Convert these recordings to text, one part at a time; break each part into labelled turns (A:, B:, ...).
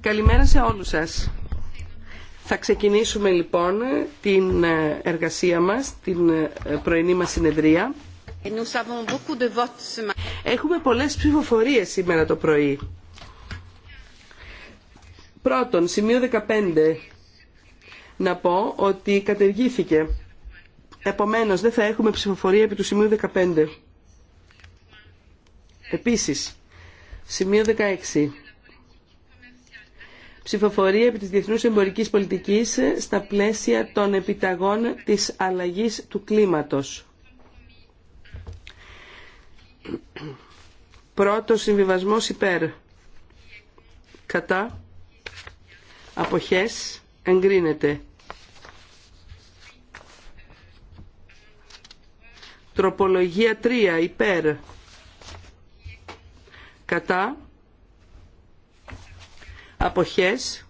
A: Καλημέρα σε όλους σας. Θα ξεκινήσουμε λοιπόν την ε, εργασία μας, την ε, πρωινή μας συνεδρία. Έχουμε πολλές ψηφοφορίες σήμερα το πρωί. Πρώτον, σημείο 15. Να πω ότι κατεργήθηκε. Επομένως, δεν θα έχουμε ψηφοφορία επί του σημείου 15. Επίσης, Σημείο 16. Ψηφοφορία επί της διεθνούς εμπορικής πολιτικής στα πλαίσια των επιταγών της αλλαγής του κλίματος. Πρώτο συμβιβασμός υπέρ. Κατά. Αποχές. Εγκρίνεται. Τροπολογία 3 υπέρ κατά αποχές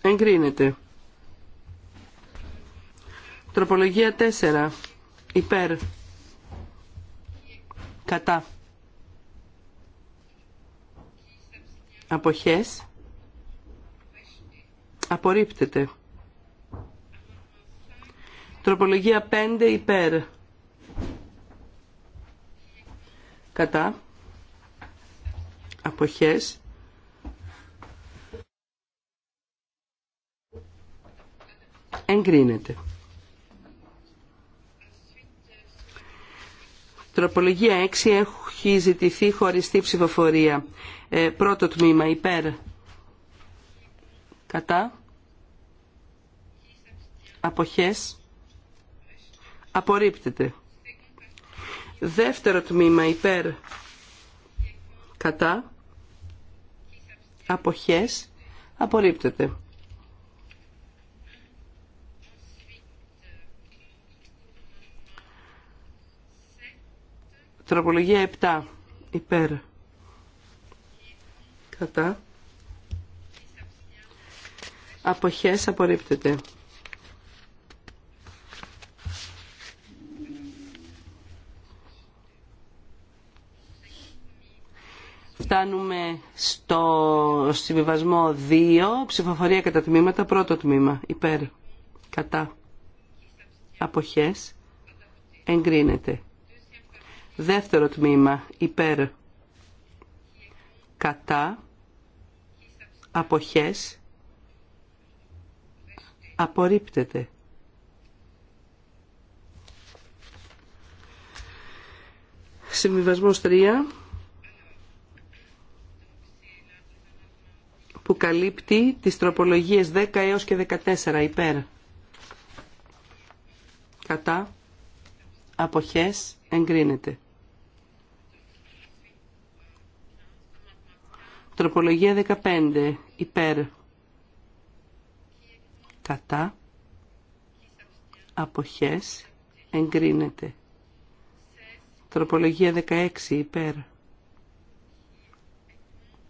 A: εγκρίνεται. Τροπολογία 4. Υπέρ. Κατά. Αποχές. Απορρίπτεται. Τροπολογία 5 υπέρ. Κατά αποχές εγκρίνεται. Τροπολογία 6 έχει ζητηθεί χωριστή ψηφοφορία. Ε, πρώτο τμήμα υπέρ κατά αποχές απορρίπτεται. Δεύτερο τμήμα υπέρ κατά αποχές απορρίπτεται. Τροπολογία 7 υπέρ κατά αποχές απορρίπτεται. Φτάνουμε στο συμβιβασμό 2, ψηφοφορία κατά τμήματα, πρώτο τμήμα, υπέρ, κατά, αποχές, εγκρίνεται. Δεύτερο τμήμα, υπέρ, κατά, αποχές, απορρίπτεται. Συμβιβασμός 3 που καλύπτει τις τροπολογίες 10 έως και 14 υπέρ. Κατά αποχές εγκρίνεται. Τροπολογία 15 υπέρ. Κατά αποχές εγκρίνεται. Τροπολογία 16 υπέρ.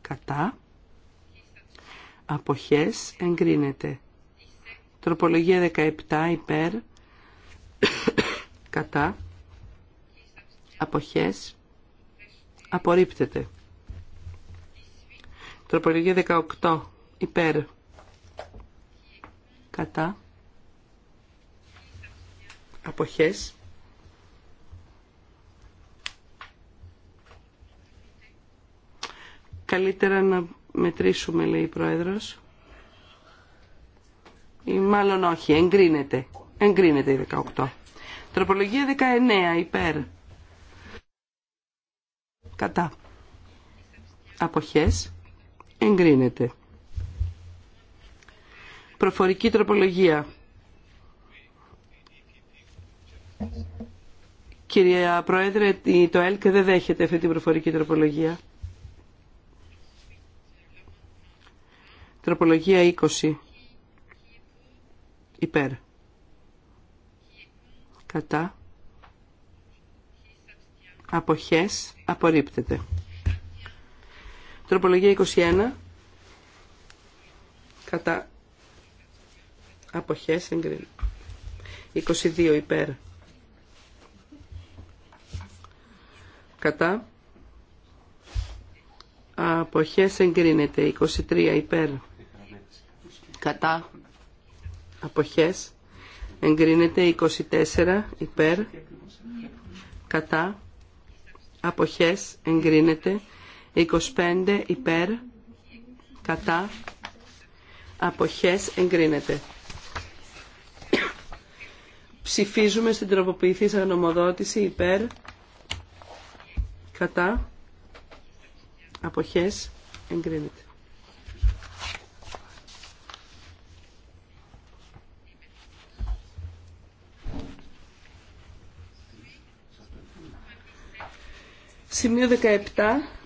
A: Κατά αποχές εγκρίνεται. Τροπολογία 17 υπέρ κατά αποχές απορρίπτεται. Τροπολογία 18 υπέρ κατά αποχές καλύτερα να μετρήσουμε λέει η Πρόεδρος ή μάλλον όχι, εγκρίνεται εγκρίνεται η 18 τροπολογία 19 υπέρ κατά αποχές εγκρίνεται προφορική τροπολογία Κυρία Πρόεδρε, το ΕΛΚ δεν δέχεται αυτή την προφορική τροπολογία. Τροπολογία 20. Υπέρ. Κατά. Αποχές. Απορρίπτεται. Τροπολογία 21. Κατά. Αποχές. Εγκρίνεται. 22 υπέρ. Κατά. Αποχές εγκρίνεται. 23 υπέρ κατά αποχές εγκρίνεται 24 υπέρ κατά αποχές εγκρίνεται 25 υπέρ κατά αποχές εγκρίνεται ψηφίζουμε στην τροποποιηθή γνωμοδότηση υπέρ κατά αποχές εγκρίνεται Σημείο 17.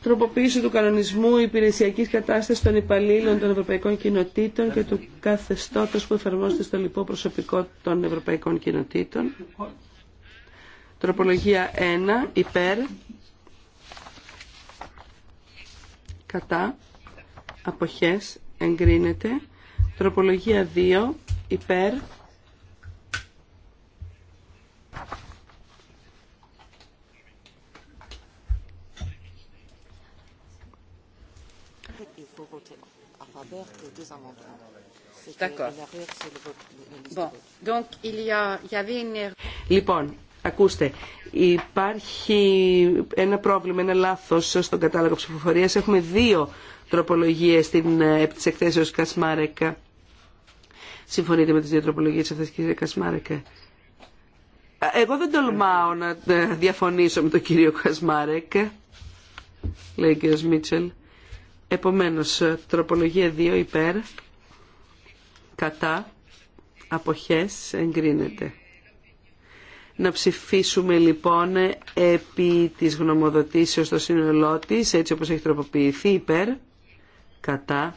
A: Τροποποίηση του κανονισμού υπηρεσιακή κατάσταση των υπαλλήλων των Ευρωπαϊκών Κοινοτήτων και του καθεστώτο που εφαρμόζεται στο λοιπό προσωπικό των Ευρωπαϊκών Κοινοτήτων. Τροπολογία 1. Υπέρ. Κατά. Αποχές. Εγκρίνεται. Τροπολογία 2. Υπέρ. Λοιπόν, ακούστε, υπάρχει ένα πρόβλημα, ένα λάθος στον κατάλογο ψηφοφορίας. Έχουμε δύο τροπολογίες στην, ε, επί της εκθέσεως Κασμάρεκα. Συμφωνείτε με τις δύο τροπολογίες αυτές, κύριε Κασμάρεκα. Ε, εγώ δεν τολμάω να ε, διαφωνήσω με τον κύριο Κασμάρεκα λέει ο κύριος Μίτσελ. Επομένως, ε, τροπολογία 2 υπέρ, κατά, αποχές, εγκρίνεται. Να ψηφίσουμε λοιπόν επί της γνωμοδοτήσεως στο σύνολό της, έτσι όπως έχει τροποποιηθεί, υπέρ, κατά,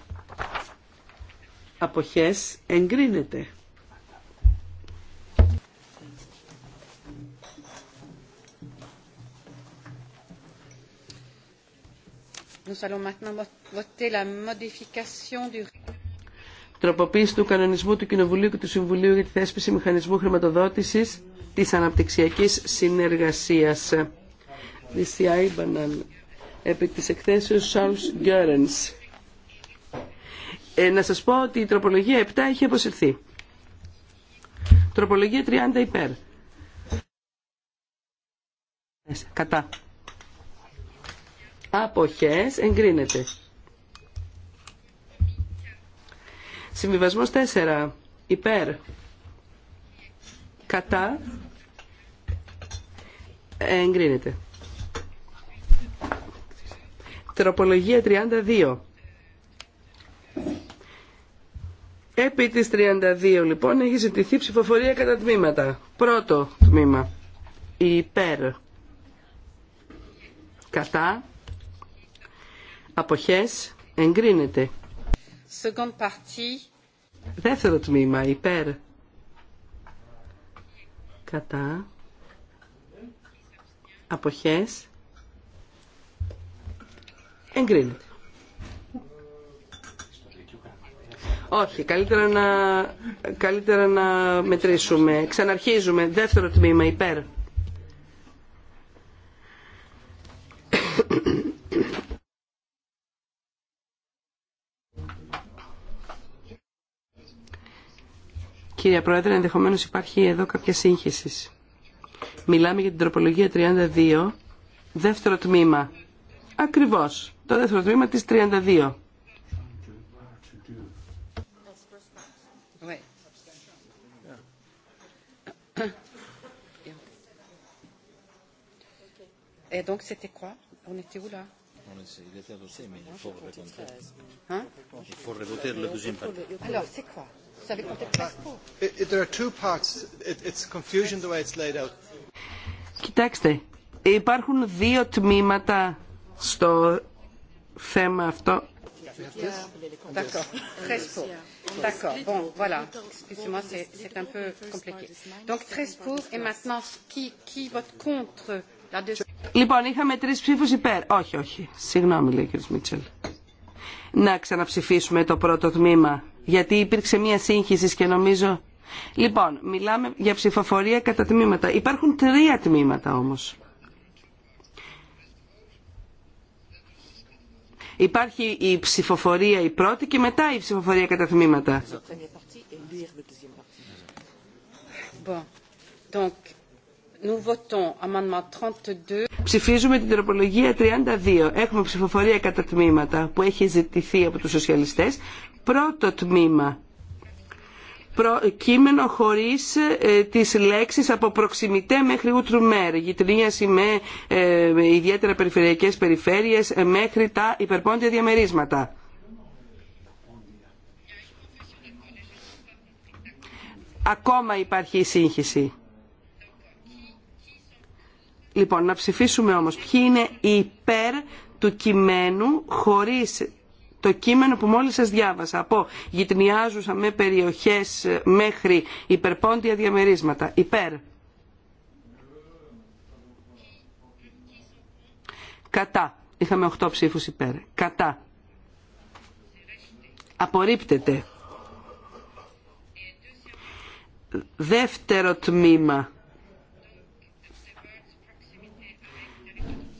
A: αποχές, εγκρίνεται. Τροποποίηση του κανονισμού του Κοινοβουλίου και του Συμβουλίου για τη θέσπιση μηχανισμού χρηματοδότησης της αναπτυξιακής συνεργασίας. Επί της εκθέσεως ε, να σας πω ότι η τροπολογία 7 έχει αποσυρθεί. Τροπολογία 30 υπέρ. Κατά αποχές εγκρίνεται. Συμβιβασμός 4 υπέρ κατά εγκρίνεται. Τροπολογία 32. Επί της 32 λοιπόν έχει ζητηθεί ψηφοφορία κατά τμήματα. Πρώτο τμήμα. Υπέρ. Κατά αποχές εγκρίνεται. Δεύτερο τμήμα υπέρ κατά αποχές εγκρίνεται. Όχι, καλύτερα να, καλύτερα να μετρήσουμε. Ξαναρχίζουμε. Δεύτερο τμήμα υπέρ. Κύριε Πρόεδρε, ενδεχομένω υπάρχει εδώ κάποια σύγχυση. Μιλάμε για την τροπολογία 32, δεύτερο τμήμα. Ακριβώς, το δεύτερο τμήμα της 32. Et donc c'était quoi On était où là
B: Il était adossé, mais
C: il faut Il faut le deuxième Alors c'est
A: quoi Κοιτάξτε, υπάρχουν δύο τμήματα στο θέμα αυτό. Λοιπόν, είχαμε τρεις ψήφους υπέρ. Όχι, όχι. Συγγνώμη, λέει ο κ. Μίτσελ. Να ξαναψηφίσουμε το πρώτο τμήμα γιατί υπήρξε μία σύγχυση και νομίζω... Λοιπόν, μιλάμε για ψηφοφορία κατά τμήματα. Υπάρχουν τρία τμήματα όμως. Υπάρχει η ψηφοφορία η πρώτη και μετά η ψηφοφορία κατά τμήματα. Ψηφίζουμε την τροπολογία 32. Έχουμε ψηφοφορία κατά τμήματα που έχει ζητηθεί από τους σοσιαλιστές Πρώτο τμήμα. Κείμενο χωρίς ε, τις λέξεις από προξιμητέ μέχρι μέρ. Γυτνίαση με ιδιαίτερα περιφερειακές περιφέρειες ε, μέχρι τα υπερπόντια διαμερίσματα. Ακόμα υπάρχει σύγχυση. Λοιπόν, να ψηφίσουμε όμως ποιοι είναι υπέρ του κειμένου χωρίς το κείμενο που μόλις σας διάβασα από γυτνιάζουσα με περιοχές μέχρι υπερπόντια διαμερίσματα. Υπέρ. Κατά. Είχαμε 8 ψήφους υπέρ. Κατά. Απορρίπτεται. Δεύτερο τμήμα.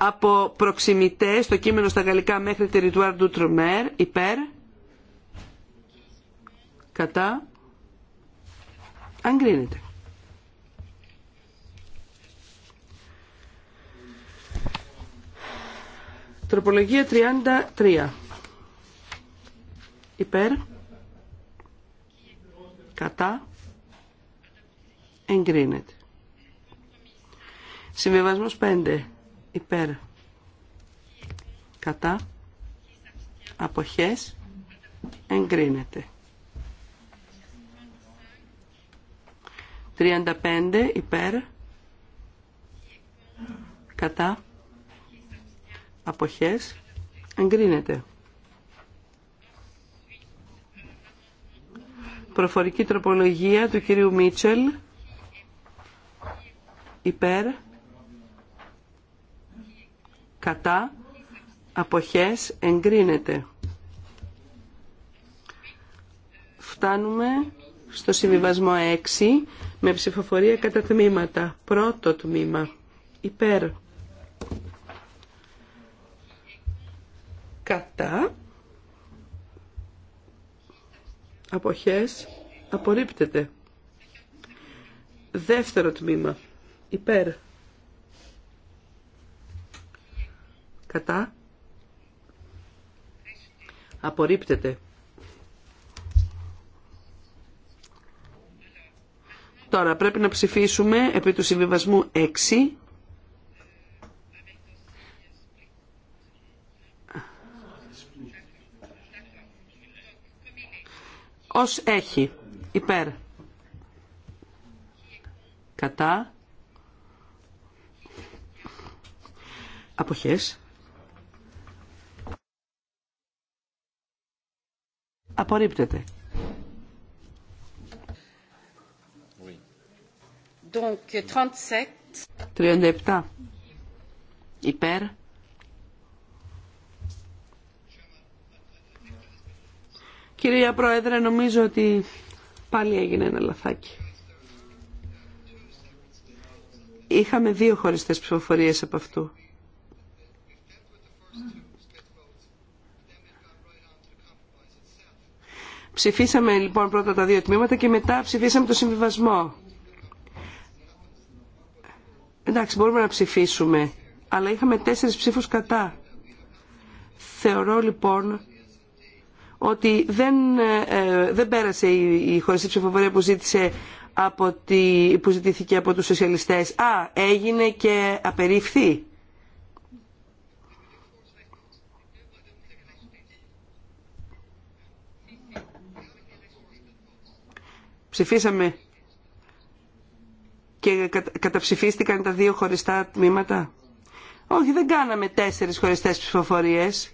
A: από προξιμητέ στο κείμενο στα γαλλικά μέχρι τη Ριτουάρ Ντουτρουμέρ, υπέρ κατά Εγκρίνεται. Τροπολογία 33 υπέρ κατά εγκρίνεται. Συμβιβασμός 5 υπέρ κατά αποχές εγκρίνεται 35 υπέρ κατά αποχές εγκρίνεται προφορική τροπολογία του κυρίου Μίτσελ υπέρ κατά, αποχές, εγκρίνεται. Φτάνουμε στο συμβιβασμό 6 με ψηφοφορία κατά τμήματα. Πρώτο τμήμα, υπέρ, κατά, αποχές, απορρίπτεται. Δεύτερο τμήμα, υπέρ, κατά απορρίπτεται. Τώρα πρέπει να ψηφίσουμε επί του συμβιβασμού 6. Ως έχει. Υπέρ. Κατά. Αποχές. Απορρίπτεται. Donc, 37. 37. Υπέρ. Κυρία Πρόεδρε, νομίζω ότι πάλι έγινε ένα λαθάκι. Είχαμε δύο χωριστές ψηφοφορίες από αυτού. Ψηφίσαμε λοιπόν πρώτα τα δύο τμήματα και μετά ψηφίσαμε το συμβιβασμό. Εντάξει, μπορούμε να ψηφίσουμε, αλλά είχαμε τέσσερις ψήφους κατά. Θεωρώ λοιπόν ότι δεν, ε, ε, δεν πέρασε η, η χωριστή ψηφοφορία που, ζήτησε από τη, που ζητήθηκε από τους σοσιαλιστές. Α, έγινε και απερίφθη. Ψηφίσαμε και καταψηφίστηκαν τα δύο χωριστά τμήματα. Όχι, δεν κάναμε τέσσερις χωριστές ψηφοφορίες.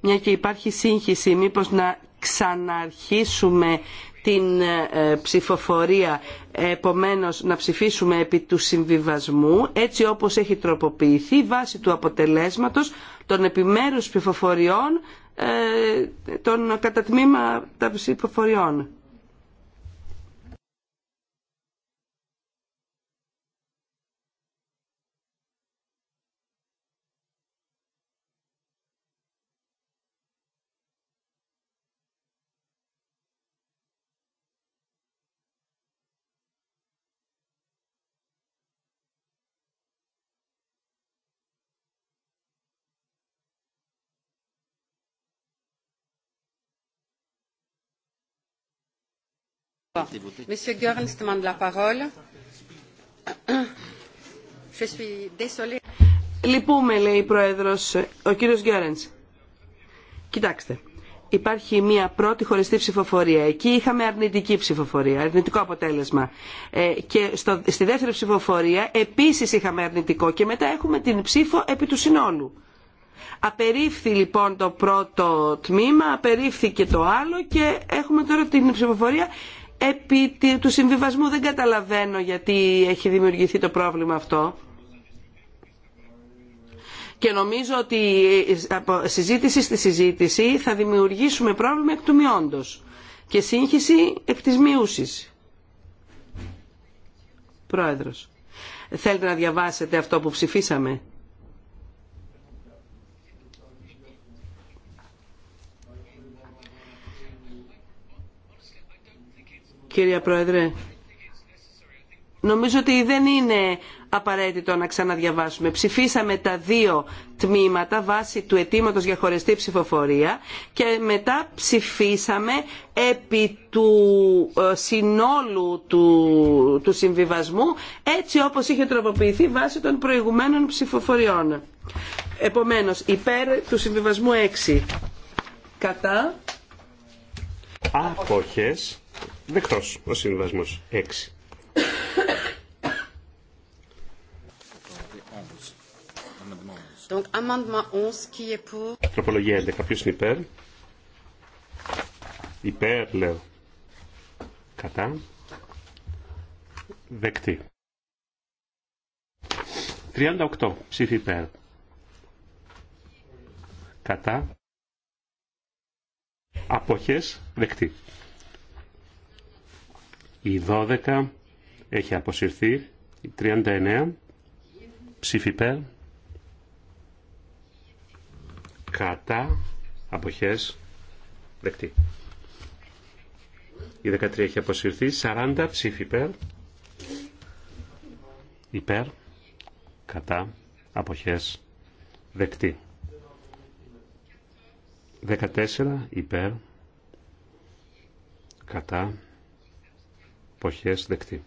A: Μια και υπάρχει σύγχυση, μήπως να ξαναρχίσουμε την ε, ψηφοφορία επομένως να ψηφίσουμε επί του συμβιβασμού έτσι όπως έχει τροποποιηθεί βάσει του αποτελέσματος των επιμέρους ψηφοφοριών ε, των κατά ψηφοφοριών. Monsieur Λυπούμε, λέει η Πρόεδρος, ο κύριος Γκέρεν. Κοιτάξτε, υπάρχει μια πρώτη χωριστή ψηφοφορία. Εκεί είχαμε αρνητική ψηφοφορία, αρνητικό αποτέλεσμα. Ε, και στη δεύτερη ψηφοφορία επίσης είχαμε αρνητικό και μετά έχουμε την ψήφο επί του συνόλου. Απερίφθη λοιπόν το πρώτο τμήμα, απερίφθηκε το άλλο και έχουμε τώρα την ψηφοφορία επί του συμβιβασμού δεν καταλαβαίνω γιατί έχει δημιουργηθεί το πρόβλημα αυτό και νομίζω ότι από συζήτηση στη συζήτηση θα δημιουργήσουμε πρόβλημα εκ του μειόντος και σύγχυση εκ της μειούσης. Πρόεδρος, θέλετε να διαβάσετε αυτό που ψηφίσαμε. κυρία Πρόεδρε. Νομίζω ότι δεν είναι απαραίτητο να ξαναδιαβάσουμε. Ψηφίσαμε τα δύο τμήματα βάσει του αιτήματο για χωριστή ψηφοφορία και μετά ψηφίσαμε επί του ε, συνόλου του, του συμβιβασμού έτσι όπως είχε τροποποιηθεί βάσει των προηγουμένων ψηφοφοριών. Επομένως, υπέρ του συμβιβασμού 6. Κατά.
B: Αποχές Δεκτό ο συμβασμός 6.
A: Donc, 11,
B: Τροπολογία 11. Ποιος είναι υπέρ. Υπέρ, λέω. Κατά. Δεκτή. 38. Ψήφι υπέρ. Κατά. Αποχές. Δεκτή. Η 12 έχει αποσυρθεί. Η 39 ψήφι υπέρ. Κατά αποχές δεκτή. Η 13 έχει αποσυρθεί. 40 ψήφι υπέρ. Υπέρ. Κατά αποχές δεκτή. 14 υπέρ. Κατά εποχές δεκτή.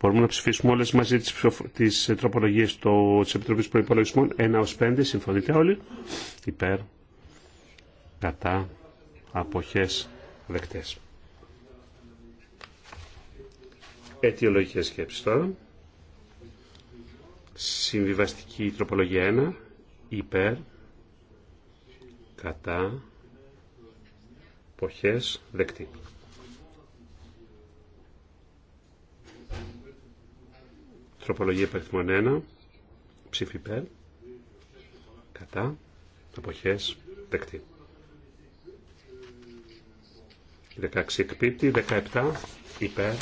B: Μπορούμε να ψηφίσουμε όλες μαζί τις, τις ε, τροπολογίες το, της Επιτροπής Προϋπολογισμών 1 ως 5. Συμφωνείτε όλοι. Υπέρ, κατά, αποχές, δεκτές. Αιτιολογικές σκέψεις τώρα. Συμβιβαστική τροπολογία 1. Υπέρ, κατά, αποχές δεκτή. Τροπολογία υπερθμών 1, ψήφι υπέρ, κατά, αποχές δεκτή. 16 εκπίπτει, 17 υπέρ,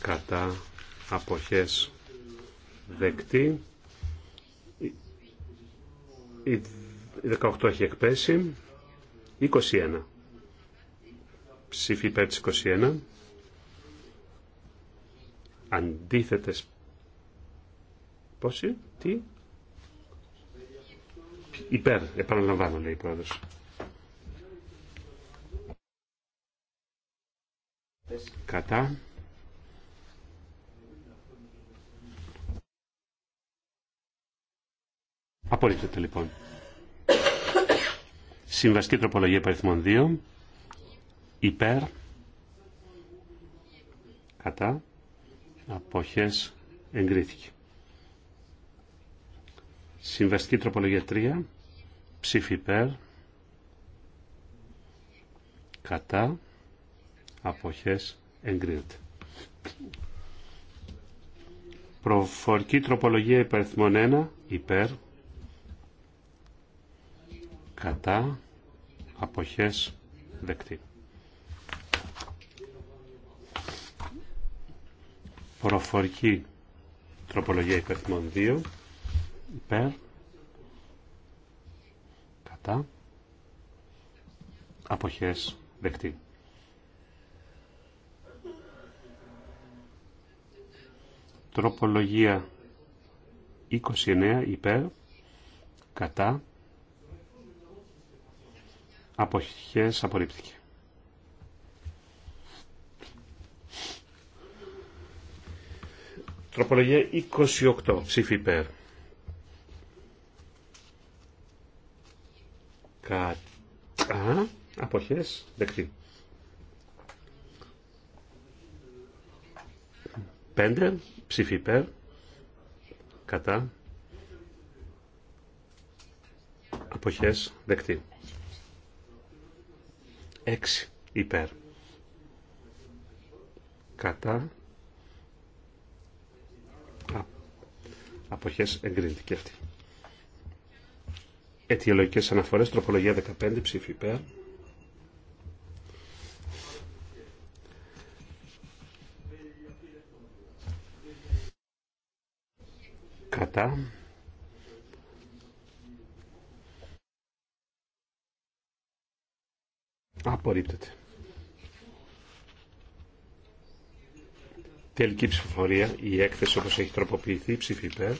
B: κατά, αποχές δεκτή. Η 18 έχει εκπέσει. 21. Ψήφι υπέρ της 21. Αντίθετες. Πόσοι, τι. Υπέρ, επαναλαμβάνω λέει η πρόεδρος. Κατά. Απορρίπτεται λοιπόν. Συμβαστική τροπολογία παριθμών 2. Υπέρ. Κατά. Αποχές εγκρίθηκε. Συμβαστική τροπολογία 3. Ψήφι υπέρ. Κατά. Αποχές εγκρίνεται. Προφορική τροπολογία υπαριθμών 1. Υπέρ κατά αποχές δεκτή. Προφορική τροπολογία υπερθυμών 2 υπέρ κατά αποχές δεκτή. Τροπολογία 29 υπέρ κατά αποχές απορρίπτηκε. Τροπολογία 28 ψήφι υπέρ. Κατά αποχές δεκτή. Πέντε ψήφι υπέρ. Κατά αποχές δεκτή. 6 υπέρ. Κατά. Α, αποχές εγκρίνεται και αυτή. Αιτιολογικές αναφορές, τροπολογία 15 ψήφι υπέρ. Κατά. Απορρίπτεται. Τελική ψηφοφορία. Η έκθεση όπως έχει τροποποιηθεί. Ψήφι υπέρ.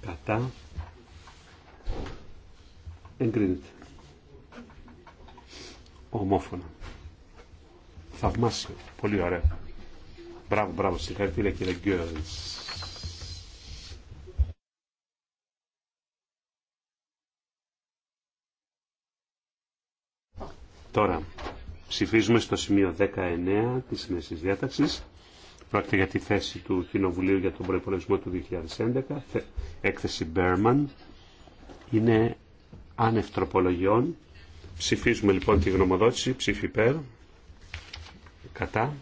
B: Κατά. Εγκρίνεται. Ομόφωνα. Θαυμάσιο. Πολύ ωραία. Μπράβο, μπράβο. Συγχαρητήρια κύριε Γκέρνς. Τώρα, ψηφίζουμε στο σημείο 19 της σημερινής διάταξης. Πρόκειται για τη θέση του Κοινοβουλίου για τον προϋπολογισμό του 2011. Έκθεση Μπέρμαν. είναι ανευτροπολογιών. Ψηφίζουμε λοιπόν τη γνωμοδότηση. Ψήφι ΠΕΡ. Κατά.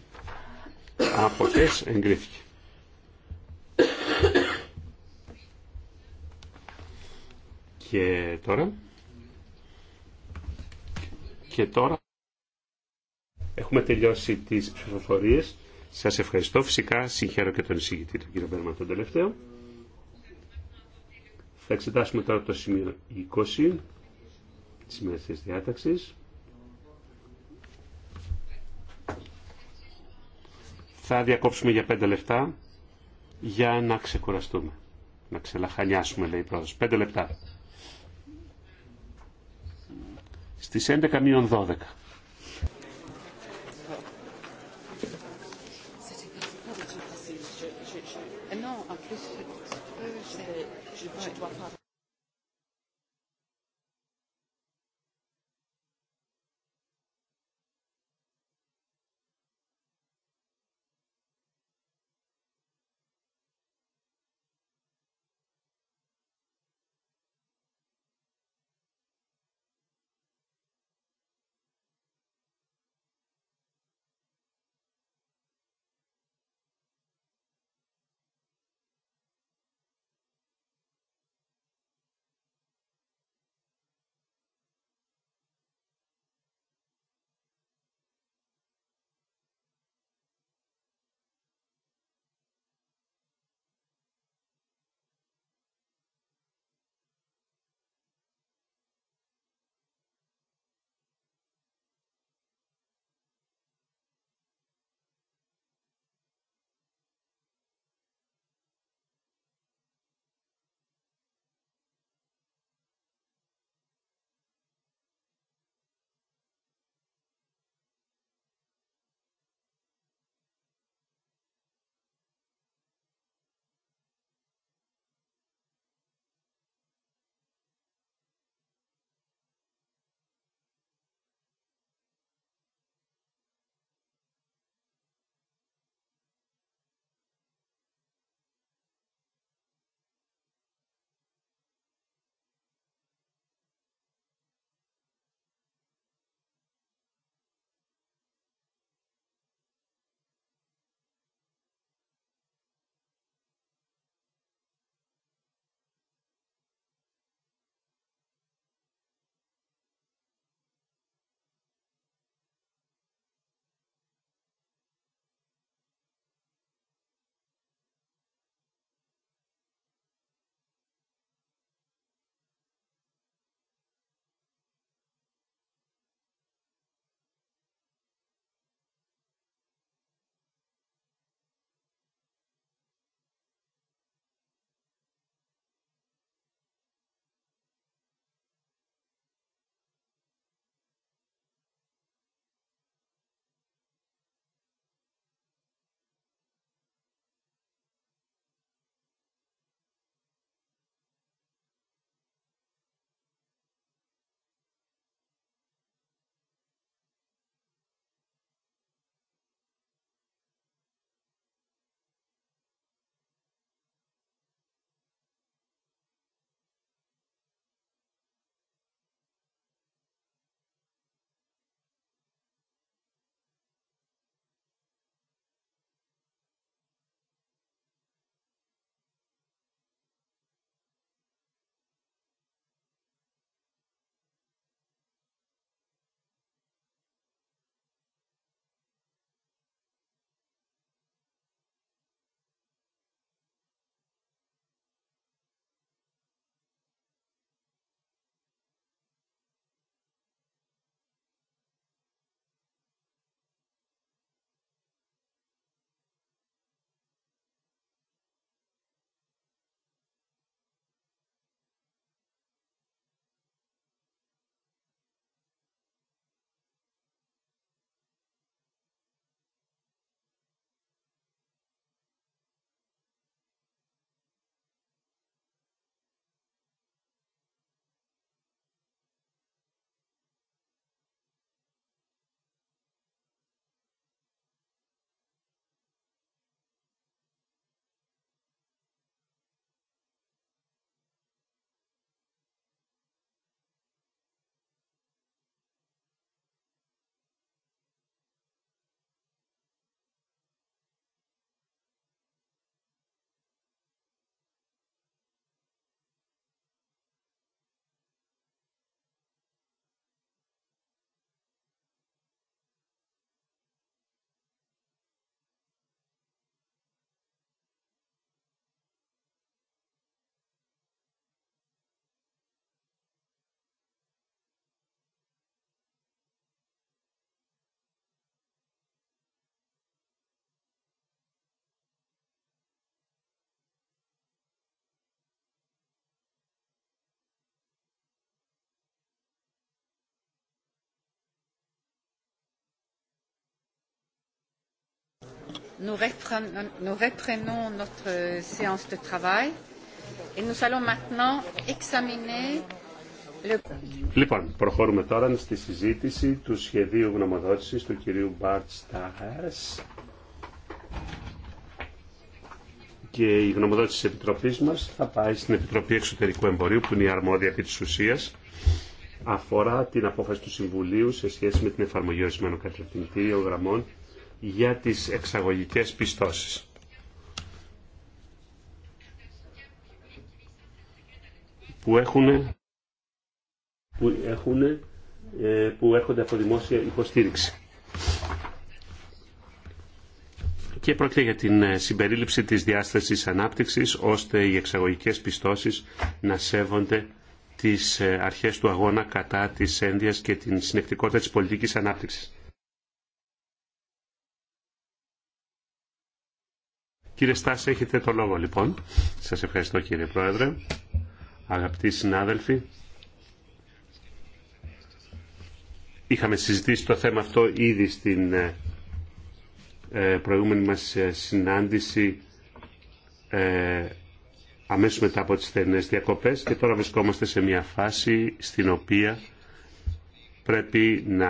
B: τες εγκρίθηκε. Και τώρα και τώρα έχουμε τελειώσει τις ψηφοφορίες. Σας ευχαριστώ. Φυσικά συγχαίρω και τον εισηγητή, τον κύριο Μπέρμα, τον τελευταίο. Θα εξετάσουμε τώρα το σημείο 20 της ημέρας της διάταξης. Θα διακόψουμε για 5 λεπτά για να ξεκουραστούμε. Να ξελαχανιάσουμε, λέει η 5 λεπτά. στις 11 μείον 12.
A: Nous reprenons notre
B: Λοιπόν, προχωρούμε τώρα στη συζήτηση του σχεδίου γνωμοδότησης του κυρίου Μπάρτ και η γνωμοδότηση της Επιτροπής μας θα πάει στην Επιτροπή Εξωτερικού Εμπορίου που είναι η αρμόδια επί της ουσίας αφορά την απόφαση του Συμβουλίου σε σχέση με την εφαρμογή ορισμένων κατευθυντήριων γραμμών για τις εξαγωγικές πιστώσεις. Που έχουν, που έχουν ε, που έρχονται από δημόσια υποστήριξη. Και πρόκειται για την ε, συμπερίληψη της διάστασης ανάπτυξης, ώστε οι εξαγωγικές πιστώσεις να σέβονται τις ε, αρχές του αγώνα κατά της ένδυας και την συνεκτικότητα της πολιτικής ανάπτυξης. Κύριε Στάση, έχετε το λόγο λοιπόν. Σας ευχαριστώ κύριε Πρόεδρε. Αγαπητοί συνάδελφοι, είχαμε συζητήσει το θέμα αυτό ήδη στην ε, ε, προηγούμενη μας ε, συνάντηση ε, αμέσως μετά από τις θερινές διακοπές και τώρα βρισκόμαστε σε μια φάση στην οποία πρέπει να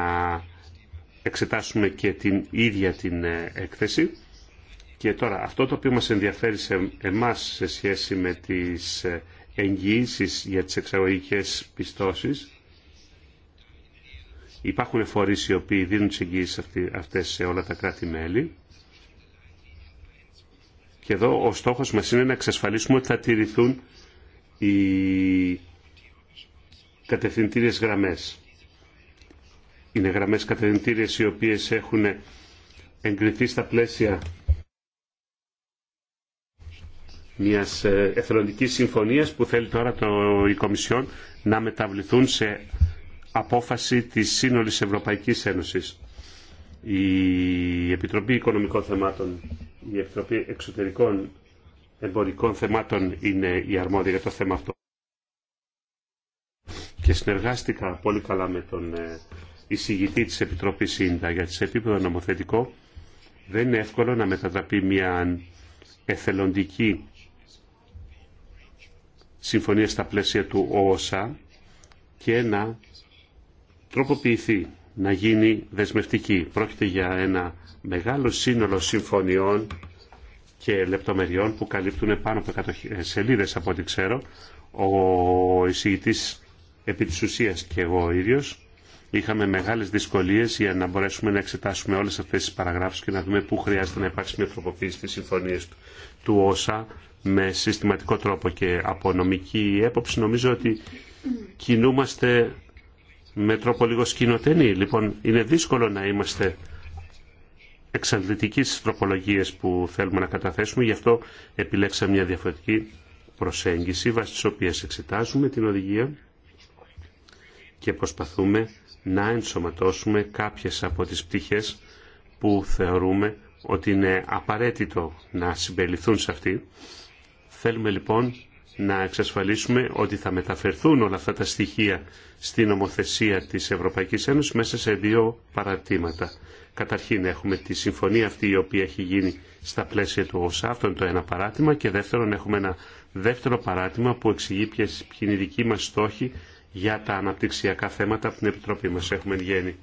B: εξετάσουμε και την ίδια την έκθεση και τώρα αυτό το οποίο μας ενδιαφέρει σε εμάς σε σχέση με τις ε, εγγυήσεις για τις εξαγωγικές πιστώσεις υπάρχουν φορείς οι οποίοι δίνουν τις εγγυήσεις αυτές σε όλα τα κράτη-μέλη και εδώ ο στόχος μας είναι να εξασφαλίσουμε ότι θα τηρηθούν οι κατευθυντήριες γραμμές. Είναι γραμμές κατευθυντήριες οι οποίες έχουν εγκριθεί στα πλαίσια μιας ε, εθελοντική συμφωνίας που θέλει τώρα το, η Κομισιόν να μεταβληθούν σε απόφαση της σύνολης Ευρωπαϊκής Ένωσης. Η Επιτροπή Οικονομικών Θεμάτων, η Επιτροπή Εξωτερικών Εμπορικών Θεμάτων είναι η αρμόδια για το θέμα αυτό. Και συνεργάστηκα πολύ καλά με τον ε, εισηγητή της Επιτροπής ΣΥΝΤΑ για σε επίπεδο νομοθετικό. Δεν είναι εύκολο να μετατραπεί μια εθελοντική Συμφωνία στα πλαίσια του ΟΟΣΑ και να τροποποιηθεί, να γίνει δεσμευτική. Πρόκειται για ένα μεγάλο σύνολο συμφωνιών και λεπτομεριών που καλύπτουν πάνω από 100 ε, σελίδες από ό,τι ξέρω. Ο εισηγητής επί της ουσίας και εγώ ο ίδιος είχαμε μεγάλες δυσκολίες για να μπορέσουμε να εξετάσουμε όλες αυτές τις παραγράφους και να δούμε πού χρειάζεται να υπάρξει μια τροποποίηση στις συμφωνίες του, του με συστηματικό τρόπο και από νομική έποψη νομίζω ότι κινούμαστε με τρόπο λίγο σκηνοτενή. Λοιπόν, είναι δύσκολο να είμαστε εξαντλητικοί στις τροπολογίες που θέλουμε να καταθέσουμε, γι' αυτό επιλέξαμε μια διαφορετική προσέγγιση βάσει της οποίας εξετάζουμε την οδηγία και προσπαθούμε να ενσωματώσουμε κάποιες από τις πτυχές που θεωρούμε ότι είναι απαραίτητο να συμπεριληφθούν σε αυτή Θέλουμε λοιπόν να εξασφαλίσουμε ότι θα μεταφερθούν όλα αυτά τα στοιχεία στην νομοθεσία της Ευρωπαϊκής Ένωσης μέσα σε δύο παρατήματα. Καταρχήν έχουμε τη συμφωνία αυτή η οποία έχει γίνει στα πλαίσια του ΟΣΑ, αυτό είναι το ένα παράτημα και δεύτερον έχουμε ένα δεύτερο παράτημα που εξηγεί ποια ποιοι είναι οι δικοί μας στόχοι για τα αναπτυξιακά θέματα από την Επιτροπή μας. Έχουμε εν γέννη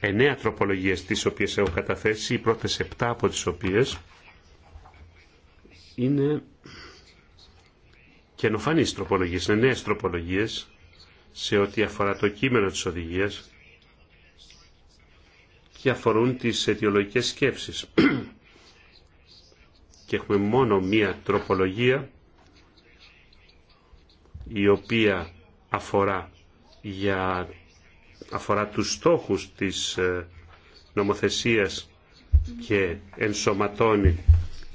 B: εννέα τροπολογίες τις οποίες έχω καταθέσει, οι πρώτες επτά από τις οποίες είναι καινοφανείς τροπολογίες, είναι νέες τροπολογίες σε ό,τι αφορά το κείμενο της οδηγίας και αφορούν τις αιτιολογικές σκέψεις. και έχουμε μόνο μία τροπολογία η οποία αφορά, για, αφορά τους στόχους της ε, νομοθεσίας και ενσωματώνει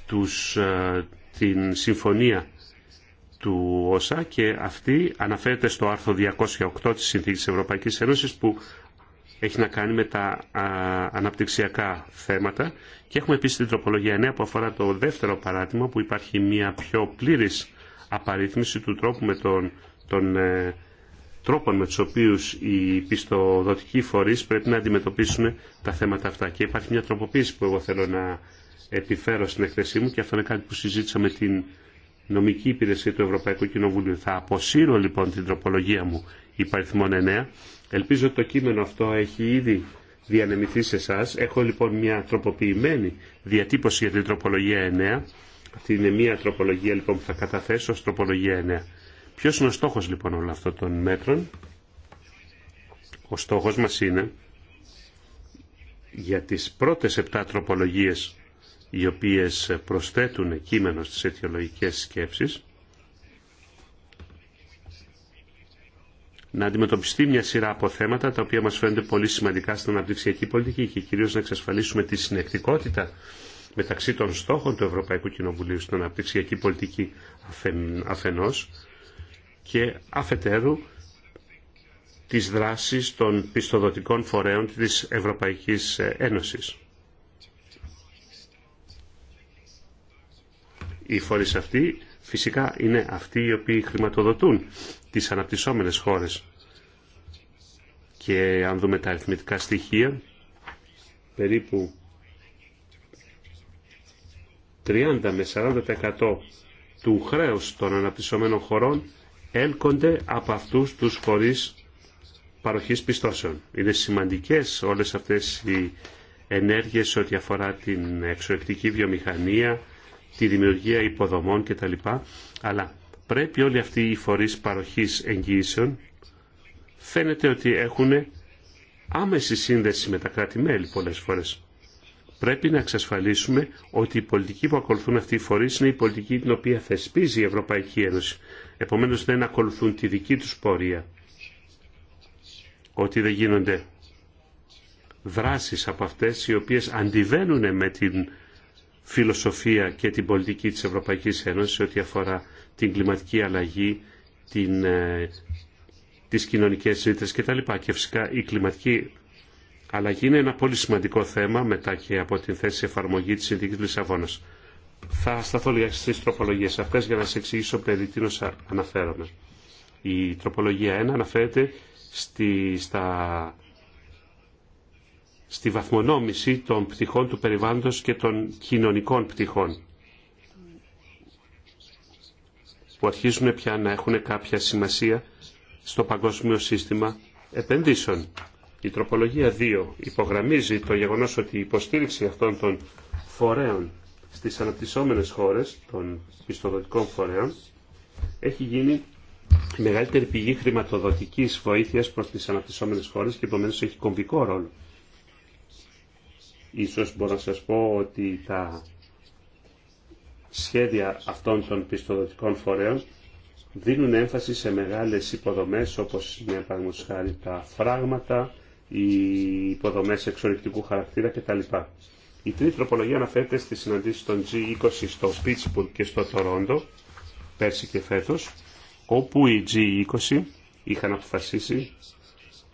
B: τους, ε, την συμφωνία του ΩΣΑ και αυτή αναφέρεται στο άρθρο 208 της Συνθήκης Ευρωπαϊκής Ένωσης που έχει να κάνει με τα αναπτυξιακά θέματα και έχουμε επίσης την τροπολογία 9 που αφορά το δεύτερο παράδειγμα που υπάρχει μια πιο πλήρης απαρίθμηση του τρόπου με τον, τον ε, τρόπων με τους οποίους οι πιστοδοτικοί φορείς πρέπει να αντιμετωπίσουν τα θέματα αυτά. Και υπάρχει μια τροποποίηση που εγώ θέλω να επιφέρω στην εκθεσή μου και αυτό είναι κάτι που συζήτησα με την νομική υπηρεσία του Ευρωπαϊκού Κοινοβουλίου. Θα αποσύρω λοιπόν την τροπολογία μου υπαριθμών 9. Ελπίζω ότι το κείμενο αυτό έχει ήδη διανεμηθεί σε εσά. Έχω λοιπόν μια τροποποιημένη διατύπωση για την τροπολογία 9. Αυτή είναι μια τροπολογία λοιπόν που θα καταθέσω ως τροπολογία 9. Ποιος είναι ο στόχος λοιπόν όλων αυτών των μέτρων. Ο στόχος μας είναι για τις πρώτες 7 τροπολογίες οι οποίες προσθέτουν κείμενο στις αιτιολογικές σκέψεις, να αντιμετωπιστεί μια σειρά από θέματα τα οποία μας φαίνονται πολύ σημαντικά στην αναπτυξιακή πολιτική και κυρίως να εξασφαλίσουμε τη συνεκτικότητα μεταξύ των στόχων του Ευρωπαϊκού Κοινοβουλίου στην αναπτυξιακή πολιτική αφενός και αφετέρου τις δράσεις των πιστοδοτικών φορέων της Ευρωπαϊκής Ένωσης. Οι φορεί αυτοί φυσικά είναι αυτοί οι οποίοι χρηματοδοτούν τις αναπτυσσόμενες χώρες. Και αν δούμε τα αριθμητικά στοιχεία, περίπου 30 με 40% του χρέους των αναπτυσσόμενων χωρών έλκονται από αυτούς τους φορείς παροχής πιστώσεων. Είναι σημαντικές όλες αυτές οι ενέργειες ό,τι αφορά την εξωτερική βιομηχανία, τη δημιουργία υποδομών κτλ. Αλλά πρέπει όλοι αυτοί οι φορείς παροχής εγγυήσεων φαίνεται ότι έχουν άμεση σύνδεση με τα κράτη-μέλη πολλές φορές. Πρέπει να εξασφαλίσουμε ότι η πολιτική που ακολουθούν αυτοί οι φορείς είναι η πολιτική την οποία θεσπίζει η Ευρωπαϊκή Ένωση. Επομένως δεν ακολουθούν τη δική τους πορεία. Ότι δεν γίνονται δράσεις από αυτές οι οποίες αντιβαίνουν με την φιλοσοφία και την πολιτική της Ευρωπαϊκής Ένωσης ό,τι αφορά την κλιματική αλλαγή, την, ε, τις κοινωνικές κτλ. Και φυσικά η κλιματική αλλαγή είναι ένα πολύ σημαντικό θέμα μετά και από την θέση εφαρμογή της Συνδίκης Λισαβόνας. Θα σταθώ λίγα στις τροπολογίες αυτές για να σας εξηγήσω περί τίνος αναφέρομαι. Η τροπολογία 1 αναφέρεται στη, στα στη βαθμονόμηση των πτυχών του περιβάλλοντος και των κοινωνικών πτυχών που αρχίζουν πια να έχουν κάποια σημασία στο παγκόσμιο σύστημα επενδύσεων. Η τροπολογία 2 υπογραμμίζει το γεγονός ότι η υποστήριξη αυτών των φορέων στις αναπτυσσόμενες χώρες των πιστοδοτικών φορέων έχει γίνει μεγαλύτερη πηγή χρηματοδοτικής βοήθειας προς τις αναπτυσσόμενες χώρες και επομένως έχει κομβικό ρόλο Ίσως μπορώ να σας πω ότι τα σχέδια αυτών των πιστοδοτικών φορέων δίνουν έμφαση σε μεγάλες υποδομές όπως είναι παραδείγματος τα φράγματα, οι υποδομές εξορρυκτικού χαρακτήρα κτλ. Η τρίτη τροπολογία αναφέρεται στη συναντήση των G20 στο Pittsburgh και στο Τορόντο πέρσι και φέτος όπου οι G20 είχαν αποφασίσει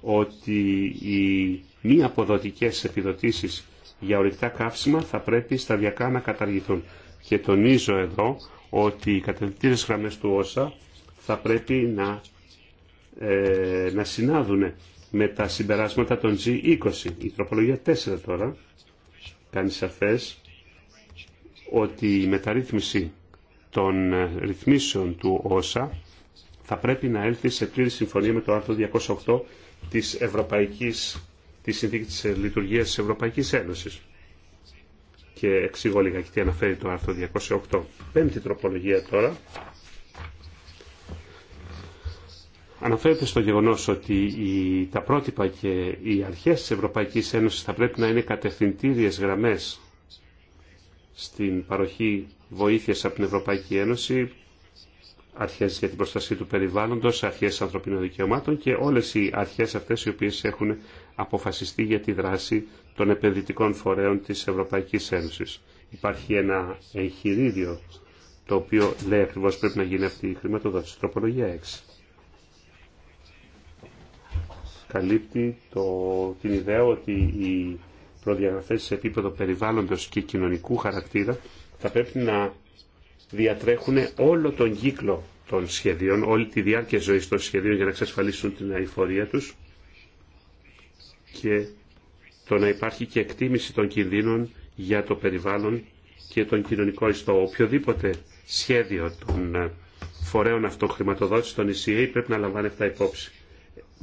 B: ότι οι μη αποδοτικές επιδοτήσεις για ορυκτά καύσιμα θα πρέπει σταδιακά να καταργηθούν. Και τονίζω εδώ ότι οι κατευθυντήρες γραμμές του ΩΣΑ θα πρέπει να, ε, να συνάδουν με τα συμπεράσματα των G20. Η τροπολογία 4 τώρα κάνει σαφές ότι η μεταρρύθμιση των ε, ρυθμίσεων του ΩΣΑ θα πρέπει να έλθει σε πλήρη συμφωνία με το άρθρο 208 της Ευρωπαϊκής τη συνθήκη της ε, λειτουργίας της Ευρωπαϊκής Ένωσης. Και εξηγώ λιγάκι τι αναφέρει το άρθρο 208. Πέμπτη τροπολογία τώρα. Αναφέρεται στο γεγονός ότι τα πρότυπα και οι αρχές της Ευρωπαϊκής Ένωσης θα πρέπει να είναι κατευθυντήριες γραμμές στην παροχή βοήθειας από την Ευρωπαϊκή Ένωση, αρχές για την προστασία του περιβάλλοντος, αρχές ανθρωπίνων δικαιωμάτων και όλες οι αρχές αυτές οι οποίες έχουν αποφασιστεί για τη δράση των επενδυτικών φορέων της Ευρωπαϊκής Ένωσης. Υπάρχει ένα εγχειρίδιο το οποίο λέει ακριβώ πρέπει να γίνει αυτή η χρηματοδότηση. Τροπολογία 6. Καλύπτει το, την ιδέα ότι οι προδιαγραφές σε επίπεδο περιβάλλοντος και κοινωνικού χαρακτήρα θα πρέπει να διατρέχουν όλο τον κύκλο των σχεδίων, όλη τη διάρκεια ζωής των σχεδίων για να εξασφαλίσουν την αηφορία τους και το να υπάρχει και εκτίμηση των κινδύνων για το περιβάλλον και τον κοινωνικό ιστό. Οποιοδήποτε σχέδιο των ε, φορέων αυτοχρηματοδότηση των ECA πρέπει να λαμβάνει αυτά υπόψη.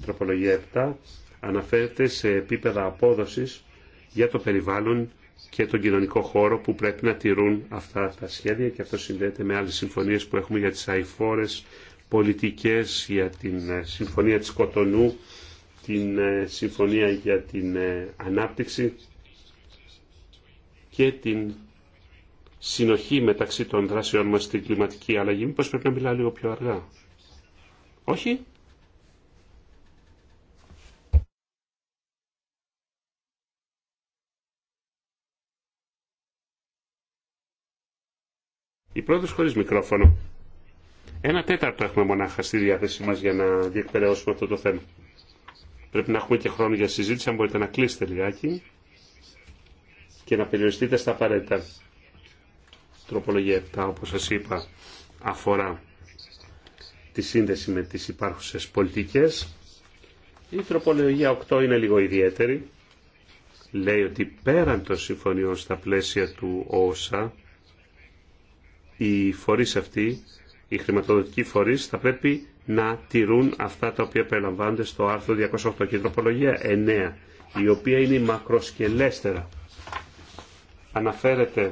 B: Τροπολογία 7 αναφέρεται σε επίπεδα απόδοσης για το περιβάλλον και τον κοινωνικό χώρο που πρέπει να τηρούν αυτά τα σχέδια και αυτό συνδέεται με άλλες συμφωνίες που έχουμε για τις αϊφόρες πολιτικές, για την ε, συμφωνία της Κοτονού την ε, συμφωνία για την ε, ανάπτυξη και την συνοχή μεταξύ των δράσεών μας στην κλιματική αλλαγή. Μήπως πρέπει να μιλάω λίγο πιο αργά. Όχι. Η πρώτη χωρί μικρόφωνο. Ένα τέταρτο έχουμε μονάχα στη διάθεσή μας για να διεκπαιρεώσουμε αυτό το θέμα. Πρέπει να έχουμε και χρόνο για συζήτηση, αν μπορείτε να κλείσετε λιγάκι και να περιοριστείτε στα απαραίτητα. Τροπολογία 7, όπως σας είπα, αφορά τη σύνδεση με τις υπάρχουσες πολιτικές. Η τροπολογία 8 είναι λίγο ιδιαίτερη. Λέει ότι πέραν των συμφωνιών στα πλαίσια του ΩΣΑ, οι φορείς αυτοί, οι χρηματοδοτικοί φορείς, θα πρέπει να τηρούν αυτά τα οποία περιλαμβάνονται στο άρθρο 208 και η τροπολογία 9, η οποία είναι η μακροσκελέστερα. Αναφέρεται,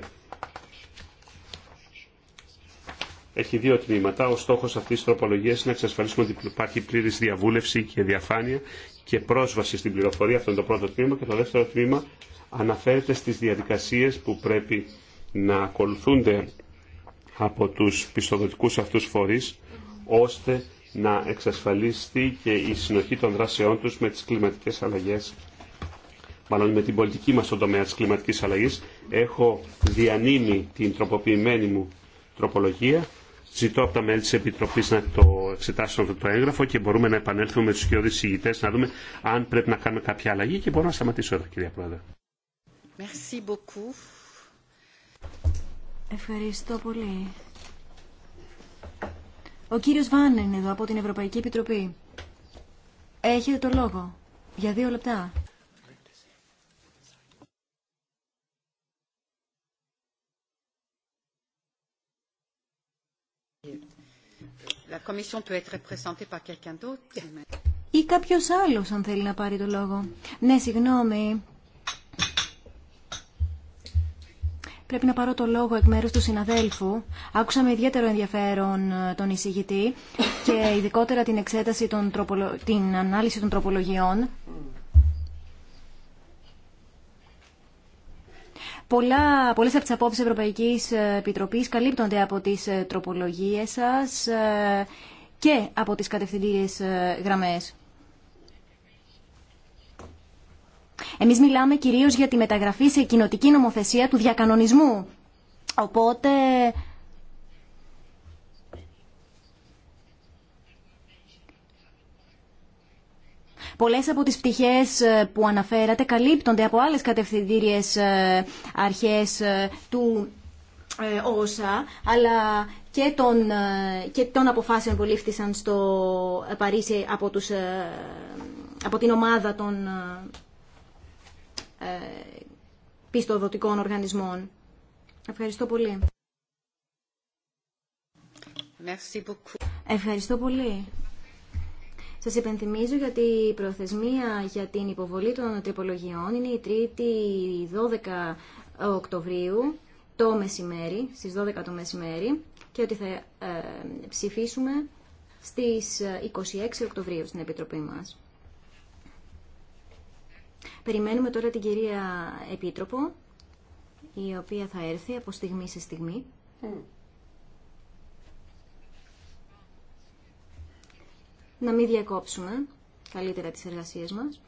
B: έχει δύο τμήματα. Ο στόχος αυτής της τροπολογίας είναι να εξασφαλίσουμε ότι υπάρχει πλήρης διαβούλευση και διαφάνεια και πρόσβαση στην πληροφορία. Αυτό είναι το πρώτο τμήμα. Και το δεύτερο τμήμα αναφέρεται στις διαδικασίες που πρέπει να ακολουθούνται από τους πιστοδοτικούς αυτούς φορείς ώστε να εξασφαλίστει και η συνοχή των δράσεών τους με τις κλιματικές αλλαγές μάλλον με την πολιτική μας στον τομέα της κλιματικής αλλαγής. Έχω διανύμει την τροποποιημένη μου τροπολογία. Ζητώ από τα μέλη της Επιτροπής να το εξετάσουν αυτό το έγγραφο και μπορούμε να επανέλθουμε με τους κοιόδης να δούμε αν πρέπει να κάνουμε κάποια αλλαγή και μπορώ να σταματήσω εδώ κυρία Πρόεδρε.
C: Merci Ευχαριστώ πολύ. Ο κύριος Βάνεν εδώ από την Ευρωπαϊκή Επιτροπή. Έχετε το λόγο. Για δύο λεπτά. Ή κάποιος άλλος αν θέλει να πάρει το λόγο. Ναι, συγγνώμη. Πρέπει να πάρω το λόγο εκ μέρους του συναδέλφου. Άκουσα με ιδιαίτερο ενδιαφέρον ε, τον εισηγητή και ειδικότερα την, εξέταση των την ανάλυση των τροπολογιών. Πολλά, πολλές από τις απόψεις Ευρωπαϊκής ε, Επιτροπής καλύπτονται από τις ε, τροπολογίες σας και από τις κατευθυντήριες γραμμές. Εμείς μιλάμε κυρίως για τη μεταγραφή σε κοινοτική νομοθεσία του διακανονισμού. Οπότε... Πολλές από τις πτυχές ε, που αναφέρατε καλύπτονται από άλλες κατευθυντήριες ε, αρχές ε, του ΩΣΑ, αλλά και των, και των αποφάσεων που λήφθησαν στο Παρίσι από, τους, από την ομάδα των ε, πιστοδοτικών οργανισμών. Ευχαριστώ πολύ. Ευχαριστώ πολύ. Σας υπενθυμίζω γιατί η προθεσμία για την υποβολή των τροπολογιών είναι η 3η 12 Οκτωβρίου το μεσημέρι, στις 12 το μεσημέρι και ότι θα ε, ψηφίσουμε στις 26 ε, Οκτωβρίου στην Επιτροπή μας. Περιμένουμε τώρα την κυρία Επίτροπο, η οποία θα έρθει από στιγμή σε στιγμή. Mm. Να μην διακόψουμε καλύτερα τις εργασίες μας.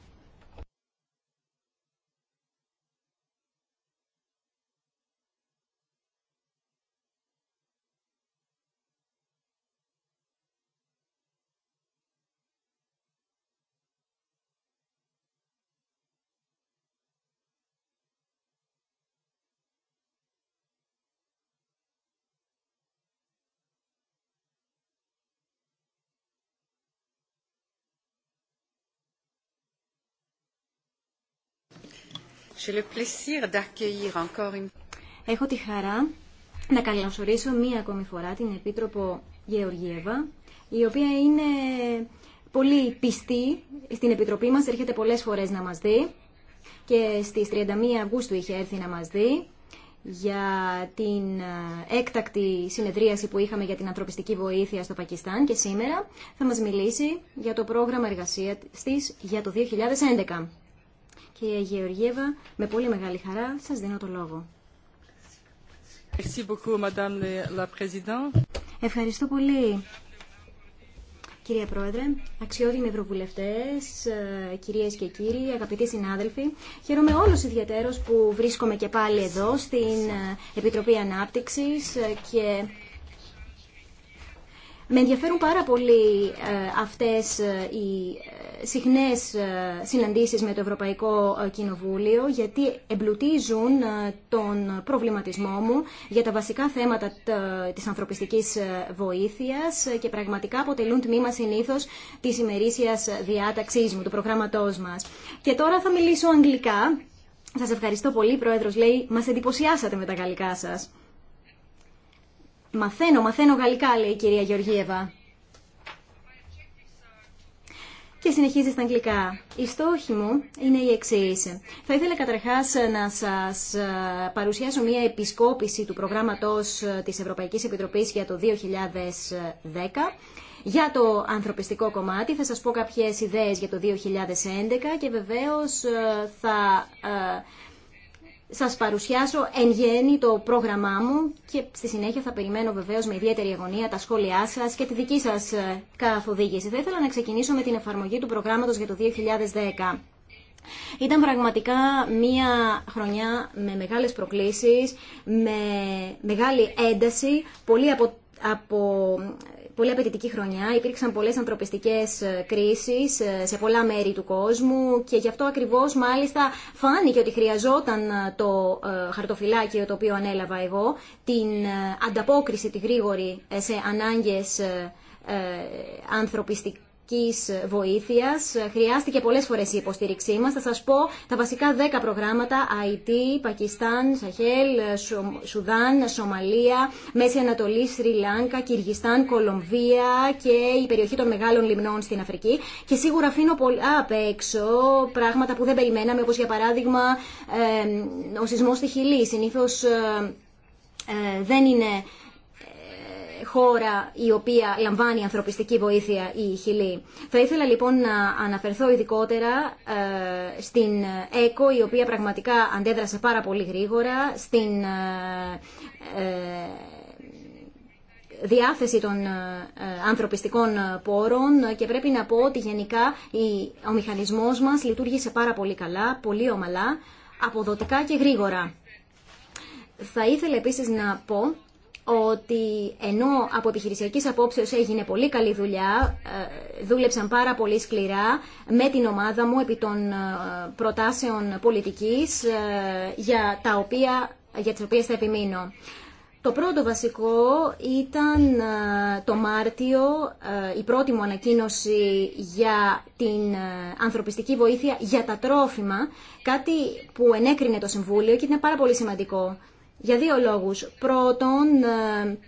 C: Έχω τη χαρά να καλωσορίσω μία ακόμη φορά την Επίτροπο Γεωργίευα, η οποία είναι πολύ πιστή στην Επιτροπή μας, έρχεται πολλές φορές να μας δει και στις 31 Αυγούστου είχε έρθει να μας δει για την ε, έκτακτη συνεδρίαση που είχαμε για την ανθρωπιστική βοήθεια στο Πακιστάν και σήμερα θα μας μιλήσει για το πρόγραμμα εργασίας της για το 2011. Κυρία Γεωργίευα, με πολύ μεγάλη χαρά σας δίνω το λόγο. Ευχαριστώ πολύ. Κυρία Πρόεδρε, αξιότιμοι ευρωβουλευτέ, ε, κυρίε και κύριοι, αγαπητοί συνάδελφοι, χαίρομαι όλο ιδιαίτερω που βρίσκομαι και πάλι εδώ στην ε, Επιτροπή Ανάπτυξη ε, και με ενδιαφέρουν πάρα πολύ ε, αυτές ε, οι ε, συχνές συναντήσεις με το Ευρωπαϊκό Κοινοβούλιο γιατί εμπλουτίζουν τον προβληματισμό μου για τα βασικά θέματα της ανθρωπιστικής βοήθειας και πραγματικά αποτελούν τμήμα συνήθως της ημερήσιας διάταξής μου, του προγράμματός μας. Και τώρα θα μιλήσω αγγλικά. Σας ευχαριστώ πολύ, Πρόεδρος λέει, μας εντυπωσιάσατε με τα γαλλικά σας. Μαθαίνω, μαθαίνω γαλλικά, λέει η κυρία Γεωργίευα. Και συνεχίζει στα αγγλικά. η στοχη μου είναι η εξή. Θα ήθελα καταρχά να σα ε, παρουσιάσω μία επισκόπηση του προγράμματο ε, τη Ευρωπαϊκή Επιτροπή για το 2010. Για το ανθρωπιστικό κομμάτι θα σας πω κάποιες ιδέες για το 2011 και βεβαίως ε, θα σας παρουσιάσω εν γέννη το πρόγραμμά μου και στη συνέχεια θα περιμένω βεβαίως με ιδιαίτερη αγωνία τα σχόλιά σας και τη δική σας ε, καθοδήγηση. Θα ήθελα να ξεκινήσω με την εφαρμογή του προγράμματος για το 2010. Ήταν πραγματικά μία χρονιά με μεγάλες προκλήσεις, με μεγάλη ένταση, πολύ από, από πολύ απαιτητική χρονιά. Υπήρξαν πολλές ανθρωπιστικές ε, κρίσεις ε, σε πολλά μέρη του κόσμου και γι' αυτό ακριβώς μάλιστα φάνηκε ότι χρειαζόταν ε, το χαρτοφυλάκιο το οποίο ανέλαβα εγώ, την ανταπόκριση τη γρήγορη σε ανάγκες ανθρωπιστικέ βοήθειας. Χρειάστηκε πολλές φορές η υποστήριξή μας. Θα σας πω τα βασικά 10 προγράμματα IT, Πακιστάν, Σαχέλ, Σουδάν, Σομαλία, Μέση Ανατολή, Σρι Λάνκα, Κυργιστάν, Κολομβία και η περιοχή των μεγάλων λιμνών στην Αφρική. Και σίγουρα αφήνω πολλά απ' έξω πράγματα που δεν περιμέναμε, όπως για παράδειγμα ε, ο σεισμός στη Χιλή. Συνήθως ε, ε, δεν είναι χώρα η οποία λαμβάνει ανθρωπιστική βοήθεια η Χιλή. Θα ήθελα λοιπόν να αναφερθώ ειδικότερα ε, στην ΕΚΟ η οποία πραγματικά αντέδρασε πάρα πολύ γρήγορα στην ε, ε, διάθεση των ανθρωπιστικών πόρων και πρέπει να πω ότι γενικά ο μηχανισμός μας λειτουργήσε πάρα πολύ καλά, πολύ ομαλά, αποδοτικά και γρήγορα. Θα ήθελα επίσης να πω ότι ενώ από επιχειρησιακή απόψεως έγινε πολύ καλή δουλειά, ε, δούλεψαν πάρα πολύ σκληρά με την ομάδα μου επί των ε, προτάσεων πολιτικής ε, για, τα οποία, για τις οποίες θα επιμείνω. Το πρώτο βασικό ήταν το Μάρτιο, η πρώτη μου ανακοίνωση για την ανθρωπιστική βοήθεια για τα τρόφιμα, κάτι που ενέκρινε το Συμβούλιο και ήταν πάρα πολύ σημαντικό. Για δύο λόγους. Πρώτον, ε,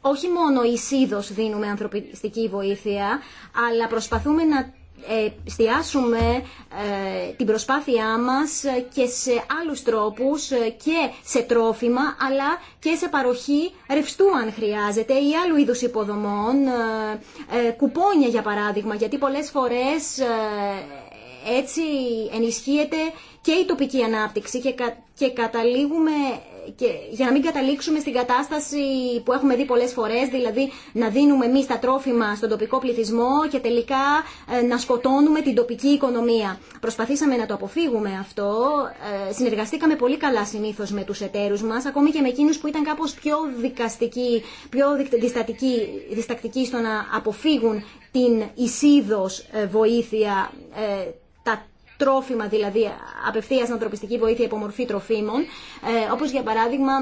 C: όχι μόνο εισίδος δίνουμε ανθρωπιστική βοήθεια, αλλά προσπαθούμε να εστιάσουμε ε, την προσπάθειά μας και σε άλλους τρόπους ε, και σε τρόφιμα αλλά και σε παροχή ρευστού αν χρειάζεται ή άλλου είδους υποδομών κουπόνια για παράδειγμα γιατί πολλές φορές έτσι ενισχύεται και η τοπική ανάπτυξη και, καταλήγουμε και για να μην καταλήξουμε στην κατάσταση που έχουμε δει πολλές φορές, δηλαδή να δίνουμε εμεί τα τρόφιμα στον τοπικό πληθυσμό και τελικά ε, να σκοτώνουμε την τοπική οικονομία. Προσπαθήσαμε να το αποφύγουμε αυτό, ε, συνεργαστήκαμε πολύ καλά συνήθως με τους εταίρους μας, ακόμη και με εκείνους που ήταν κάπως πιο δικαστικοί, πιο διστακτικοί στο να αποφύγουν την εισίδος ε, βοήθεια τα τρόφιμα, δηλαδή απευθείας ανθρωπιστική βοήθεια υπό μορφή τροφίμων, ε, όπως για παράδειγμα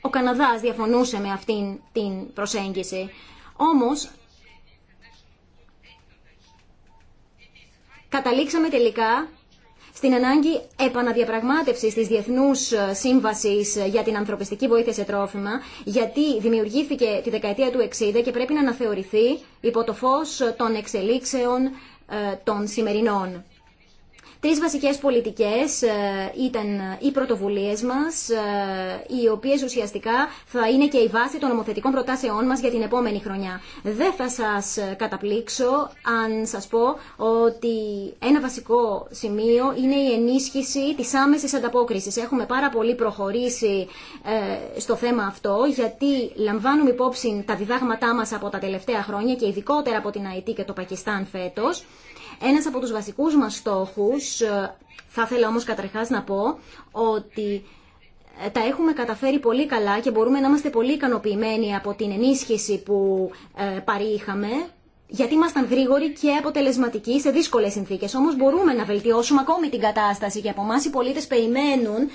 C: ο Καναδάς διαφωνούσε με αυτήν την προσέγγιση. Όμως, καταλήξαμε τελικά στην ανάγκη επαναδιαπραγμάτευσης της Διεθνούς Σύμβασης για την Ανθρωπιστική Βοήθεια σε Τρόφιμα, γιατί δημιουργήθηκε τη δεκαετία του 60 και πρέπει να αναθεωρηθεί υπό το φως των εξελίξεων ε, των σημερινών. Τρεις βασικές πολιτικές ε, ήταν ε, οι πρωτοβουλίες μας, ε, οι οποίες ουσιαστικά θα είναι και η βάση των νομοθετικών προτάσεών μας για την επόμενη χρονιά. Δεν θα σας καταπλήξω αν σας πω ότι ένα βασικό σημείο είναι η ενίσχυση της άμεσης ανταπόκρισης. Έχουμε πάρα πολύ προχωρήσει στο θέμα αυτό, γιατί λαμβάνουμε υπόψη τα διδάγματά μα από τα τελευταία χρόνια και ειδικότερα από την ΑΕΤ και το Πακιστάν Φέτο. Ένας από τους βασικούς μας στόχους, ε, θα ήθελα όμως καταρχάς να πω, ότι ε, τα έχουμε καταφέρει πολύ καλά και μπορούμε να είμαστε πολύ ικανοποιημένοι από την ενίσχυση που ε, παρήχαμε, γιατί ήμασταν γρήγοροι και αποτελεσματικοί σε δύσκολες συνθήκες. Όμως μπορούμε να βελτιώσουμε ακόμη την κατάσταση και από εμά οι πολίτες περιμένουν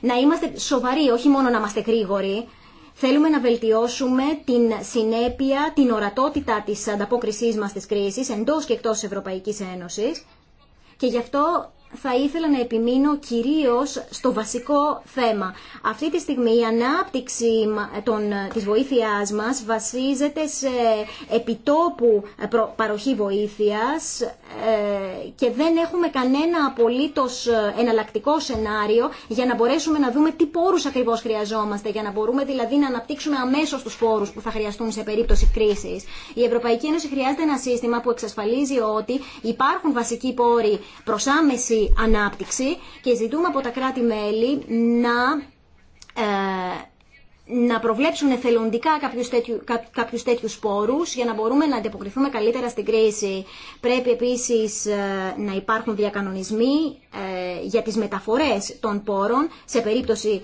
C: να είμαστε σοβαροί, όχι μόνο να είμαστε γρήγοροι. Θέλουμε να βελτιώσουμε την συνέπεια, την ορατότητα της ανταπόκρισής μας στις κρίσης εντός και εκτός της Ευρωπαϊκής Ένωσης και γι' αυτό θα ήθελα να επιμείνω κυρίως στο βασικό θέμα. Αυτή τη στιγμή η ανάπτυξη των, της βοήθειάς μας βασίζεται σε επιτόπου ε, παροχή βοήθειας ε, και δεν έχουμε κανένα απολύτως ε, εναλλακτικό σενάριο για να μπορέσουμε να δούμε τι πόρους ακριβώς χρειαζόμαστε, για να μπορούμε δηλαδή να αναπτύξουμε αμέσως τους πόρους που θα χρειαστούν σε περίπτωση κρίσης. Η Ευρωπαϊκή Ένωση χρειάζεται ένα σύστημα που εξασφαλίζει ότι υπάρχουν βασικοί πόροι προς άμεση ανάπτυξη και ζητούμε από τα κράτη-μέλη να ε, να προβλέψουν εθελοντικά κάποιους, τέτοιου, κάποιους τέτοιους σπόρους για να μπορούμε να αντιποκριθούμε καλύτερα στην κρίση. Πρέπει επίσης ε, να υπάρχουν διακανονισμοί ε, για τις μεταφορές των πόρων σε περίπτωση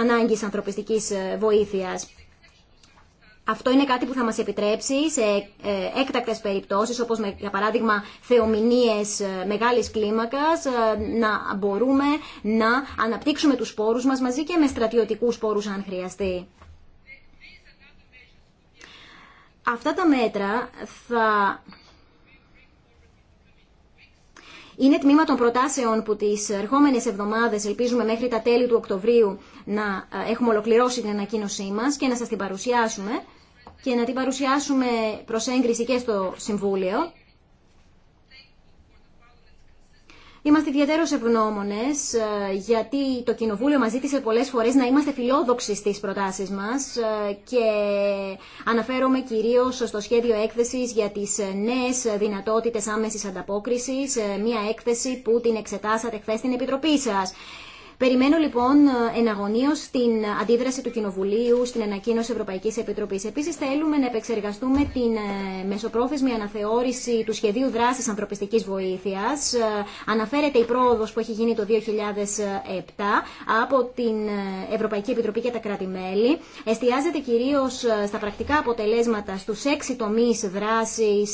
C: ανάγκης ανθρωπιστικής βοήθειας. Αυτό είναι κάτι που θα μας επιτρέψει σε ε, έκτακτες περιπτώσεις, όπως με, για παράδειγμα θεομηνίες ε, μεγάλης κλίμακας, ε, να μπορούμε να αναπτύξουμε τους σπόρους μας μαζί και με στρατιωτικούς σπόρους αν χρειαστεί. Αυτά τα μέτρα θα είναι τμήμα των προτάσεων που τις ερχόμενες εβδομάδες ελπίζουμε μέχρι τα τέλη του Οκτωβρίου να έχουμε ολοκληρώσει την ανακοίνωσή μας και να σας την παρουσιάσουμε και να την παρουσιάσουμε προς έγκριση και στο Συμβούλιο. Είμαστε ιδιαίτερω ευγνώμονε ε, γιατί το Κοινοβούλιο μα ζήτησε πολλέ φορέ να είμαστε φιλόδοξοι στι προτάσει μα ε, και αναφέρομαι κυρίω στο σχέδιο έκθεση για τι νέε δυνατότητε άμεση ανταπόκριση, ε, μια έκθεση που την εξετάσατε χθε στην Επιτροπή σα. Περιμένω λοιπόν ε, εναγωνίω την αντίδραση του Κοινοβουλίου στην ανακοίνωση Ευρωπαϊκή Επιτροπή. Επίση, θέλουμε να επεξεργαστούμε την ε, μεσοπρόθεσμη αναθεώρηση του σχεδίου δράση ανθρωπιστική βοήθεια. Ε, αναφέρεται η πρόοδο που έχει γίνει το 2007 από την Ευρωπαϊκή Επιτροπή και τα κράτη-μέλη. Εστιάζεται κυρίω στα πρακτικά αποτελέσματα στου έξι τομεί δράση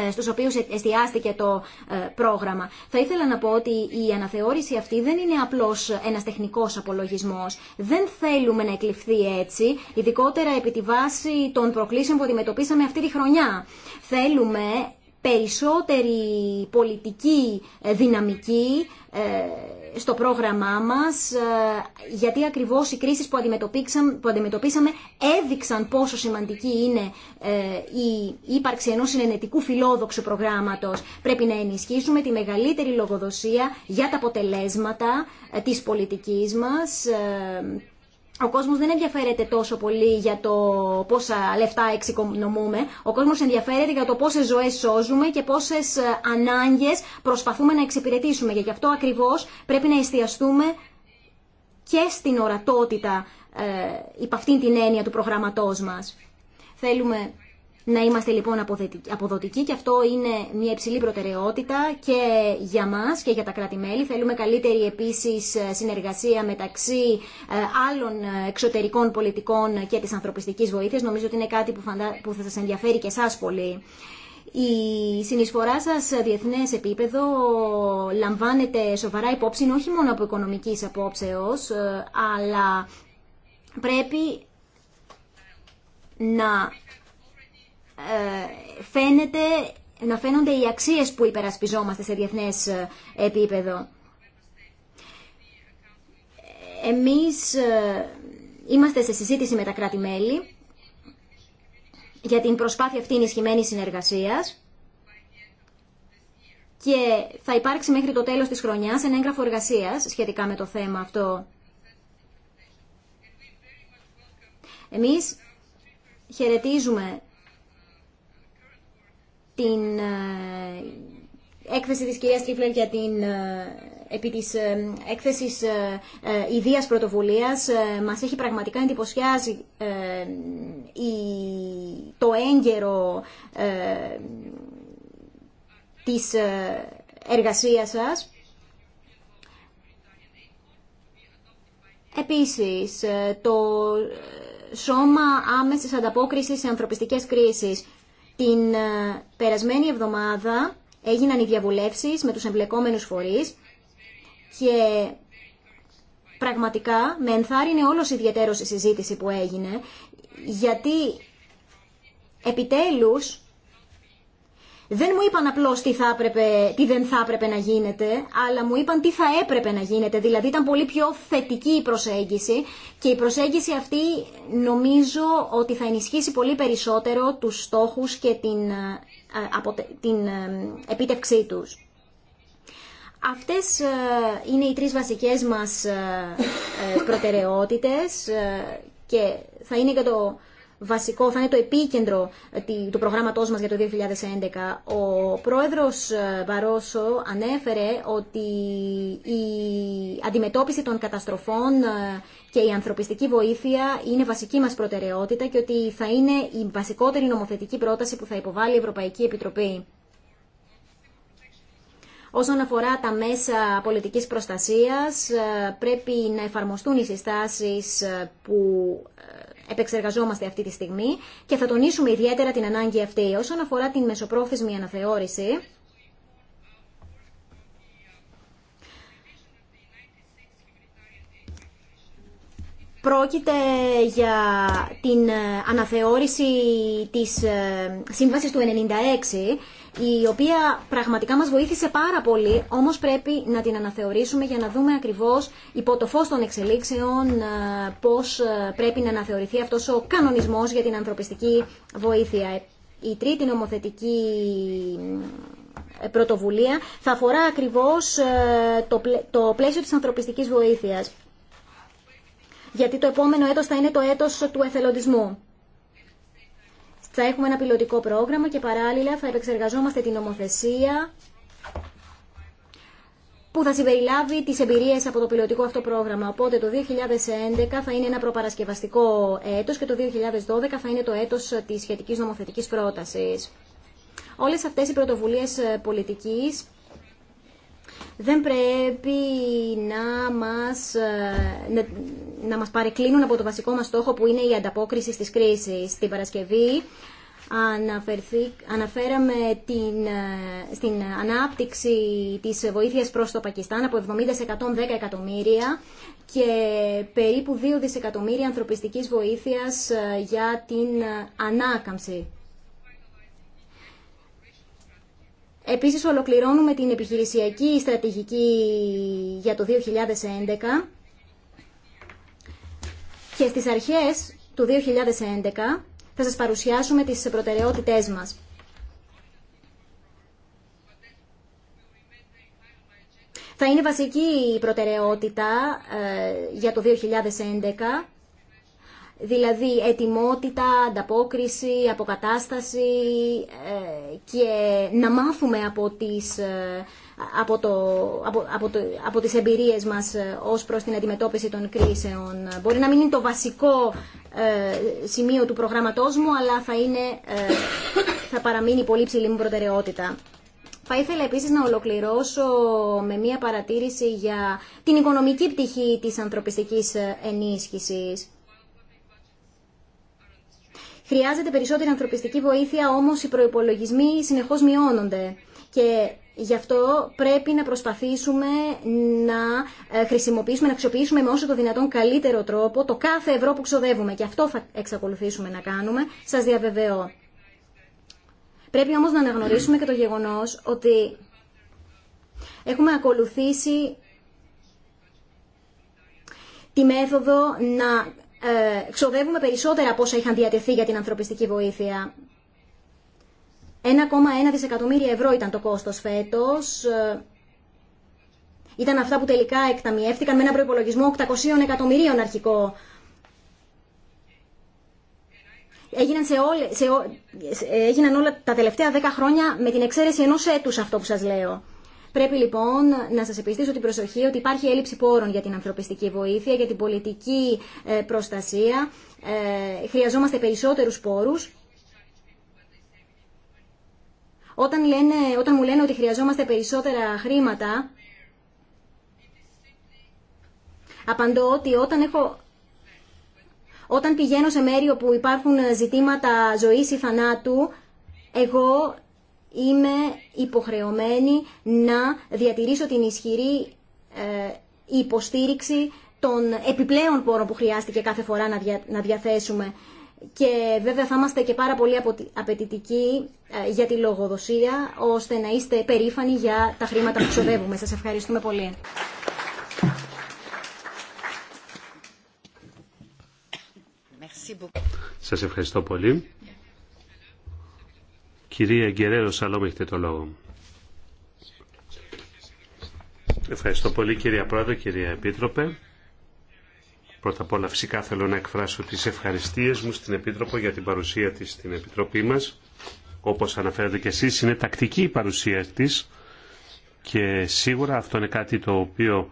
C: ε, στους οποίους εστιάστηκε το ε, πρόγραμμα. Θα ήθελα να πω ότι η αναθεώρηση αυτή δεν είναι απλώς ένας τεχνικός απολογισμός. Δεν θέλουμε να εκλειφθεί έτσι, ειδικότερα επί τη βάση των προκλήσεων που αντιμετωπίσαμε αυτή τη χρονιά. Θέλουμε περισσότερη πολιτική ε, δυναμική στο πρόγραμμά μας, ε, γιατί ακριβώς οι κρίσεις που, που αντιμετωπίσαμε έδειξαν πόσο σημαντική είναι ε, η ύπαρξη ενός συνενετικού φιλόδοξου προγράμματος. Πρέπει να ενισχύσουμε τη μεγαλύτερη λογοδοσία για τα αποτελέσματα ε, της πολιτικής μας, ο κόσμος δεν ενδιαφέρεται τόσο πολύ για το πόσα λεφτά εξοικονομούμε. Ο κόσμος ενδιαφέρεται για το πόσες ζωές σώζουμε και πόσες ε, ανάγκες προσπαθούμε να εξυπηρετήσουμε. Και γι' αυτό ακριβώς πρέπει να εστιαστούμε και στην ορατότητα ε, υπ' αυτήν την έννοια του προγραμματός μας. Θέλουμε να είμαστε λοιπόν αποδοτικοί και αυτό είναι μια υψηλή προτεραιότητα και για μας και για τα κράτη-μέλη. Θέλουμε καλύτερη επίσης συνεργασία μεταξύ ε, άλλων εξωτερικών πολιτικών και της ανθρωπιστικής βοήθειας. Νομίζω ότι είναι κάτι που θα σας ενδιαφέρει και εσάς πολύ. Η συνεισφορά σας σε διεθνές επίπεδο λαμβάνεται σοβαρά υπόψη όχι μόνο από οικονομικής απόψεως, ε, αλλά πρέπει να ε, φαίνεται, να φαίνονται οι αξίες που υπερασπιζόμαστε σε διεθνές ε, επίπεδο. Εμείς ε, είμαστε σε συζήτηση με τα κράτη-μέλη για την προσπάθεια αυτήν ισχυμένης συνεργασίας και θα υπάρξει μέχρι το τέλος της χρονιάς ένα έγγραφο εργασίας σχετικά με το θέμα αυτό. Εμείς χαιρετίζουμε την ε, έκθεση της κυρίας Τρίφλερ για την ε, επί της ε, έκθεσης ιδίας πρωτοβουλίας μας έχει πραγματικά εντυπωσιάσει το έγκαιρο της εργασίας σας. Επίσης, το σώμα άμεσης ανταπόκρισης σε ανθρωπιστικές κρίσεις την ε, περασμένη εβδομάδα έγιναν οι διαβουλεύσεις με τους εμπλεκόμενους φορείς και πραγματικά με ενθάρρυνε όλος ιδιαίτερος η συζήτηση που έγινε γιατί επιτέλους δεν μου είπαν απλώ τι, τι δεν θα έπρεπε να γίνεται, αλλά μου είπαν τι θα έπρεπε να γίνεται. Δηλαδή ήταν πολύ πιο θετική η προσέγγιση και η προσέγγιση αυτή νομίζω ότι θα ενισχύσει πολύ περισσότερο τους στόχους και την, ε, από, την ε, επίτευξή τους. Αυτές ε, είναι οι τρεις βασικές μας προτεραιότητες και θα είναι και το βασικό, θα είναι το επίκεντρο ε, του προγράμματός μας για το 2011. Ο πρόεδρος Βαρόσο ε, ανέφερε ότι η αντιμετώπιση των καταστροφών ε, και η ανθρωπιστική βοήθεια είναι βασική μας προτεραιότητα και ότι θα είναι η βασικότερη νομοθετική πρόταση που θα υποβάλει η Ευρωπαϊκή Επιτροπή. Όσον αφορά τα μέσα πολιτικής προστασίας, πρέπει να εφαρμοστούν οι συστάσεις που επεξεργαζόμαστε αυτή τη στιγμή και θα τονίσουμε ιδιαίτερα την ανάγκη αυτή. Όσον αφορά την μεσοπρόθεσμη αναθεώρηση, Πρόκειται για την αναθεώρηση της ε, σύμβασης του 96 η οποία πραγματικά μας βοήθησε πάρα πολύ, όμως πρέπει να την αναθεωρήσουμε για να δούμε ακριβώς υπό το φως των εξελίξεων ε, πώς ε, πρέπει να αναθεωρηθεί αυτός ο κανονισμός για την ανθρωπιστική βοήθεια. Η τρίτη νομοθετική ε, πρωτοβουλία θα αφορά ακριβώς το πλαίσιο της ανθρωπιστικής βοήθειας. Γιατί το επόμενο έτος θα είναι το έτος του εθελοντισμού. Θα έχουμε ένα πιλωτικό πρόγραμμα και παράλληλα θα επεξεργαζόμαστε την νομοθεσία που θα συμπεριλάβει τις εμπειρίες από το πιλωτικό αυτό πρόγραμμα. Οπότε το 2011 θα είναι ένα προπαρασκευαστικό έτος και το 2012 θα είναι το έτος της σχετικής νομοθετικής πρότασης. Όλες αυτές οι πρωτοβουλίες ε, πολιτικής δεν πρέπει να μας, ε, να μας παρεκκλίνουν από το βασικό μας στόχο που είναι η ανταπόκριση στις κρίσεις. Στην Παρασκευή αναφέραμε την, ε, στην ανάπτυξη της βοήθειας προς το Πακιστάν από 70 110 εκατομμύρια και περίπου 2 δισεκατομμύρια ανθρωπιστικής βοήθειας ε, για την ανάκαμψη. Επίσης ολοκληρώνουμε την επιχειρησιακή στρατηγική για το 2011 και στις αρχές του 2011 θα σας παρουσιάσουμε τις προτεραιότητές μας. Θα είναι βασική η προτεραιότητα ε, για το 2011 δηλαδή ετοιμότητα, ανταπόκριση, αποκατάσταση ε, και να μάθουμε από τις ε, από, το, από, από, το, από τις εμπειρίες μας ε, ως προς την αντιμετώπιση των κρίσεων. Μπορεί να μην είναι το βασικό ε, σημείο του προγραμματός μου, αλλά θα, είναι, ε, θα παραμείνει πολύ ψηλή μου προτεραιότητα. Θα ήθελα επίσης να ολοκληρώσω με μία παρατήρηση για την οικονομική πτυχή της ανθρωπιστικής ε, ενίσχυσης. Χρειάζεται περισσότερη ανθρωπιστική βοήθεια, όμως οι προϋπολογισμοί συνεχώς μειώνονται. Και Γι' αυτό πρέπει να προσπαθήσουμε να ε, χρησιμοποιήσουμε, να αξιοποιήσουμε με όσο το δυνατόν καλύτερο τρόπο το κάθε ευρώ που ξοδεύουμε. Και αυτό θα εξακολουθήσουμε να κάνουμε, σας διαβεβαιώ. Πρέπει όμως να αναγνωρίσουμε και το γεγονό ότι έχουμε ακολουθήσει τη μέθοδο να ε, ξοδεύουμε περισσότερα από όσα είχαν διατεθεί για την ανθρωπιστική βοήθεια. 1,1 δισεκατομμύρια ευρώ ήταν το κόστος φέτος. Ε, ήταν αυτά που τελικά εκταμιεύτηκαν με ένα προϋπολογισμό 800 εκατομμυρίων αρχικό. Έγιναν, σε σε, έγιναν όλα τα τελευταία 10 χρόνια με την εξαίρεση ενός έτους αυτό που σας λέω. Πρέπει λοιπόν να σας επιστήσω την προσοχή ότι υπάρχει έλλειψη πόρων για την ανθρωπιστική βοήθεια, για την πολιτική ε, προστασία. Ε, χρειαζόμαστε περισσότερους πόρους όταν, λένε, όταν μου λένε ότι χρειαζόμαστε περισσότερα χρήματα, απαντώ ότι όταν έχω όταν πηγαίνω σε μέρη όπου υπάρχουν ζητήματα ζωής ή θανάτου, εγώ είμαι υποχρεωμένη να διατηρήσω την ισχυρή ε, υποστήριξη των επιπλέον πόρων που χρειάστηκε κάθε φορά να διαθέσουμε και βέβαια θα είμαστε και πάρα πολύ απαιτητικοί ε, για τη λογοδοσία, ώστε να είστε περήφανοι για τα χρήματα που ξοδεύουμε. Σας ευχαριστούμε πολύ.
B: Σας ευχαριστώ πολύ. Κυρία Γκερέρο Σαλόμ, έχετε το λόγο. Ευχαριστώ πολύ κυρία Πρόεδρε, κυρία Επίτροπε. Πρώτα απ' όλα φυσικά θέλω να εκφράσω τις ευχαριστίες μου στην Επίτροπο για την παρουσία της στην Επιτροπή μας. Όπως αναφέρατε και εσείς είναι τακτική η παρουσία της και σίγουρα αυτό είναι κάτι το οποίο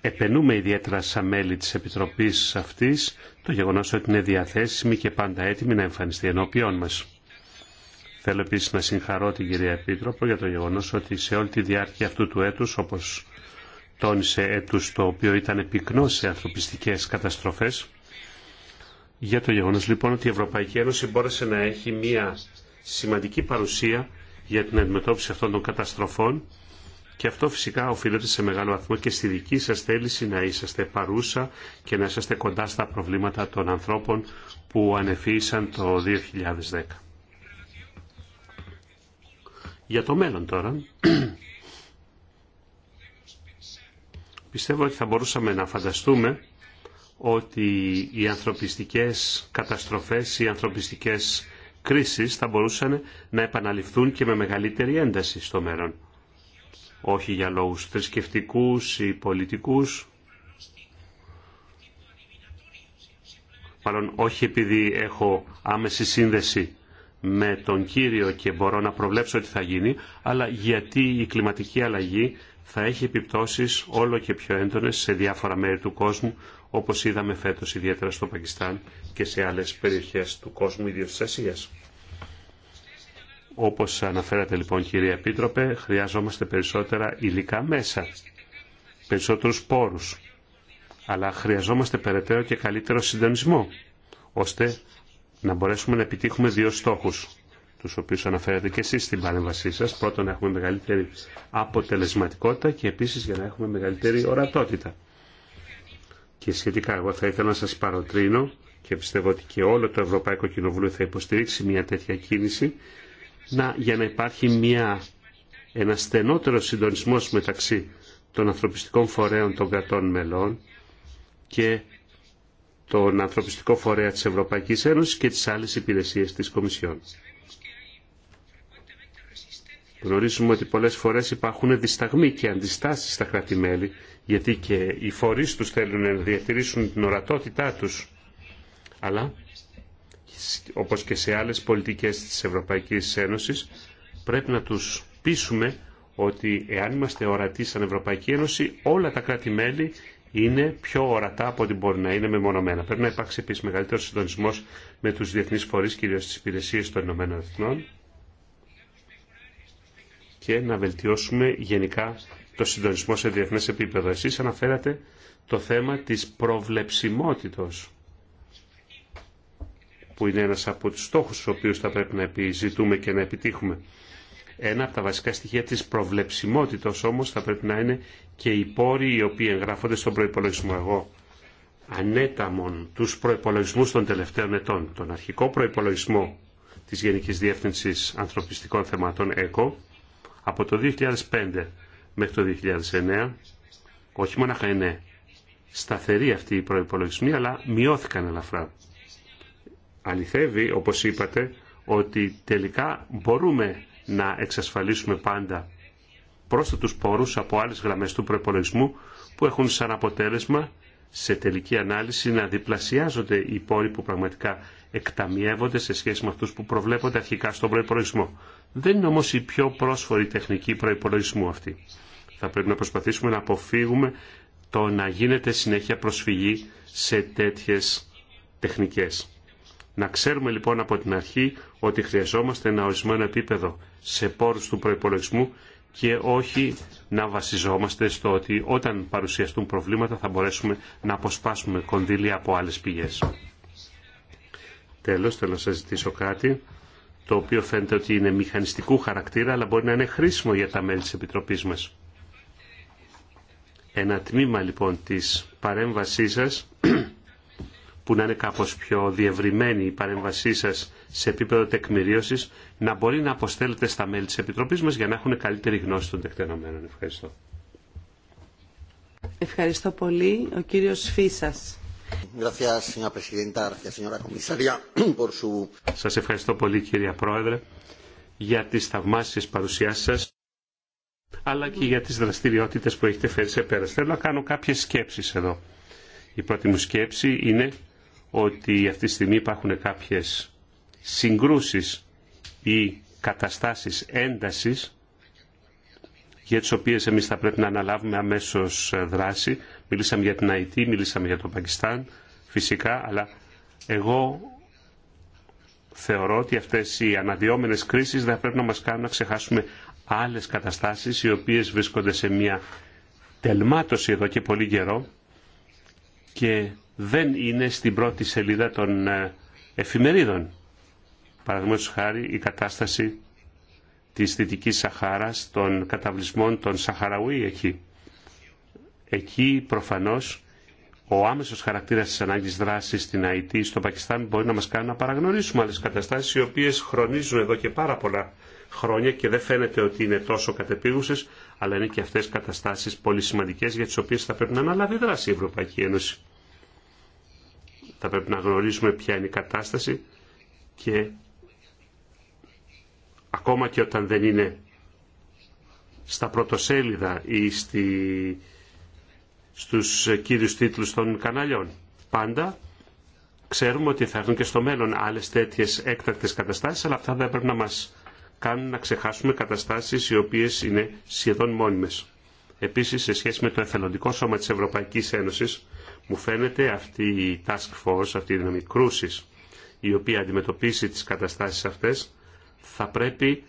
B: επενούμε ιδιαίτερα σαν μέλη της Επιτροπής αυτής το γεγονός ότι είναι διαθέσιμη και πάντα έτοιμη να εμφανιστεί ενώπιόν μας. Θέλω επίσης να συγχαρώ την κυρία Επίτροπο για το γεγονός ότι σε όλη τη διάρκεια αυτού του έτους, όπως τόνισε έτους το οποίο ήταν πυκνό σε ανθρωπιστικές καταστροφές. Για το γεγονός λοιπόν ότι η Ευρωπαϊκή Ένωση μπόρεσε να έχει μια σημαντική παρουσία για την αντιμετώπιση αυτών των καταστροφών και αυτό φυσικά οφείλεται σε μεγάλο βαθμό και στη δική σας θέληση να είσαστε παρούσα και να είσαστε κοντά στα προβλήματα των ανθρώπων που ανεφύησαν το 2010. Για το μέλλον τώρα, Πιστεύω ότι θα μπορούσαμε να φανταστούμε ότι οι ανθρωπιστικές καταστροφές, οι ανθρωπιστικές κρίσεις θα μπορούσαν να επαναληφθούν και με μεγαλύτερη ένταση στο μέλλον. Όχι για λόγους θρησκευτικού ή πολιτικούς, παρόν όχι επειδή έχω άμεση σύνδεση με τον Κύριο και μπορώ να προβλέψω ότι θα γίνει, αλλά γιατί η κλιματική αλλαγή θα έχει επιπτώσεις όλο και πιο έντονες σε διάφορα μέρη του κόσμου, όπως είδαμε φέτος ιδιαίτερα στο Πακιστάν και σε άλλες περιοχές του κόσμου, ιδίως της Ασίας. Όπως αναφέρατε λοιπόν κυρία Επίτροπε, χρειάζομαστε περισσότερα υλικά μέσα, περισσότερους πόρους, αλλά χρειαζόμαστε περαιτέρω και καλύτερο συντονισμό, ώστε να μπορέσουμε να επιτύχουμε δύο στόχους του οποίου αναφέρατε και εσεί στην παρέμβασή σα, Πρώτον, να έχουμε μεγαλύτερη αποτελεσματικότητα και επίση για να έχουμε μεγαλύτερη ορατότητα. Και σχετικά, εγώ θα ήθελα να σα παροτρύνω και πιστεύω ότι και όλο το Ευρωπαϊκό Κοινοβούλιο θα υποστηρίξει μια τέτοια κίνηση να, για να υπάρχει μια, ένα στενότερο συντονισμό μεταξύ των ανθρωπιστικών φορέων των κρατών μελών και τον ανθρωπιστικό φορέα της Ευρωπαϊκής Ένωσης και τις άλλες υπηρεσίες της Κομισιόν. Γνωρίζουμε ότι πολλές φορές υπάρχουν δισταγμοί και αντιστάσεις στα κράτη-μέλη, γιατί και οι φορείς τους θέλουν να διατηρήσουν την ορατότητά τους. Αλλά, όπως και σε άλλες πολιτικές της Ευρωπαϊκής Ένωσης, πρέπει να τους πείσουμε ότι εάν είμαστε ορατοί σαν Ευρωπαϊκή Ένωση, όλα τα κράτη-μέλη είναι πιο ορατά από ό,τι μπορεί να είναι μεμονωμένα. Πρέπει να υπάρξει επίση μεγαλύτερο συντονισμό με τους διεθνείς φορείς κυρίως τι υπηρεσίες των Ηνωμένων και να βελτιώσουμε γενικά το συντονισμό σε διεθνές επίπεδο. Εσείς αναφέρατε το θέμα της προβλεψιμότητος που είναι ένας από τους στόχους στους οποίους θα πρέπει να επιζητούμε και να επιτύχουμε. Ένα από τα βασικά στοιχεία της προβλεψιμότητος όμως θα πρέπει να είναι και οι πόροι οι οποίοι εγγράφονται στον προϋπολογισμό. Εγώ ανέταμον τους προϋπολογισμούς των τελευταίων ετών, τον αρχικό προϋπολογισμό της Γενικής Διεύθυνσης Ανθρωπιστικών Θεμάτων ΕΚΟ, από το 2005 μέχρι το 2009 όχι μόνο είναι σταθεροί αυτοί οι προϋπολογισμοί αλλά μειώθηκαν ελαφρά. Αληθεύει όπως είπατε ότι τελικά μπορούμε να εξασφαλίσουμε πάντα πρόσθετους πόρους από άλλες γραμμές του προϋπολογισμού που έχουν σαν αποτέλεσμα σε τελική ανάλυση να διπλασιάζονται οι πόροι που πραγματικά εκταμιεύονται σε σχέση με αυτούς που προβλέπονται αρχικά στον προϋπολογισμό. Δεν είναι όμως η πιο πρόσφορη τεχνική προϋπολογισμού αυτή. Θα πρέπει να προσπαθήσουμε να αποφύγουμε το να γίνεται συνέχεια προσφυγή σε τέτοιες τεχνικές. Να ξέρουμε λοιπόν από την αρχή ότι χρειαζόμαστε ένα ορισμένο επίπεδο σε πόρους του προϋπολογισμού και όχι να βασιζόμαστε στο ότι όταν παρουσιαστούν προβλήματα θα μπορέσουμε να αποσπάσουμε κονδύλια από άλλες πηγές. Τέλος, θέλω να σας ζητήσω κάτι το οποίο φαίνεται ότι είναι μηχανιστικού χαρακτήρα, αλλά μπορεί να είναι χρήσιμο για τα μέλη της Επιτροπής μας. Ένα τμήμα λοιπόν της παρέμβασής σας, που να είναι κάπως πιο διευρυμένη η παρέμβασή σας σε επίπεδο τεκμηρίωσης, να μπορεί να αποστέλλεται στα μέλη της Επιτροπής μας για να έχουν καλύτερη γνώση των τεκτενομένων. Ευχαριστώ.
A: Ευχαριστώ πολύ. Ο κύριος Φίσας.
B: Σας ευχαριστώ πολύ κυρία Πρόεδρε για τις θαυμάσιες παρουσιάσεις σας αλλά και για τις δραστηριότητες που έχετε φέρει σε πέρας. Θέλω να κάνω κάποιες σκέψεις εδώ. Η πρώτη μου σκέψη είναι ότι αυτή τη στιγμή υπάρχουν κάποιες συγκρούσεις ή καταστάσεις έντασης για τις οποίες εμείς θα πρέπει να αναλάβουμε αμέσως ε, δράση Μιλήσαμε για την Αιτή, μιλήσαμε για το Πακιστάν φυσικά, αλλά εγώ θεωρώ ότι αυτές οι αναδυόμενες κρίσεις δεν πρέπει να μας κάνουν να ξεχάσουμε άλλες καταστάσεις οι οποίες βρίσκονται σε μια τελμάτωση εδώ και πολύ καιρό και δεν είναι στην πρώτη σελίδα των ε, εφημερίδων. Παραδείγματος χάρη η κατάσταση της Δυτικής Σαχάρας, των καταβλισμών των Σαχαραούι εκεί. Εκεί προφανώς ο άμεσος χαρακτήρας της ανάγκης δράσης στην ΑΕΤ στο Πακιστάν μπορεί να μας κάνει να παραγνωρίσουμε άλλες καταστάσεις οι οποίες χρονίζουν εδώ και πάρα πολλά χρόνια και δεν φαίνεται ότι είναι τόσο κατεπίγουσες αλλά είναι και αυτές καταστάσεις πολύ σημαντικές για τις οποίες θα πρέπει να αναλάβει δράση η Ευρωπαϊκή Ένωση. Θα πρέπει να γνωρίζουμε ποια είναι η κατάσταση και ακόμα και όταν δεν είναι στα πρωτοσέλιδα ή στη στους κύριους τίτλους των καναλιών. Πάντα ξέρουμε ότι θα έρθουν και στο μέλλον άλλες τέτοιες έκτακτες καταστάσεις, αλλά αυτά δεν πρέπει να μας κάνουν να ξεχάσουμε καταστάσεις οι οποίες είναι σχεδόν μόνιμες. Επίσης, σε σχέση με το εθελοντικό σώμα της Ευρωπαϊκής Ένωσης, μου φαίνεται αυτή η task force, αυτή η δύναμη κρούσης, η οποία αντιμετωπίσει τις καταστάσεις αυτές, θα πρέπει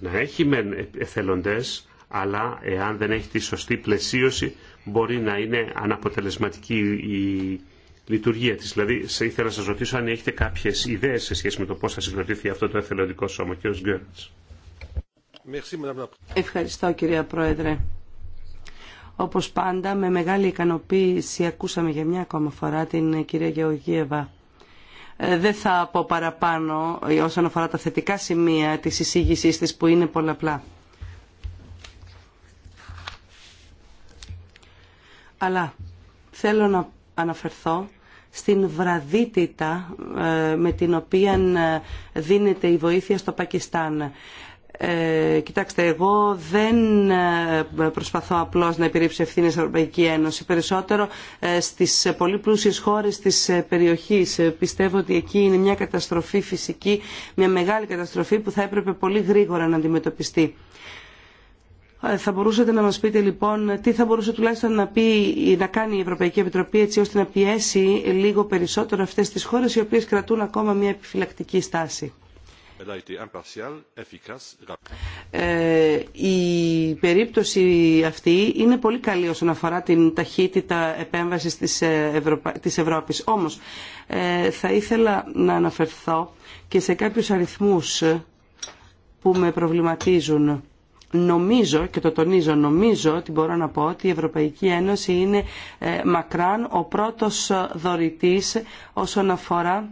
B: να έχει μεν εθελοντές, αλλά εάν δεν έχει τη σωστή πλαισίωση, μπορεί να είναι αναποτελεσματική η λειτουργία της. Δηλαδή, ήθελα να σας ρωτήσω αν έχετε κάποιες ιδέες σε σχέση με το πώς θα συγκροτηθεί αυτό το εθελοντικό σώμα. Κύριος Γκέρντς.
A: Ευχαριστώ κυρία Πρόεδρε. Όπως πάντα, με μεγάλη ικανοποίηση ακούσαμε για μια ακόμα φορά την κυρία Γεωργίεβα. Ε, δεν θα πω παραπάνω ε, όσον αφορά τα θετικά σημεία της εισήγησής της που είναι πολλαπλά. αλλά θέλω να αναφερθώ στην βραδύτητα ε, με την οποία ε, δίνεται η βοήθεια στο Πακιστάν. Ε, κοιτάξτε, εγώ δεν προσπαθώ απλώς να επιρρύψω ευθύνη στην Ευρωπαϊκή Ένωση. Περισσότερο στις πολύ πλούσιες χώρες της περιοχής. Πιστεύω ότι εκεί είναι μια καταστροφή φυσική, μια μεγάλη καταστροφή που θα έπρεπε πολύ γρήγορα να αντιμετωπιστεί. Ε, θα μπορούσατε να μας πείτε λοιπόν τι θα μπορούσε τουλάχιστον να, πει, να κάνει η Ευρωπαϊκή Επιτροπή έτσι ώστε να πιέσει λίγο περισσότερο αυτές τις χώρες οι οποίες κρατούν ακόμα μια επιφυλακτική στάση. Ε, η περίπτωση αυτή είναι πολύ καλή όσον αφορά την ταχύτητα επέμβασης της, ε, Ευρωπα... της Ευρώπης. Όμως ε, θα ήθελα να αναφερθώ και σε κάποιους αριθμούς που με προβληματίζουν Νομίζω και το τονίζω, νομίζω ότι μπορώ να πω ότι η Ευρωπαϊκή Ένωση είναι ε, μακράν ο πρώτος ε, δωρητής όσον αφορά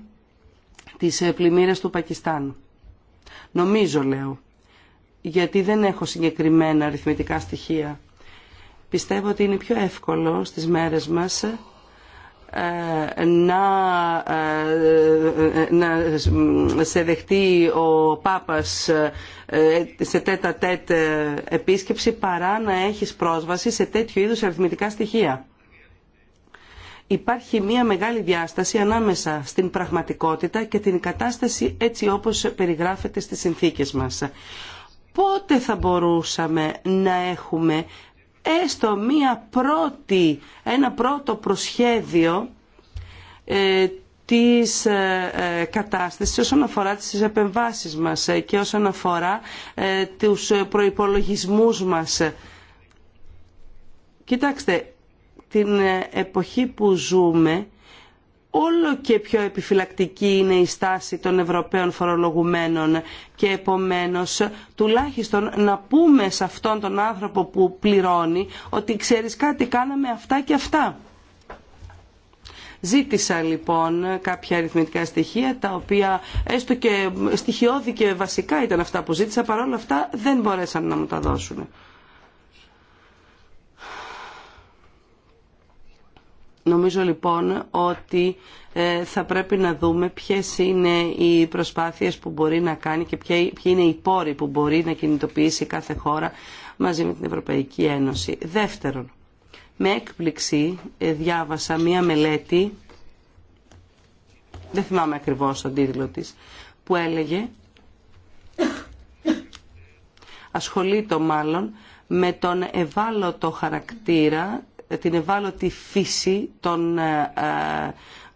A: τις ε, πλημμύρες του Πακιστάν. Νομίζω λέω, γιατί δεν έχω συγκεκριμένα αριθμητικά στοιχεία. Πιστεύω ότι είναι πιο εύκολο στις μέρες μας ε, να, σε δεχτεί ο Πάπας ε, σε τέτα τέτ επίσκεψη παρά να έχεις πρόσβαση σε τέτοιου είδους αριθμητικά στοιχεία. Υπάρχει μια μεγάλη διάσταση ανάμεσα στην πραγματικότητα και την κατάσταση έτσι όπως περιγράφεται στις συνθήκες μας. Πότε θα μπορούσαμε να έχουμε έστω μία πρώτη, ένα πρώτο προσχέδιο ε, της ε, ε, κατάστασης όσον αφορά τις επεμβάσεις μας ε, και όσον αφορά τους προϋπολογισμούς μας. Κοιτάξτε, την εποχή που ζούμε όλο και πιο επιφυλακτική είναι η στάση των Ευρωπαίων φορολογουμένων και επομένως τουλάχιστον να πούμε σε αυτόν τον άνθρωπο που πληρώνει ότι ξέρεις κάτι κάναμε αυτά και αυτά. Ζήτησα λοιπόν κάποια αριθμητικά στοιχεία τα οποία έστω και στοιχειώδη και βασικά ήταν αυτά που ζήτησα παρόλα αυτά δεν μπορέσαν να μου τα δώσουν. Νομίζω λοιπόν ότι ε, θα πρέπει να δούμε ποιες είναι οι προσπάθειες που μπορεί να κάνει και ποιοι είναι οι πόροι που μπορεί να κινητοποιήσει κάθε χώρα μαζί με την Ευρωπαϊκή Ένωση. Δεύτερον, με έκπληξη ε, διάβασα μία μελέτη, δεν θυμάμαι ακριβώς τον τίτλο της, που έλεγε, ασχολείται μάλλον με τον ευάλωτο χαρακτήρα ε, την ευάλωτη φύση των ε, ε,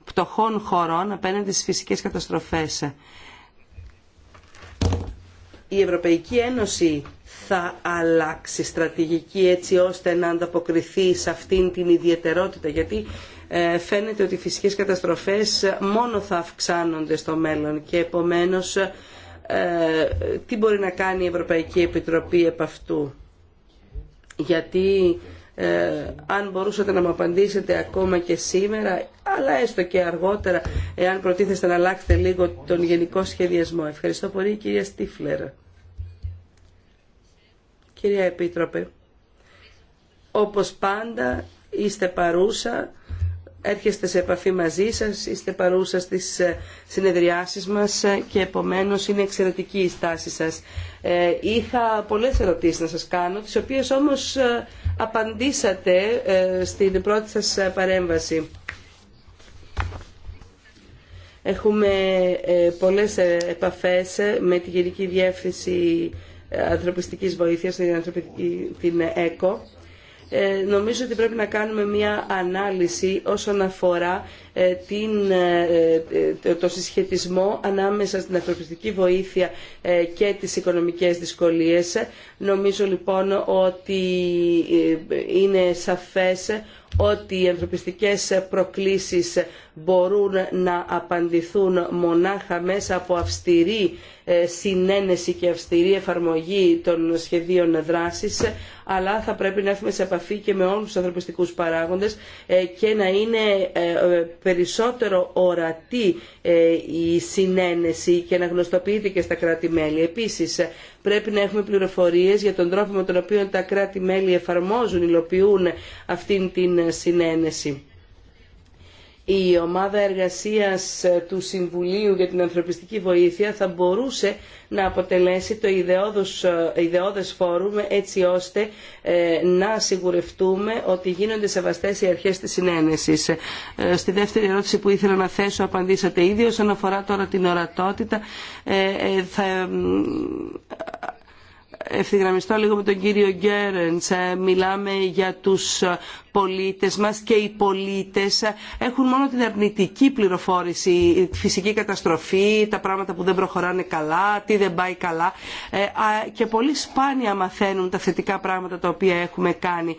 A: πτωχών χωρών απέναντι στις φυσικές καταστροφές. Η Ευρωπαϊκή Ένωση θα αλλάξει στρατηγική έτσι ώστε να ανταποκριθεί σε αυτήν την ιδιαιτερότητα γιατί φαίνεται ότι οι φυσικές καταστροφές μόνο θα αυξάνονται στο μέλλον και επομένως τι μπορεί να κάνει η Ευρωπαϊκή Επιτροπή επ' αυτού. Γιατί ε, αν μπορούσατε να μου απαντήσετε ακόμα και σήμερα, αλλά έστω και αργότερα, εάν προτίθεστε να αλλάξετε λίγο τον γενικό σχεδιασμό. Ευχαριστώ πολύ, κυρία Στίφλερ. Κυρία Επίτροπε, όπως πάντα είστε παρούσα έρχεστε σε επαφή μαζί σας, είστε παρούσα στις ε, συνεδριάσεις μας ε, και επομένως είναι εξαιρετική η στάση σας. Ε, είχα πολλές ερωτήσεις να σας κάνω, τις οποίες όμως απαντήσατε στην πρώτη σας παρέμβαση. Έχουμε πολλές επαφές με τη Γενική Διεύθυνση Ανθρωπιστικής Βοήθειας, την ΕΚΟ ε, νομίζω ότι πρέπει να κάνουμε μια ανάλυση όσον αφορά ε, ε, το συσχετισμό ανάμεσα στην ανθρωπιστική βοήθεια και τις οικονομικές δυσκολίες. Νομίζω λοιπόν ότι είναι σαφές ότι οι ανθρωπιστικές προκλήσεις μπορούν να απαντηθούν μονάχα μέσα από αυστηρή ε, συνένεση και αυστηρή εφαρμογή των σχεδίων δράσης αλλά θα πρέπει να έρθουμε σε επαφή και με όλους τους ανθρωπιστικούς παράγοντες ε, και να είναι ε, περισσότερο ορατή η συνένεση και να γνωστοποιείται και στα κράτη-μέλη. Επίσης Πρέπει να έχουμε πληροφορίες για τον τρόπο με τον οποίο τα κράτη-μέλη εφαρμόζουν, υλοποιούν αυτήν την συνένεση η ομάδα εργασίας του Συμβουλίου για την Ανθρωπιστική Βοήθεια θα μπορούσε να αποτελέσει το ε, ιδεώδες φόρουμ έτσι ώστε ε, να σιγουρευτούμε ότι γίνονται σεβαστές οι αρχές της συνένεσης. Ε, στη δεύτερη ερώτηση που ήθελα να θέσω απαντήσατε ήδη όσον αφορά τώρα την ορατότητα ευθυγραμμιστώ λίγο με τον κύριο Γκέρεντς. Ε, μιλάμε για τους ε, πολίτες μας και οι πολίτες ε, έχουν μόνο την αρνητική πληροφόρηση, η φυσική καταστροφή, τα πράγματα που δεν προχωράνε καλά, τι δεν πάει καλά και πολύ σπάνια μαθαίνουν τα θετικά πράγματα τα οποία έχουμε κάνει.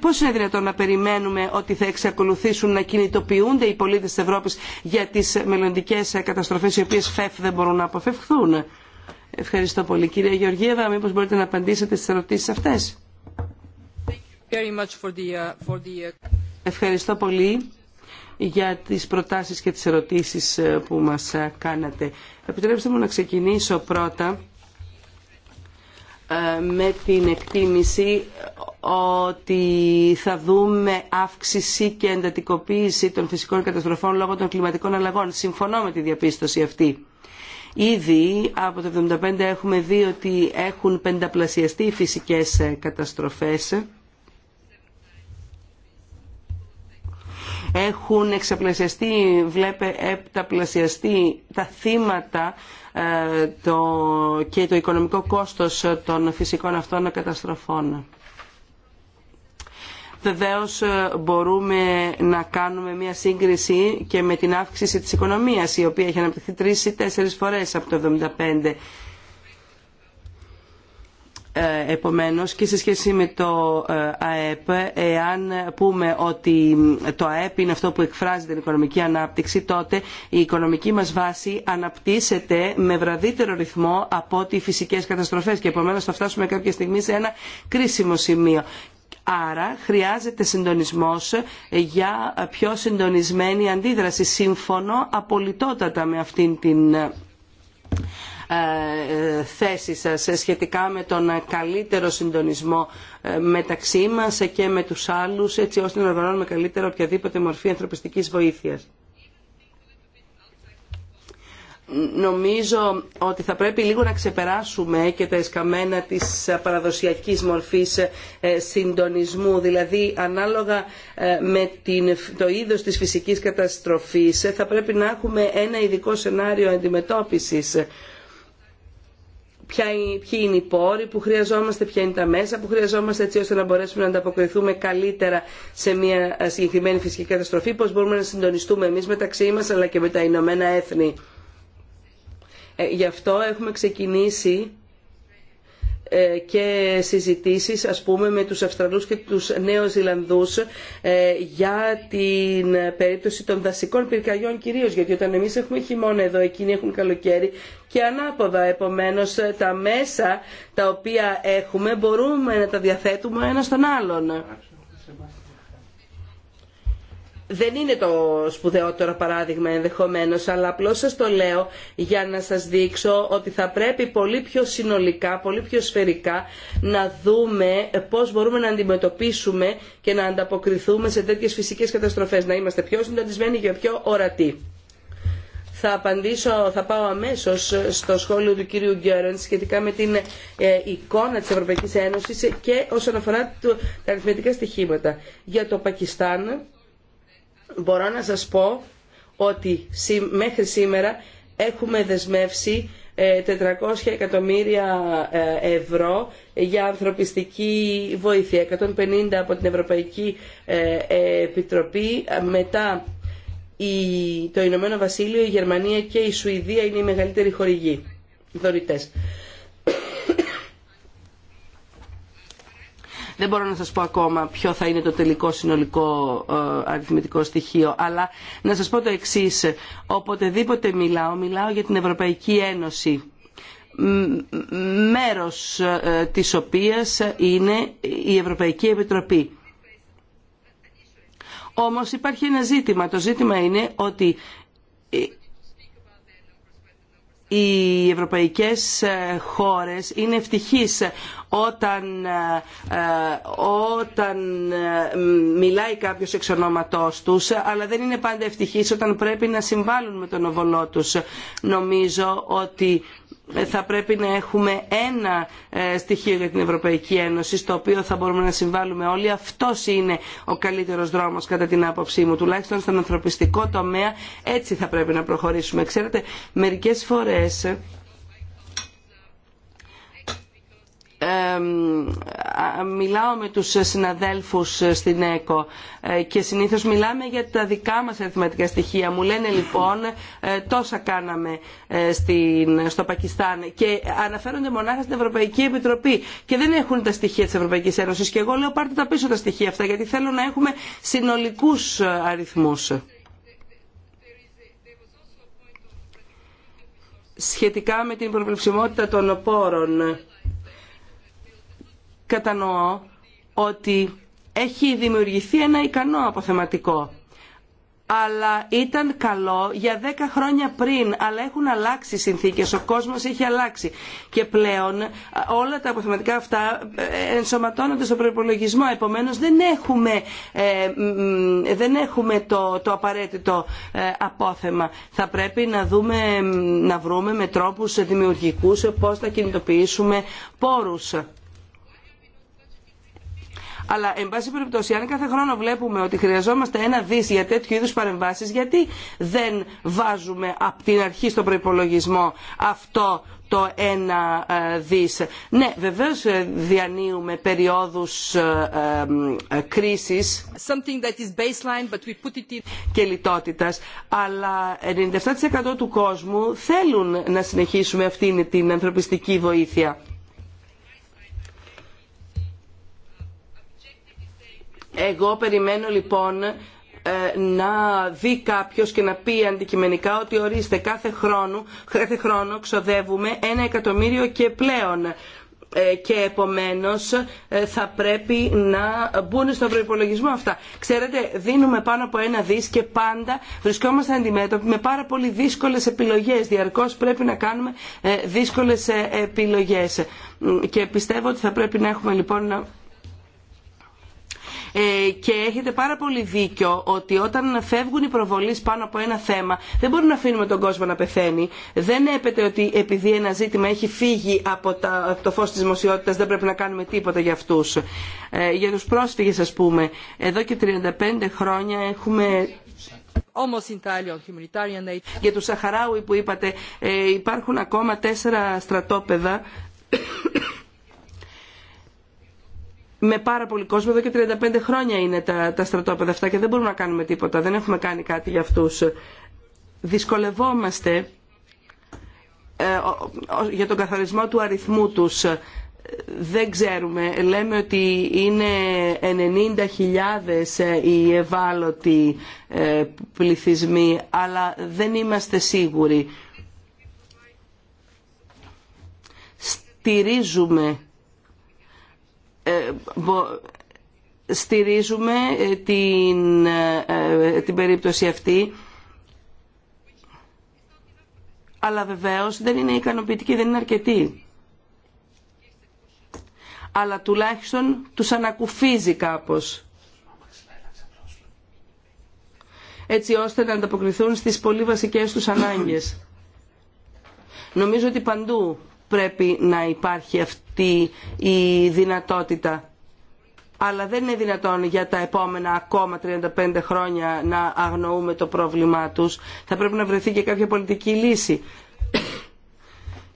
A: Πώς είναι δυνατόν να περιμένουμε ότι θα εξακολουθήσουν να κινητοποιούνται οι πολίτες της Ευρώπης για τις μελλοντικές καταστροφές οι οποίες φεύ δεν μπορούν να αποφευχθούν. Ευχαριστώ πολύ. Κυρία Γεωργίευα, μήπως μπορείτε να απαντήσετε στις ερωτήσεις αυτές. Ευχαριστώ πολύ για τις προτάσεις και τις ερωτήσεις ε, που μας ε, κάνατε. Επιτρέψτε μου να ξεκινήσω πρώτα ε, με την εκτίμηση ότι θα δούμε αύξηση και εντατικοποίηση των φυσικών καταστροφών λόγω των κλιματικών αλλαγών. Συμφωνώ με τη διαπίστωση αυτή. Ήδη από το 1975 έχουμε δει ότι έχουν πενταπλασιαστεί οι φυσικές ε, καταστροφές. Έχουν εξαπλασιαστεί, βλέπε, επταπλασιαστεί τα θύματα ε, και το οικονομικό κόστος των φυσικών αυτών καταστροφών. Βεβαίως ε, μπορούμε να κάνουμε μια σύγκριση και με την αύξηση της οικονομίας η οποία έχει αναπτυχθεί τρεις ή τέσσερις φορές από το 1975 ε, επομένως και σε σχέση με το ε, αεπ εάν πούμε ότι το αεπ είναι αυτό που εκφράζει την οικονομική ανάπτυξη τότε η οικονομική μας βάση αναπτύσσεται με βραδύτερο ρυθμό από ότι οι φυσικές καταστροφές και επομένως θα φτάσουμε κάποια στιγμή σε ένα κρίσιμο σημείο. Άρα χρειάζεται συντονισμός για πιο συντονισμένη αντίδραση. Σύμφωνο απολυτότατα με αυτήν την ε, θέση σας σχετικά με τον καλύτερο συντονισμό ε, μεταξύ μας και με τους άλλους έτσι ώστε να οργανώνουμε καλύτερα οποιαδήποτε μορφή ανθρωπιστικής βοήθειας νομίζω ότι θα πρέπει λίγο να ξεπεράσουμε και τα εσκαμμένα της παραδοσιακής μορφής ε, συντονισμού δηλαδή ανάλογα ε, με το είδος της φυσικής καταστροφής ε, θα πρέπει να έχουμε ένα ειδικό σενάριο αντιμετώπισης ποια, ποιοι είναι οι πόροι που χρειαζόμαστε, ποια είναι τα μέσα που χρειαζόμαστε έτσι ώστε να μπορέσουμε να ανταποκριθούμε καλύτερα σε μια συγκεκριμένη φυσική καταστροφή, πώς μπορούμε να συντονιστούμε εμείς μεταξύ μας αλλά και με τα Ηνωμένα Έθνη. Ε, γι' αυτό έχουμε ξεκινήσει ε, και συζητήσεις ας πούμε με τους Αυστραλούς και τους Νέους Ζηλανδούς ε, για την περίπτωση των δασικών πυρκαγιών κυρίως γιατί όταν εμείς έχουμε χειμώνα εδώ εκείνοι έχουν καλοκαίρι και ανάποδα επομένως τα μέσα τα οποία έχουμε μπορούμε να τα διαθέτουμε ένα στον άλλον δεν είναι το σπουδαιότερο παράδειγμα ενδεχομένως, αλλά απλώς σας το λέω για να σας δείξω ότι θα πρέπει πολύ πιο συνολικά, πολύ πιο σφαιρικά να δούμε πώς μπορούμε να αντιμετωπίσουμε και να ανταποκριθούμε σε τέτοιες φυσικές καταστροφές, να είμαστε πιο συντονισμένοι και πιο ορατοί. Θα απαντήσω, θα πάω αμέσως στο σχόλιο του κύριου Γκέρεν σχετικά με την ε, εικόνα της Ευρωπαϊκής Ένωσης και όσον αφορά τα αριθμητικά στοιχήματα. Για το Πακιστάν, μπορώ να σας πω ότι μέχρι σήμερα έχουμε δεσμεύσει 400 ε, εκατομμύρια ε, ευρώ για ανθρωπιστική βοήθεια. 150 από την Ευρωπαϊκή ε, Επιτροπή. Μετά το Ηνωμένο Βασίλειο, η Γερμανία και η Σουηδία είναι οι μεγαλύτεροι χορηγοί δωρητές. Δεν μπορώ να σας πω ακόμα ποιο θα είναι το τελικό συνολικό ε, αριθμητικό στοιχείο, αλλά να σας πω το εξής. Οποτεδήποτε μιλάω, μιλάω για την Ευρωπαϊκή Ένωση μέρος ε, της οποίας είναι η Ευρωπαϊκή Επιτροπή. Όμως υπάρχει ένα ζήτημα. Το ζήτημα είναι ότι ε, οι ευρωπαϊκές χώρες είναι ευτυχείς όταν, ε, ε, όταν ε, μιλάει κάποιος εξ ονόματός τους, αλλά δεν είναι πάντα ευτυχής όταν πρέπει να συμβάλλουν με τον οβολό τους. Νομίζω ότι θα πρέπει να έχουμε ένα στοιχείο για την Ευρωπαϊκή Ένωση στο οποίο θα μπορούμε να συμβάλλουμε όλοι. Αυτός είναι ο καλύτερος δρόμος κατά την άποψή μου. Τουλάχιστον στον ανθρωπιστικό τομέα έτσι θα πρέπει να προχωρήσουμε. Ξέρετε, μερικές φορές μιλάω με τους συναδέλφους ε, στην ΕΚΟ ε, και συνήθως μιλάμε για τα δικά μας αριθματικά στοιχεία. Μου λένε λοιπόν ε, τόσα κάναμε στο Πακιστάν και αναφέρονται μονάχα στην Ευρωπαϊκή Επιτροπή και δεν έχουν τα στοιχεία της Ευρωπαϊκής Ένωσης και εγώ λέω πάρτε τα πίσω τα στοιχεία αυτά γιατί θέλω να έχουμε συνολικούς αριθμούς. Σχετικά με την προβλεψιμότητα των πόρων κατανοώ ότι έχει δημιουργηθεί ένα ικανό αποθεματικό αλλά ήταν καλό για 10 χρόνια πριν, αλλά έχουν αλλάξει οι συνθήκες, ο κόσμος έχει αλλάξει και πλέον όλα τα αποθεματικά αυτά ε, ενσωματώνονται στο προπολογισμό, επομένως δεν έχουμε, ε, δεν έχουμε το, το απαραίτητο ε, απόθεμα. Θα πρέπει να, δούμε, να βρούμε με τρόπους δημιουργικούς πώς θα κινητοποιήσουμε πόρους. Αλλά, εν πάση περιπτώσει, αν κάθε χρόνο βλέπουμε ότι χρειαζόμαστε ένα δι για τέτοιου είδου παρεμβάσει, γιατί δεν βάζουμε από την αρχή στον προπολογισμό αυτό το ένα ε, δις. Ναι, βεβαίως ε, διανύουμε περιόδους ε, κρίσης that is baseline, in... και λιτότητας, αλλά 97% του κόσμου θέλουν να συνεχίσουμε αυτήν την ανθρωπιστική βοήθεια. Εγώ περιμένω λοιπόν ε, να δει κάποιος και να πει αντικειμενικά ότι ορίστε κάθε χρόνο, κάθε χρόνο ξοδεύουμε ένα εκατομμύριο και πλέον ε, και επομένως ε, θα πρέπει να μπουν στον προϋπολογισμό αυτά. Ξέρετε, δίνουμε πάνω από ένα δις και πάντα βρισκόμαστε αντιμέτωποι με πάρα πολύ δύσκολες επιλογές. Διαρκώς πρέπει να κάνουμε δύσκολες επιλογές. Και πιστεύω ότι θα πρέπει να έχουμε λοιπόν ε, και έχετε πάρα πολύ δίκιο ότι όταν φεύγουν οι προβολείς πάνω από ένα θέμα δεν μπορούμε να αφήνουμε τον κόσμο να πεθαίνει. Δεν έπεται ότι επειδή ένα ζήτημα έχει φύγει από το φως της δημοσιότητας δεν πρέπει να κάνουμε τίποτα για αυτούς. Ε, για τους πρόσφυγες ας πούμε, εδώ και 35 χρόνια έχουμε για του Σαχαράουι που είπατε ε, υπάρχουν ακόμα τέσσερα στρατόπεδα με πάρα πολύ κόσμο. Εδώ και 35 χρόνια είναι τα, τα στρατόπεδα αυτά και δεν μπορούμε να κάνουμε τίποτα. Δεν έχουμε κάνει κάτι για αυτούς. Δυσκολευόμαστε ε, για τον καθαρισμό του αριθμού τους. Δεν ξέρουμε. Λέμε ότι είναι 90.000 ε, οι ευάλωτοι ε, πληθυσμοί, αλλά δεν είμαστε σίγουροι. Στηρίζουμε ε, στηρίζουμε ε, την, ε, την περίπτωση αυτή αλλά βεβαίως δεν είναι ικανοποιητική, δεν είναι αρκετή. Αλλά τουλάχιστον τους ανακουφίζει κάπως. Έτσι ώστε να ανταποκριθούν στις πολύ βασικές τους ανάγκες. Νομίζω ότι παντού πρέπει να υπάρχει αυτή η δυνατότητα. Αλλά δεν είναι δυνατόν για τα επόμενα ακόμα 35 χρόνια να αγνοούμε το πρόβλημά τους. Θα πρέπει να βρεθεί και κάποια πολιτική λύση.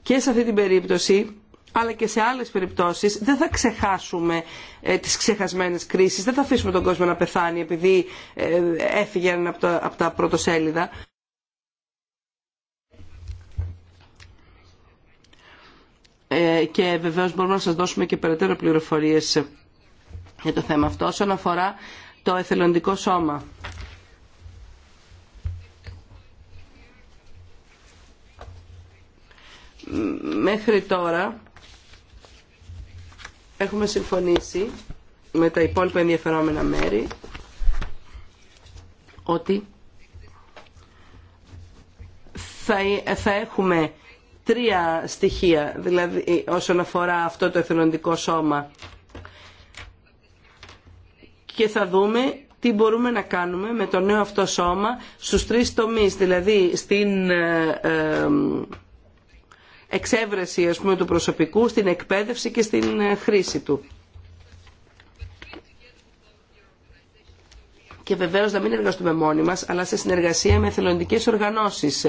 A: Και σε αυτή την περίπτωση αλλά και σε άλλες περιπτώσεις δεν θα ξεχάσουμε ε, τις ξεχασμένες κρίσεις δεν θα αφήσουμε τον κόσμο να πεθάνει επειδή ε, από τα, από τα πρωτοσέλιδα Ε, και βεβαίως μπορούμε να σας δώσουμε και περαιτέρω πληροφορίες για το θέμα αυτό όσον αφορά το εθελοντικό σώμα. Μέχρι τώρα έχουμε συμφωνήσει με τα υπόλοιπα ενδιαφερόμενα μέρη ότι θα έχουμε τρία στοιχεία δηλαδή ε, όσον αφορά αυτό το εθελοντικό σώμα και θα δούμε τι μπορούμε να κάνουμε με το νέο αυτό σώμα στους τρεις τομείς δηλαδή στην ε, ε, εξέβρεση ας του προσωπικού, στην εκπαίδευση και στην χρήση του. Και βεβαίως να μην εργαστούμε μόνοι μας, αλλά σε συνεργασία με εθελοντικές οργανώσεις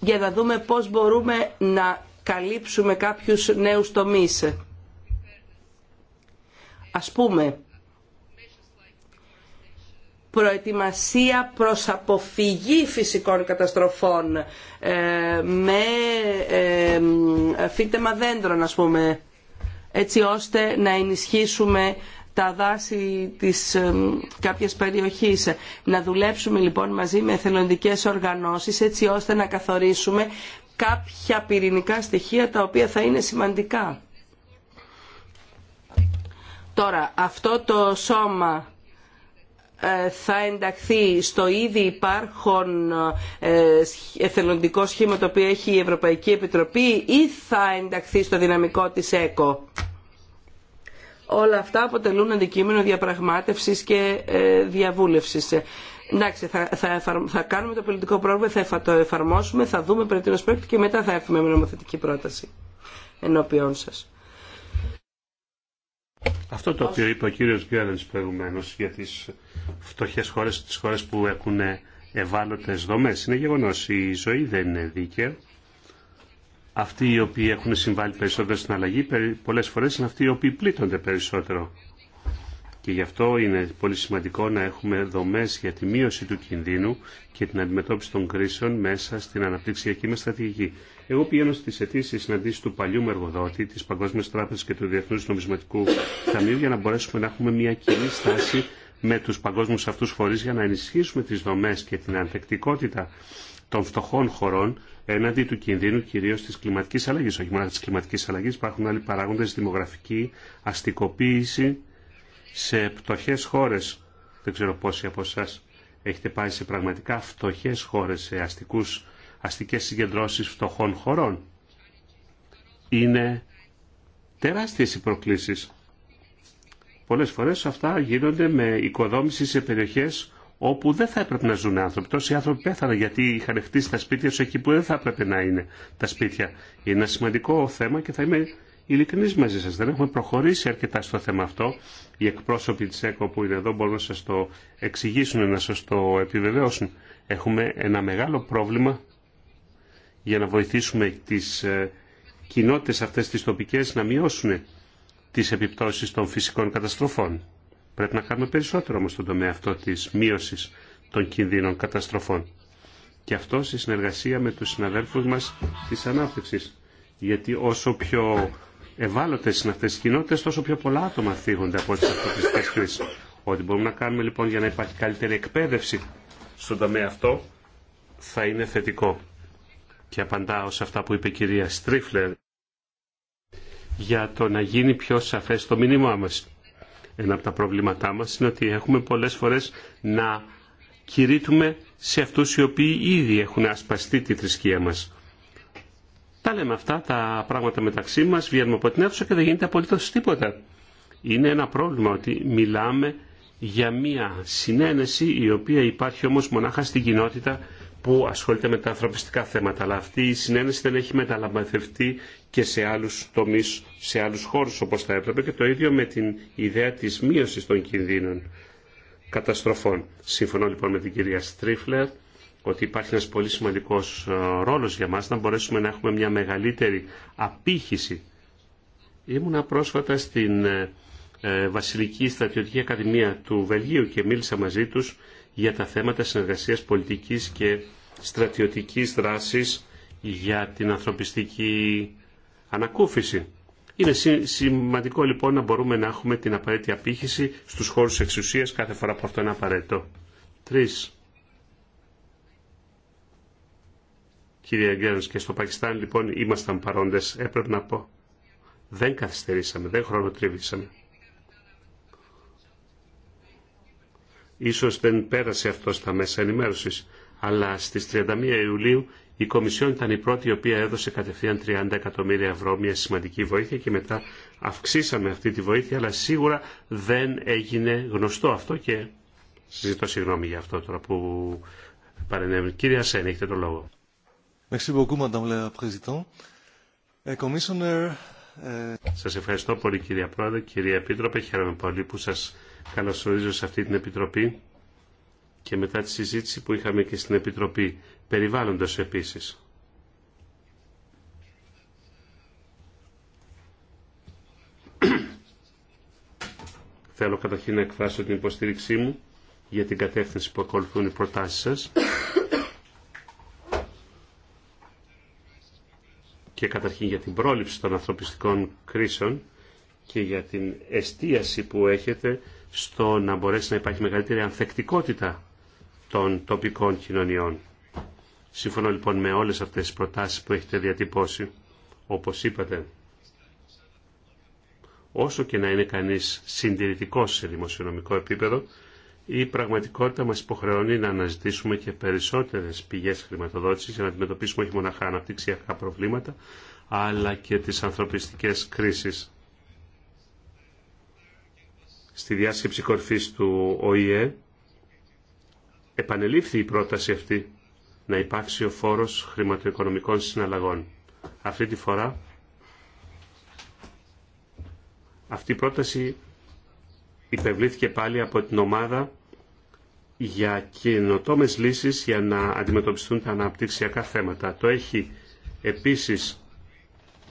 A: για να δούμε πώς μπορούμε να καλύψουμε κάποιους νέους τομείς. Ας πούμε, προετοιμασία προς αποφυγή φυσικών καταστροφών ε, με ε, φύτεμα δέντρων, ας πούμε, έτσι ώστε να ενισχύσουμε τα δάση της ε, κάποιας περιοχής. Να δουλέψουμε λοιπόν μαζί με εθελοντικές οργανώσεις έτσι ώστε να καθορίσουμε κάποια πυρηνικά στοιχεία τα οποία θα είναι σημαντικά. Τώρα, αυτό το σώμα ε, θα ενταχθεί στο ήδη υπάρχον ε, εθελοντικό σχήμα το οποίο έχει η Ευρωπαϊκή Επιτροπή ή θα ενταχθεί στο δυναμικό της ΕΚΟ όλα αυτά αποτελούν αντικείμενο διαπραγμάτευσης και ε, διαβούλευσης. Εντάξει, θα, θα, θα κάνουμε το πολιτικό πρόγραμμα, θα το εφαρμόσουμε, θα δούμε πριν την και μετά θα έρθουμε μια νομοθετική πρόταση ενώπιόν σας.
B: Αυτό το οποίο είπε ο κύριος Γκέρενς προηγουμένω για τις φτωχές χώρες, τις χώρες που έχουν ευάλωτες δομές, είναι γεγονός. Η ζωή δεν είναι δίκαια αυτοί οι οποίοι έχουν συμβάλει περισσότερο στην αλλαγή πολλές φορές είναι αυτοί οι οποίοι πλήττονται περισσότερο. Και γι' αυτό είναι πολύ σημαντικό να έχουμε δομές για τη μείωση του κινδύνου και την αντιμετώπιση των κρίσεων μέσα στην αναπτυξιακή με στρατηγική. Εγώ πηγαίνω στι αιτήσει συναντήσει του παλιού μου εργοδότη, τη Παγκόσμια Τράπεζα και του Διεθνού Νομισματικού Ταμείου για να μπορέσουμε να έχουμε μια κοινή στάση με του παγκόσμιου αυτού φορεί για να ενισχύσουμε τι δομέ και την ανθεκτικότητα των φτωχών χωρών έναντι του κινδύνου κυρίω τη κλιματική αλλαγή. Όχι μόνο τη κλιματική αλλαγή, υπάρχουν άλλοι παράγοντε, δημογραφική αστικοποίηση σε πτωχέ χώρε. Δεν ξέρω πόσοι από εσά έχετε πάει σε πραγματικά φτωχέ χώρε, σε αστικούς, αστικές συγκεντρώσει φτωχών χωρών. Είναι τεράστιες οι προκλήσεις. Πολλές φορές αυτά γίνονται με οικοδόμηση σε περιοχές όπου δεν θα έπρεπε να ζουν άνθρωποι. Τόσοι άνθρωποι πέθαναν γιατί είχαν χτίσει τα σπίτια του εκεί που δεν θα έπρεπε να είναι τα σπίτια. Είναι ένα σημαντικό θέμα και θα είμαι ειλικρινή μαζί σα. Δεν έχουμε προχωρήσει αρκετά στο θέμα αυτό. Οι εκπρόσωποι τη ΕΚΟ που είναι εδώ μπορούν να σα το εξηγήσουν, να σα το επιβεβαιώσουν. Έχουμε ένα μεγάλο πρόβλημα για να βοηθήσουμε τι ε, κοινότητε αυτέ τι τοπικέ να μειώσουν τι επιπτώσει των φυσικών καταστροφών. Πρέπει να κάνουμε περισσότερο όμως στον τομέα αυτό της μείωσης των κινδύνων καταστροφών. Και αυτό στη συνεργασία με τους συναδέλφους μας της ανάπτυξης. Γιατί όσο πιο ευάλωτες είναι αυτές οι κοινότητες, τόσο πιο πολλά άτομα θίγονται από τις αυτοπιστικές κρίσεις. Ό,τι μπορούμε να κάνουμε λοιπόν για να υπάρχει καλύτερη εκπαίδευση στον τομέα αυτό θα είναι θετικό. Και απαντάω σε αυτά που είπε η κυρία Στρίφλερ για το να γίνει πιο σαφές το μήνυμά μας. Ένα από τα προβλήματά μας είναι ότι έχουμε πολλές φορές να κηρύττουμε σε αυτούς οι οποίοι ήδη έχουν ασπαστεί τη θρησκεία μας. Τα λέμε αυτά τα πράγματα μεταξύ μας, βγαίνουμε από την αίθουσα και δεν γίνεται απολύτως τίποτα. Είναι ένα πρόβλημα ότι μιλάμε για μία συνένεση η οποία υπάρχει όμως μονάχα στην κοινότητα που ασχολείται με τα ανθρωπιστικά θέματα. Αλλά αυτή η συνένεση δεν έχει μεταλαμβανθευτεί και σε άλλους τομείς, σε άλλους χώρους όπως θα έπρεπε και το ίδιο με την ιδέα της μείωσης των κινδύνων καταστροφών. Συμφωνώ λοιπόν με την κυρία Στρίφλερ ότι υπάρχει ένας πολύ σημαντικός ε, ρόλος για μας να μπορέσουμε να έχουμε μια μεγαλύτερη απήχηση. Ήμουνα πρόσφατα στην ε, ε, Βασιλική Στρατιωτική Ακαδημία του Βελγίου και μίλησα μαζί τους για τα θέματα συνεργασίας πολιτικής και στρατιωτικής δράσης για την ανθρωπιστική ανακούφιση. Είναι σημαντικό λοιπόν να μπορούμε να έχουμε την απαραίτητη απήχηση στους χώρους εξουσίας κάθε φορά που αυτό είναι απαραίτητο. Τρεις. Κύριε Αγγέλος, και στο Πακιστάν λοιπόν ήμασταν παρόντες, έπρεπε να πω. Δεν καθυστερήσαμε, δεν χρονοτριβήσαμε. Ίσως δεν πέρασε αυτό στα μέσα ενημέρωσης, αλλά στις 31 Ιουλίου η Κομισιόν ήταν η πρώτη η οποία έδωσε κατευθείαν 30 εκατομμύρια ευρώ μια σημαντική βοήθεια και μετά αυξήσαμε αυτή τη βοήθεια, αλλά σίγουρα δεν έγινε γνωστό αυτό και συζητώ συγγνώμη για αυτό τώρα που παρενέβη. Κύριε Ασέν, έχετε το λόγο. Ε, ε, σας ευχαριστώ πολύ κυρία Πρόεδρε, κυρία Επίτροπε, χαίρομαι πολύ που σας καλωσορίζω σε αυτή την Επιτροπή και μετά τη συζήτηση που είχαμε και στην Επιτροπή Περιβάλλοντος επίσης. Θέλω καταρχήν να εκφράσω την υποστήριξή μου για την κατεύθυνση που ακολουθούν οι προτάσεις σας. και καταρχήν για την πρόληψη των ανθρωπιστικών κρίσεων και για την εστίαση που έχετε στο να μπορέσει να υπάρχει μεγαλύτερη ανθεκτικότητα των τοπικών κοινωνιών. Σύμφωνο λοιπόν με όλες αυτές τις προτάσεις που έχετε διατυπώσει, όπως είπατε, όσο και να είναι κανείς συντηρητικός σε δημοσιονομικό επίπεδο, η πραγματικότητα μας υποχρεώνει να αναζητήσουμε και περισσότερες πηγές χρηματοδότησης για να αντιμετωπίσουμε όχι μοναχά αναπτυξιακά προβλήματα, αλλά και τις ανθρωπιστικές κρίσεις στη διάσκεψη κορφής του ΟΗΕ επανελήφθη η πρόταση αυτή να υπάρξει ο φόρος χρηματοοικονομικών συναλλαγών. Αυτή τη φορά αυτή η πρόταση υπευλήθηκε πάλι από την ομάδα για καινοτόμε λύσεις για να αντιμετωπιστούν τα αναπτυξιακά θέματα. Το έχει επίσης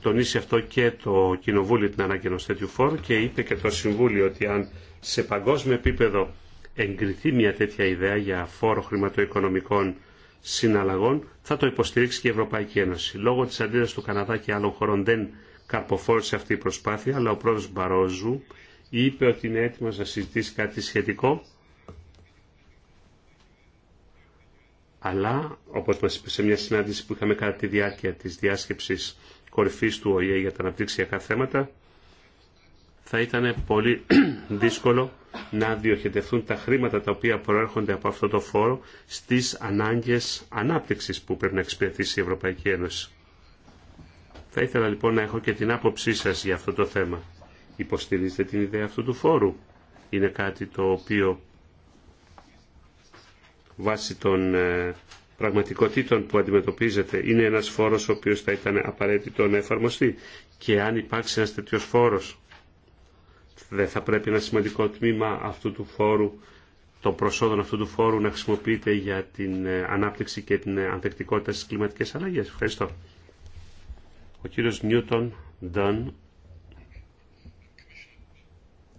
B: τονίσει αυτό και το Κοινοβούλιο την ανάγκη τέτοιου φόρου και είπε και το Συμβούλιο ότι αν σε παγκόσμιο επίπεδο εγκριθεί μια τέτοια ιδέα για φόρο χρηματοοικονομικών συναλλαγών θα το υποστηρίξει και η Ευρωπαϊκή Ένωση. Λόγω της αντίδρασης του Καναδά και άλλων χωρών δεν καρποφόρησε αυτή η προσπάθεια, αλλά ο πρόεδρος Μπαρόζου είπε ότι είναι έτοιμος να συζητήσει κάτι σχετικό. Αλλά, όπως μας είπε σε μια συνάντηση που είχαμε κατά τη διάρκεια της διάσκεψης κορυφής του ΟΗΕ για τα αναπτύξιακά θέματα, θα ήταν πολύ δύσκολο να διοχετευτούν τα χρήματα τα οποία προέρχονται από αυτό το φόρο στις ανάγκες ανάπτυξης που πρέπει να εξυπηρετήσει η Ευρωπαϊκή Ένωση. Θα ήθελα λοιπόν να έχω και την άποψή σας για αυτό το θέμα. Υποστηρίζετε την ιδέα αυτού του φόρου. Είναι κάτι το οποίο βάσει των ε, πραγματικότητων που αντιμετωπίζεται είναι ένας φόρος ο οποίος θα ήταν απαραίτητο να εφαρμοστεί και αν υπάρξει ένας τέτοιος φόρος δεν θα πρέπει ένα σημαντικό τμήμα αυτού του φόρου των προσόδων αυτού του φόρου να χρησιμοποιείται για την ε, ανάπτυξη και την ε, ανθεκτικότητα στις κλιματικές αλλαγές. Ευχαριστώ. Ο κύριος Νιούτον Ντάν.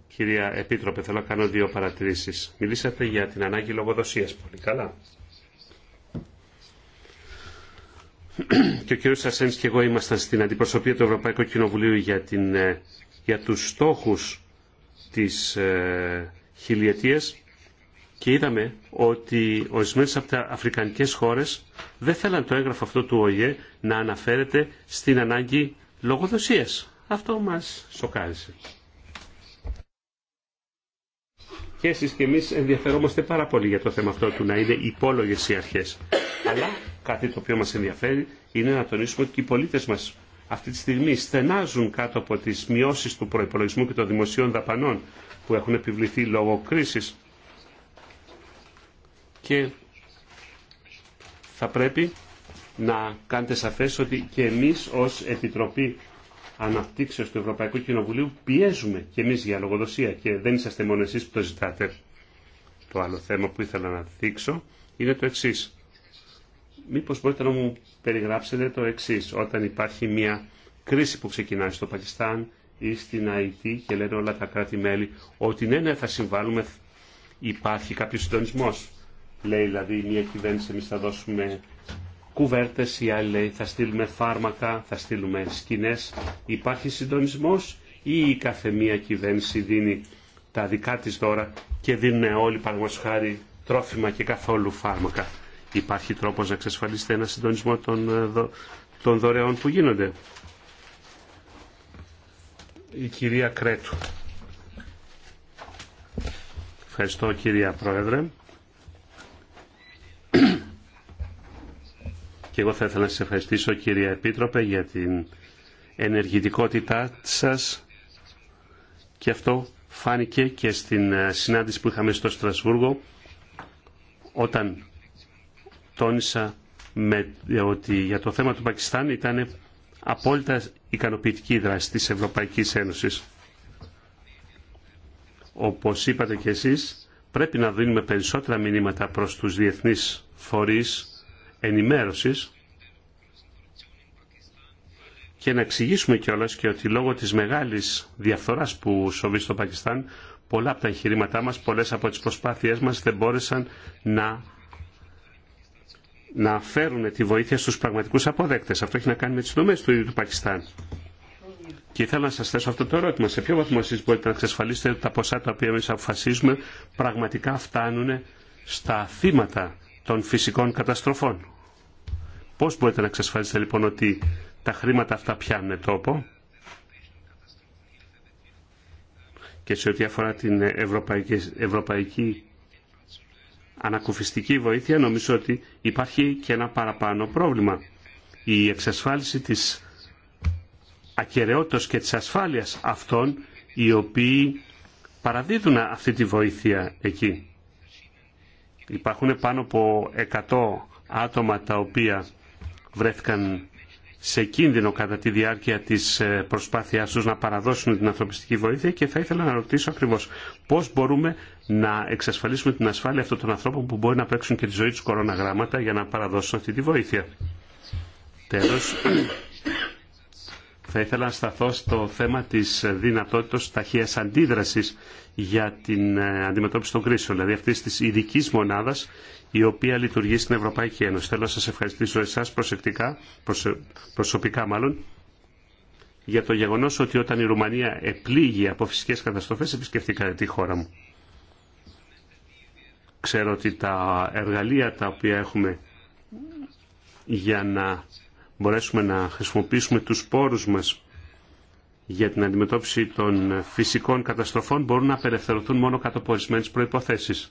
B: Κυρία Επίτροπε, θέλω να κάνω δύο παρατηρήσεις. Μιλήσατε για την ανάγκη λογοδοσίας. Πολύ καλά. και ο κ. Σασένς και εγώ ήμασταν στην αντιπροσωπεία του Ευρωπαϊκού Κοινοβουλίου για, την, ε, για τους στόχους της ε, χιλιετίας και είδαμε ότι ορισμένε από τα αφρικανικές χώρες δεν θέλαν το έγγραφο αυτό του ΟΗΕ να αναφέρεται στην ανάγκη λογοδοσίας. Αυτό μας σοκάρισε. Και εσείς και εμείς ενδιαφερόμαστε πάρα πολύ για το θέμα αυτό του να είναι υπόλογες οι αρχές. Αλλά Κάτι το οποίο μας ενδιαφέρει είναι να τονίσουμε ότι οι πολίτες μας αυτή τη στιγμή στενάζουν κάτω από τις μειώσεις του προϋπολογισμού και των δημοσίων δαπανών που έχουν επιβληθεί λόγω κρίσης και θα πρέπει να κάνετε σαφές ότι και εμείς ως Επιτροπή Αναπτύξεως του Ευρωπαϊκού Κοινοβουλίου πιέζουμε και εμείς για λογοδοσία και δεν είσαστε μόνο εσείς που το ζητάτε. Το άλλο θέμα που ήθελα να δείξω είναι το εξής μήπως μπορείτε να μου περιγράψετε το εξής, όταν υπάρχει μια κρίση που ξεκινάει στο Πακιστάν ή στην Αϊτή και λένε όλα τα κράτη-μέλη ότι ναι, ναι, θα συμβάλλουμε, υπάρχει κάποιος συντονισμός. Λέει δηλαδή μια κυβέρνηση, εμεί θα δώσουμε κουβέρτες, η άλλη λέει θα στείλουμε φάρμακα, θα στείλουμε σκηνές. Υπάρχει συντονισμός ή η κάθε μία κυβέρνηση δίνει τα δικά της δώρα και δίνουν όλοι παραγωγός τρόφιμα και καθόλου φάρμακα. Υπάρχει τρόπος να εξασφαλίσετε ένα συντονισμό ε, των, δωρεών που γίνονται. Η κυρία Κρέτου. Ευχαριστώ κυρία Πρόεδρε. Και εγώ θα ήθελα να σας ευχαριστήσω κυρία Επίτροπε για την ενεργητικότητά σας και αυτό φάνηκε και στην ε, συνάντηση που είχαμε στο Στρασβούργο όταν τόνισα με, ε, ότι για το θέμα του Πακιστάν ήταν απόλυτα ικανοποιητική δράση της Ευρωπαϊκής Ένωσης. Όπως είπατε και εσείς, πρέπει να δίνουμε περισσότερα μηνύματα προς τους διεθνείς φορείς ενημέρωσης και να εξηγήσουμε κιόλας και ότι λόγω της μεγάλης διαφθοράς που σοβεί στο Πακιστάν πολλά από τα εγχειρήματά μας, πολλές από τις προσπάθειές μας δεν μπόρεσαν να να φέρουν τη βοήθεια στους πραγματικούς αποδέκτες. Αυτό έχει να κάνει με τις δομές του ίδιου Πακιστάν. Και ήθελα να σα θέσω αυτό το ερώτημα. Σε ποιο βαθμό εσεί μπορείτε να εξασφαλίσετε ότι τα ποσά τα οποία εμεί αποφασίζουμε πραγματικά φτάνουν στα θύματα των φυσικών καταστροφών. Πώ μπορείτε να εξασφαλίσετε λοιπόν ότι τα χρήματα αυτά πιάνουν τόπο και σε ό,τι αφορά την ευρωπαϊκή, ευρωπαϊκή ανακουφιστική βοήθεια νομίζω ότι υπάρχει και ένα παραπάνω πρόβλημα. Η εξασφάλιση της ακεραιότητας και της ασφάλειας αυτών οι οποίοι παραδίδουν αυτή τη βοήθεια εκεί. Υπάρχουν πάνω από 100 άτομα τα οποία βρέθηκαν σε κίνδυνο κατά τη διάρκεια της ε, προσπάθειάς τους να παραδώσουν την ανθρωπιστική βοήθεια και θα ήθελα να ρωτήσω ακριβώς πώς μπορούμε να εξασφαλίσουμε την ασφάλεια αυτών των ανθρώπων που μπορεί να παίξουν και τη ζωή τους κοροναγράμματα για να παραδώσουν αυτή τη βοήθεια. Τέλος, θα ήθελα να σταθώ στο θέμα της δυνατότητας ταχείας αντίδρασης για την ε, αντιμετώπιση των κρίσεων, δηλαδή αυτής της ειδική μονάδας η οποία λειτουργεί στην Ευρωπαϊκή Ένωση. Θέλω να σας ευχαριστήσω εσάς προσεκτικά, προσωπικά μάλλον, για το γεγονός ότι όταν η Ρουμανία επλήγει από φυσικές καταστροφές επισκεφτήκατε τη χώρα μου. Ξέρω ότι τα εργαλεία τα οποία έχουμε για να μπορέσουμε να χρησιμοποιήσουμε τους πόρους μας για την αντιμετώπιση των φυσικών καταστροφών μπορούν να απελευθερωθούν μόνο κατά προποθέσει. προϋποθέσεις.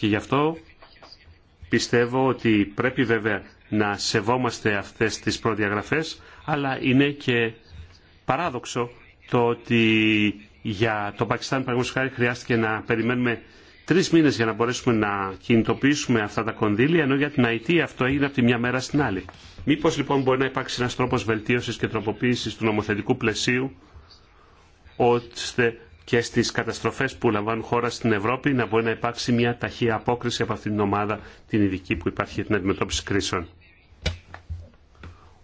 B: Και γι' αυτό πιστεύω ότι πρέπει βέβαια να σεβόμαστε αυτές τις προδιαγραφές, αλλά είναι και παράδοξο το ότι για το Πακιστάν παραδείγματος χάρη χρειάστηκε να περιμένουμε τρεις μήνες για να μπορέσουμε να κινητοποιήσουμε αυτά τα κονδύλια, ενώ για την ΑΕΤ αυτό έγινε από τη μια μέρα στην άλλη. Μήπως λοιπόν μπορεί να υπάρξει ένας τρόπος βελτίωσης και τροποποίησης του νομοθετικού πλαισίου, ώστε και στι καταστροφές που λαμβάνουν χώρα στην Ευρώπη να μπορεί να υπάρξει μια ταχεία απόκριση από αυτήν την ομάδα την ειδική που υπάρχει για την αντιμετώπιση κρίσεων.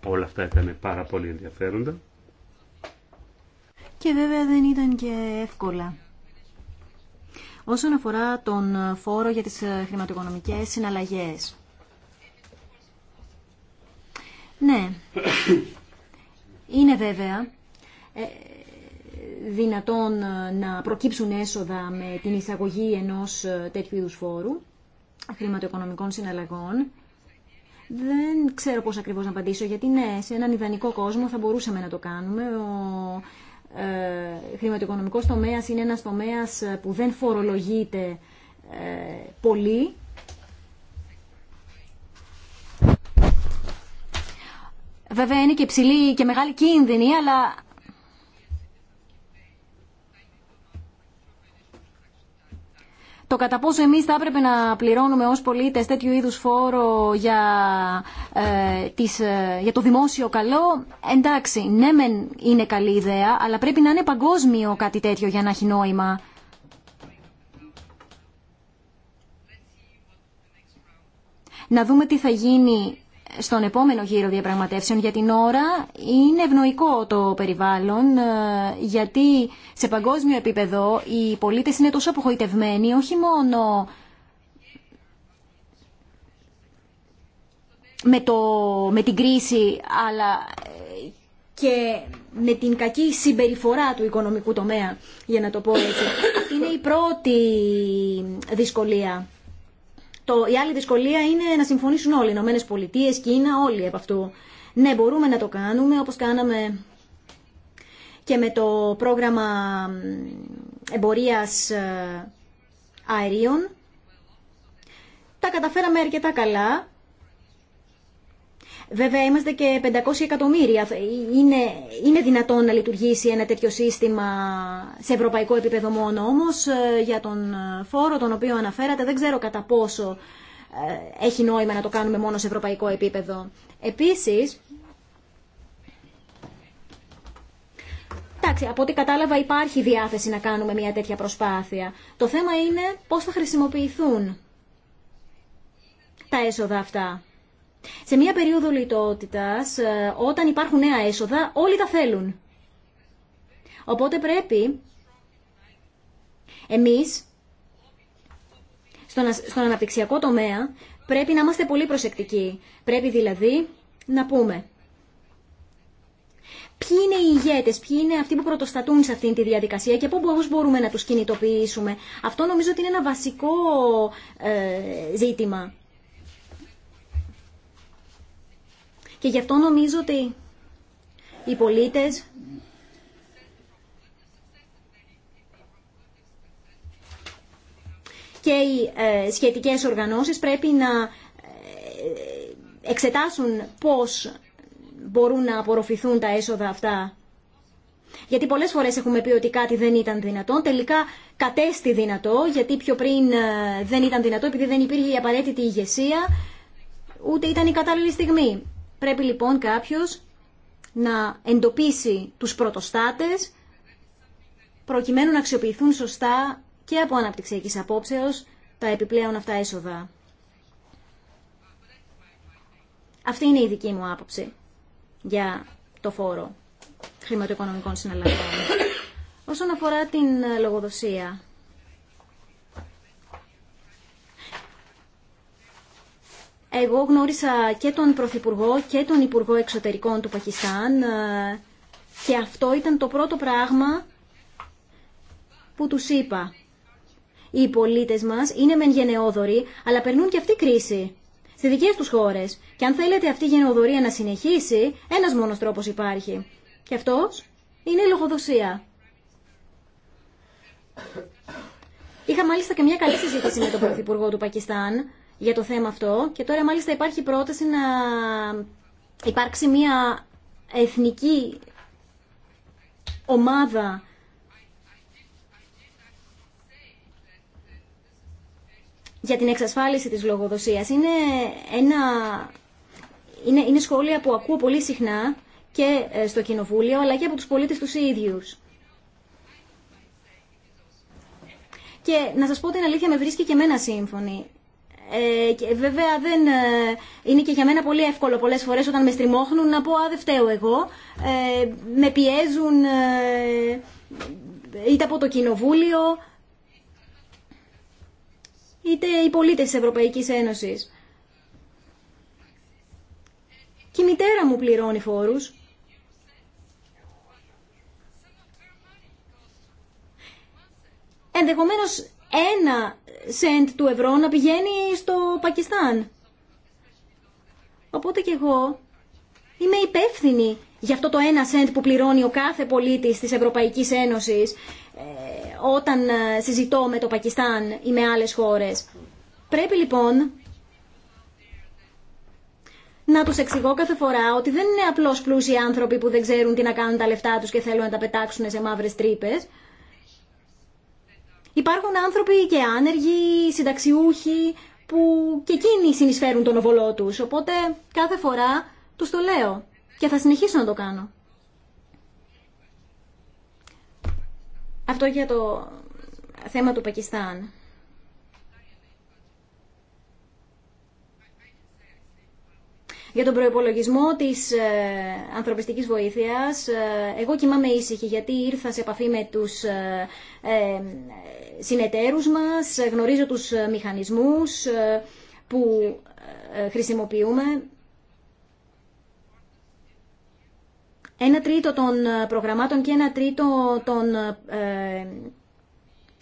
B: Όλα αυτά ήταν πάρα πολύ ενδιαφέροντα.
C: Και βέβαια δεν ήταν και εύκολα. Όσον αφορά τον φόρο για τις ε, χρηματοοικονομικές συναλλαγές. Ναι, είναι βέβαια ε, δυνατόν ε, να προκύψουν έσοδα με την εισαγωγή ενός ε, τέτοιου είδους φόρου χρηματοοικονομικών συναλλαγών. Δεν ξέρω πώς ακριβώς να απαντήσω, γιατί ναι, σε έναν ιδανικό κόσμο θα μπορούσαμε να το κάνουμε. Ο ε, χρηματοοικονομικός τομέας είναι ένας τομέας ε, που δεν φορολογείται ε, πολύ. Βέβαια είναι και ψηλή και μεγάλη κίνδυνη, αλλά το κατά πόσο εμεί θα έπρεπε να πληρώνουμε ω πολίτε τέτοιου είδου φόρο για, ε, ε, για το δημόσιο καλό, εντάξει, ναι μεν είναι καλή ιδέα, αλλά πρέπει να είναι παγκόσμιο κάτι τέτοιο για να έχει νόημα. Να δούμε τι θα γίνει στον επόμενο γύρο διαπραγματεύσεων. Για την ώρα είναι ευνοϊκό το περιβάλλον, ε, γιατί σε παγκόσμιο επίπεδο οι πολίτες είναι τόσο αποχοητευμένοι, όχι μόνο με, το, με την κρίση, αλλά ε, και με την κακή συμπεριφορά του οικονομικού τομέα, για να το πω έτσι. είναι η πρώτη δυσκολία. Το, η άλλη δυσκολία είναι να συμφωνήσουν όλοι, οι Ηνωμένε Πολιτείε, Κίνα, όλοι από αυτού. Ναι, μπορούμε να το κάνουμε όπως κάναμε και με το πρόγραμμα εμπορίας ε, αερίων. Τα καταφέραμε αρκετά καλά Βέβαια είμαστε και 500 εκατομμύρια. Είναι, είναι δυνατόν να λειτουργήσει ένα τέτοιο σύστημα σε ευρωπαϊκό επίπεδο μόνο όμω ε, για τον ε, φόρο τον οποίο αναφέρατε δεν ξέρω κατά πόσο ε, έχει νόημα να το κάνουμε μόνο σε ευρωπαϊκό επίπεδο. Επίσης, εντάξει, από ό,τι κατάλαβα υπάρχει διάθεση να κάνουμε μια τέτοια προσπάθεια. Το θέμα είναι πώς θα χρησιμοποιηθούν τα έσοδα αυτά. Σε μια περίοδο λιτότητας, ε, όταν υπάρχουν νέα έσοδα, όλοι τα θέλουν. Οπότε πρέπει εμείς, στον, αναπτυξιακό τομέα, πρέπει να είμαστε πολύ προσεκτικοί. Πρέπει δηλαδή να πούμε ποιοι είναι οι ηγέτε, ποιοι είναι αυτοί που πρωτοστατούν σε αυτή τη διαδικασία και πώ μπορούμε να του κινητοποιήσουμε. Αυτό νομίζω ότι είναι ένα βασικό ε, ζήτημα. Και γι' αυτό νομίζω ότι οι πολίτες και οι ε, σχετικές οργανώσεις πρέπει να ε, εξετάσουν πώς μπορούν να απορροφηθούν τα έσοδα αυτά. Γιατί πολλές φορές έχουμε πει ότι κάτι δεν ήταν δυνατό, τελικά κατέστη δυνατό, γιατί πιο πριν ε, δεν ήταν δυνατό επειδή δεν υπήρχε η απαραίτητη ηγεσία, ούτε ήταν η κατάλληλη στιγμή. Πρέπει λοιπόν κάποιος να εντοπίσει τους πρωτοστάτες προκειμένου να αξιοποιηθούν σωστά και από αναπτυξιακής απόψεως τα επιπλέον αυτά έσοδα. Αυτή είναι η δική μου άποψη για το φόρο χρηματοοικονομικών συναλλαγών. Όσον αφορά την λογοδοσία, Εγώ γνώρισα και τον Πρωθυπουργό και τον Υπουργό Εξωτερικών του Πακιστάν ε, και αυτό ήταν το πρώτο πράγμα που τους είπα. Οι πολίτες μας είναι μεν γενναιόδοροι, αλλά περνούν και αυτή η κρίση. Στις δικές τους χώρες. Και αν θέλετε αυτή η γενναιοδορία να συνεχίσει, ένας μόνος τρόπος υπάρχει. Και αυτός είναι η λογοδοσία. Είχα μάλιστα και μια καλή συζήτηση με τον Πρωθυπουργό του Πακιστάν, για το θέμα αυτό και τώρα μάλιστα υπάρχει πρόταση να υπάρξει μια εθνική ομάδα για την εξασφάλιση της λογοδοσίας. Είναι, ένα, είναι, είναι σχόλια που ακούω πολύ συχνά και ε, στο Κοινοβούλιο, αλλά και από τους πολίτες τους ίδιους. Και να σας πω την αλήθεια με βρίσκει και εμένα σύμφωνη. Ε, και βέβαια δεν, ε, είναι και για μένα πολύ εύκολο πολλές φορές όταν με στριμώχνουν να πω «Α, δεν φταίω εγώ». Ε, με πιέζουν είτε από το Κοινοβούλιο, είτε οι πολίτες της Ευρωπαϊκής Ένωσης. Και η μητέρα μου πληρώνει φόρους. Ενδεχομένως ένα σέντ του ευρώ να πηγαίνει στο Πακιστάν. Οπότε και εγώ είμαι υπεύθυνη για αυτό το ένα σέντ που πληρώνει ο κάθε πολίτης της Ευρωπαϊκής Ένωσης ε, όταν ε, συζητώ με το Πακιστάν ή με άλλες χώρες. Πρέπει λοιπόν να τους εξηγώ κάθε φορά ότι δεν είναι απλώς πλούσιοι άνθρωποι που δεν ξέρουν τι να κάνουν τα λεφτά τους και θέλουν να τα πετάξουν σε μαύρες τρύπες. Υπάρχουν άνθρωποι και άνεργοι, συνταξιούχοι, που και εκείνοι συνεισφέρουν τον οβολό τους. Οπότε κάθε φορά του το λέω και θα συνεχίσω να το κάνω. Αυτό για το θέμα του Πακιστάν. Για τον προπολογισμό τη ε, ανθρωπιστική βοήθεια, ε, εγώ κοιμάμαι ήσυχη γιατί ήρθα σε επαφή με του ε, συνεταίρου μα, γνωρίζω του μηχανισμού που χρησιμοποιούμε. Ένα τρίτο των προγραμμάτων και ένα τρίτο των,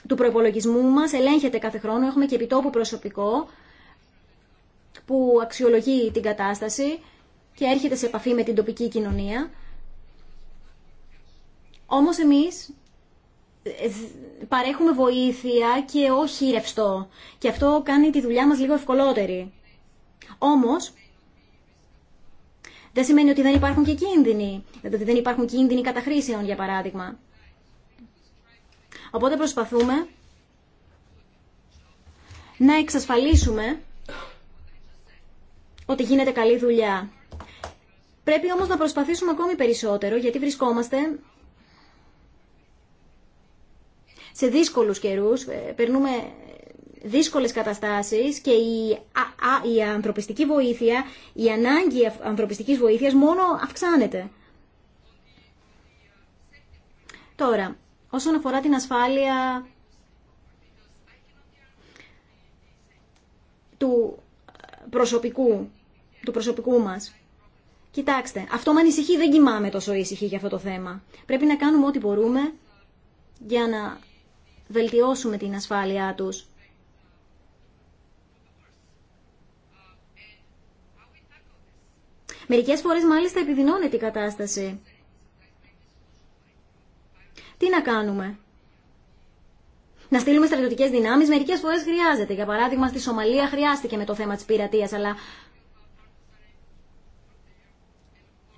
C: του προπολογισμού μας ελέγχεται κάθε χρόνο. Έχουμε και επιτόπου προσωπικό που αξιολογεί την κατάσταση και έρχεται σε επαφή με την τοπική κοινωνία. Όμως εμείς ε, παρέχουμε βοήθεια και όχι ρευστό. Και αυτό κάνει τη δουλειά μας λίγο ευκολότερη. Όμως, δεν σημαίνει ότι δεν υπάρχουν και κίνδυνοι. Δηλαδή δεν υπάρχουν κίνδυνοι καταχρήσεων, για παράδειγμα. Οπότε προσπαθούμε να εξασφαλίσουμε ότι γίνεται καλή δουλειά. Πρέπει όμως να προσπαθήσουμε ακόμη περισσότερο γιατί βρισκόμαστε σε δύσκολους καιρούς, ε, περνούμε δύσκολες καταστάσεις και η, η ανθρωπιστική βοήθεια, η ανάγκη ανθρωπιστικής βοήθειας μόνο αυξάνεται. Τώρα, όσον αφορά την ασφάλεια του προσωπικού, του προσωπικού μας. Κοιτάξτε, αυτό με ανησυχεί, δεν κοιμάμαι τόσο ήσυχη για αυτό το θέμα. Πρέπει να κάνουμε ό,τι μπορούμε για να βελτιώσουμε την ασφάλειά τους. Μερικές φορές μάλιστα επιδεινώνεται η κατάσταση. Τι να κάνουμε να στείλουμε στρατιωτικέ δυνάμει μερικέ φορέ χρειάζεται. Για παράδειγμα, στη Σομαλία χρειάστηκε με το θέμα τη πειρατεία, αλλά.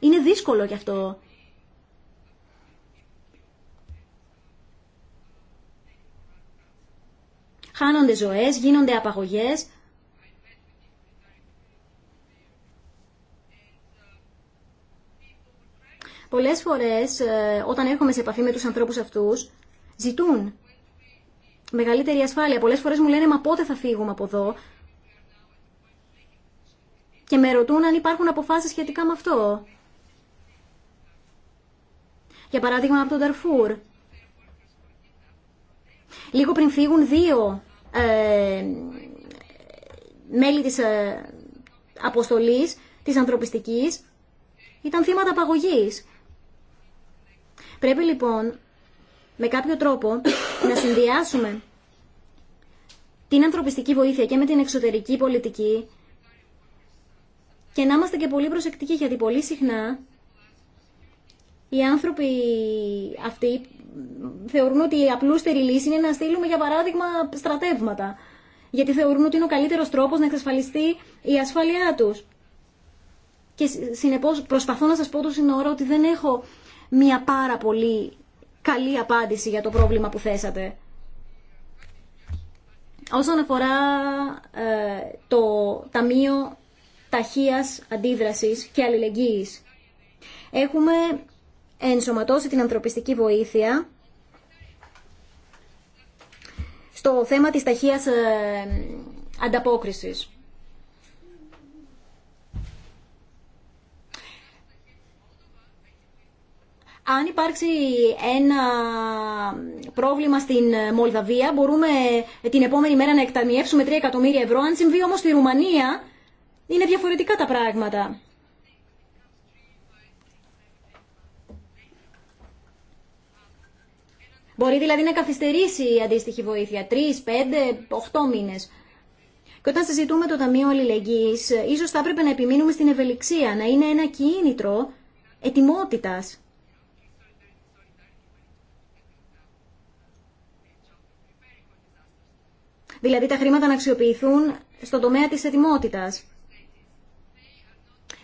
C: Είναι δύσκολο κι αυτό. Χάνονται ζωές, γίνονται απαγωγές. Πολλές φορές, ε, όταν έρχομαι σε επαφή με τους ανθρώπους αυτούς, ζητούν μεγαλύτερη ασφάλεια. Πολλές φορές μου λένε, μα πότε θα φύγουμε από εδώ. Και με ρωτούν αν υπάρχουν αποφάσεις σχετικά με αυτό. Για παράδειγμα από τον Ταρφούρ. Λίγο πριν φύγουν δύο ε, μέλη της ε, αποστολής, της ανθρωπιστικής, ήταν θύματα απαγωγής. Πρέπει λοιπόν με κάποιο τρόπο να συνδυάσουμε την ανθρωπιστική βοήθεια και με την εξωτερική πολιτική και να είμαστε και πολύ προσεκτικοί γιατί πολύ συχνά οι άνθρωποι αυτοί θεωρούν ότι η απλούστερη λύση είναι να στείλουμε για παράδειγμα στρατεύματα γιατί θεωρούν ότι είναι ο καλύτερος τρόπος να εξασφαλιστεί η ασφαλειά τους. Και συνεπώς προσπαθώ να σας πω το σύνορα ότι δεν έχω μια πάρα πολύ καλή απάντηση για το πρόβλημα που θέσατε. Όσον αφορά ε, το Ταμείο Ταχείας Αντίδρασης και Αλληλεγγύης, έχουμε ενσωματώσει την ανθρωπιστική βοήθεια στο θέμα της ταχείας ε, ανταπόκρισης. αν υπάρξει ένα πρόβλημα στην Μολδαβία, μπορούμε την επόμενη μέρα να εκταμιεύσουμε 3 εκατομμύρια ευρώ. Αν συμβεί όμως στη Ρουμανία, είναι διαφορετικά τα πράγματα. Μπορεί δηλαδή να καθυστερήσει η αντίστοιχη βοήθεια. Τρει, πέντε, οχτώ μήνες. Και όταν συζητούμε το Ταμείο Αλληλεγγύη, ίσως θα έπρεπε να επιμείνουμε στην ευελιξία, να είναι ένα κίνητρο ετοιμότητας. δηλαδή τα χρήματα να αξιοποιηθούν στον τομέα της ετοιμότητας.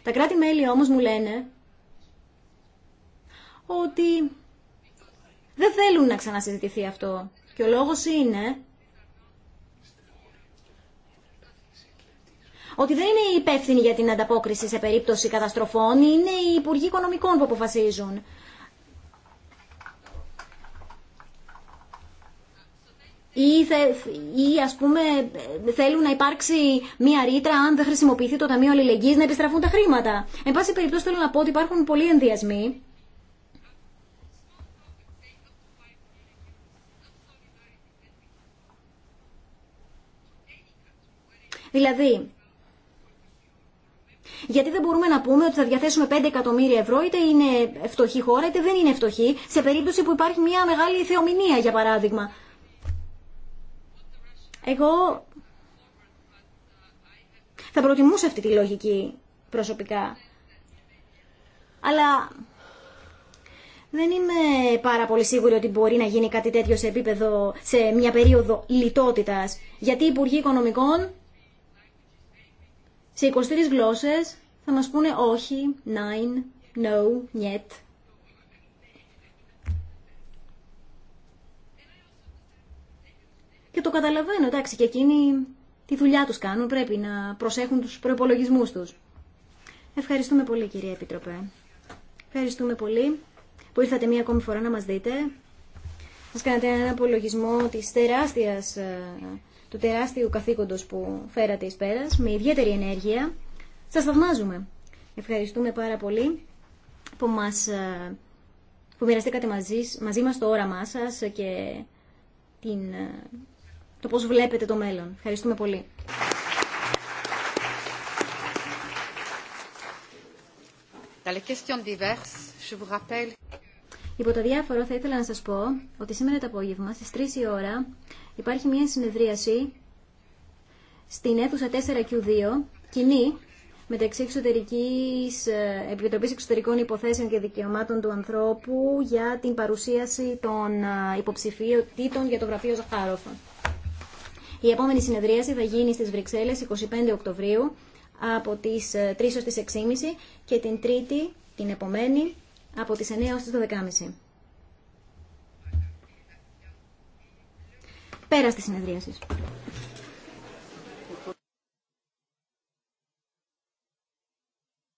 C: Τα κράτη-μέλη όμως μου λένε ότι δεν θέλουν να ξανασυζητηθεί αυτό. Και ο λόγος είναι ότι δεν είναι οι υπεύθυνοι για την ανταπόκριση σε περίπτωση καταστροφών, είναι οι Υπουργοί Οικονομικών που αποφασίζουν. ή, θε, ας πούμε θέλουν να υπάρξει μία ρήτρα αν δεν χρησιμοποιηθεί το Ταμείο Αλληλεγγύης να επιστραφούν τα χρήματα. Εν πάση περιπτώσει θέλω να πω ότι υπάρχουν πολλοί ενδιασμοί Δηλαδή, γιατί δεν μπορούμε να πούμε ότι θα διαθέσουμε 5 εκατομμύρια ευρώ, είτε είναι φτωχή χώρα, είτε δεν είναι φτωχή, σε περίπτωση που υπάρχει μια μεγάλη θεομηνία, για παράδειγμα. Εγώ θα προτιμούσα αυτή τη λογική προσωπικά. Αλλά δεν είμαι πάρα πολύ σίγουρη ότι μπορεί να γίνει κάτι τέτοιο σε επίπεδο, σε μια περίοδο λιτότητας. Γιατί οι Υπουργοί Οικονομικών σε 23 γλώσσες θα μας πούνε όχι, nine, no, yet. Και το καταλαβαίνω, εντάξει, και εκείνοι τη δουλειά τους κάνουν, πρέπει να προσέχουν τους προπολογισμού τους. Ευχαριστούμε πολύ κυρία Επιτροπέ. Ευχαριστούμε πολύ που ήρθατε μία ακόμη φορά να μας δείτε. μα κάνατε έναν απολογισμό της τεράστιας, ε, του τεράστιου καθήκοντος που φέρατε εις πέρας, με ιδιαίτερη ενέργεια. Σας θαυμάζουμε. Ευχαριστούμε πάρα πολύ που, μας, ε, που μοιραστήκατε μαζί, μαζί μας το όραμά σας και την ε, το πώς βλέπετε το μέλλον. Ευχαριστούμε πολύ. Υπό τα διάφορα θα ήθελα να σας πω ότι σήμερα το απόγευμα στις 3 η ώρα υπάρχει μια συνεδρίαση στην αίθουσα 4Q2 κοινή μεταξύ Εξωτερικής, ε, Επιτροπής Εξωτερικών Υποθέσεων και Δικαιωμάτων του Ανθρώπου για την παρουσίαση των ε, υποψηφίων για το γραφείο Ζαχάροφων. Η επόμενη συνεδρίαση θα γίνει στις Βρυξέλλες 25 Οκτωβρίου από τις 3 ε, ως τις 6.30 και την Τρίτη, την επομένη, από τις 9 ως τις 12.30. Πέρα στη συνεδρίαση.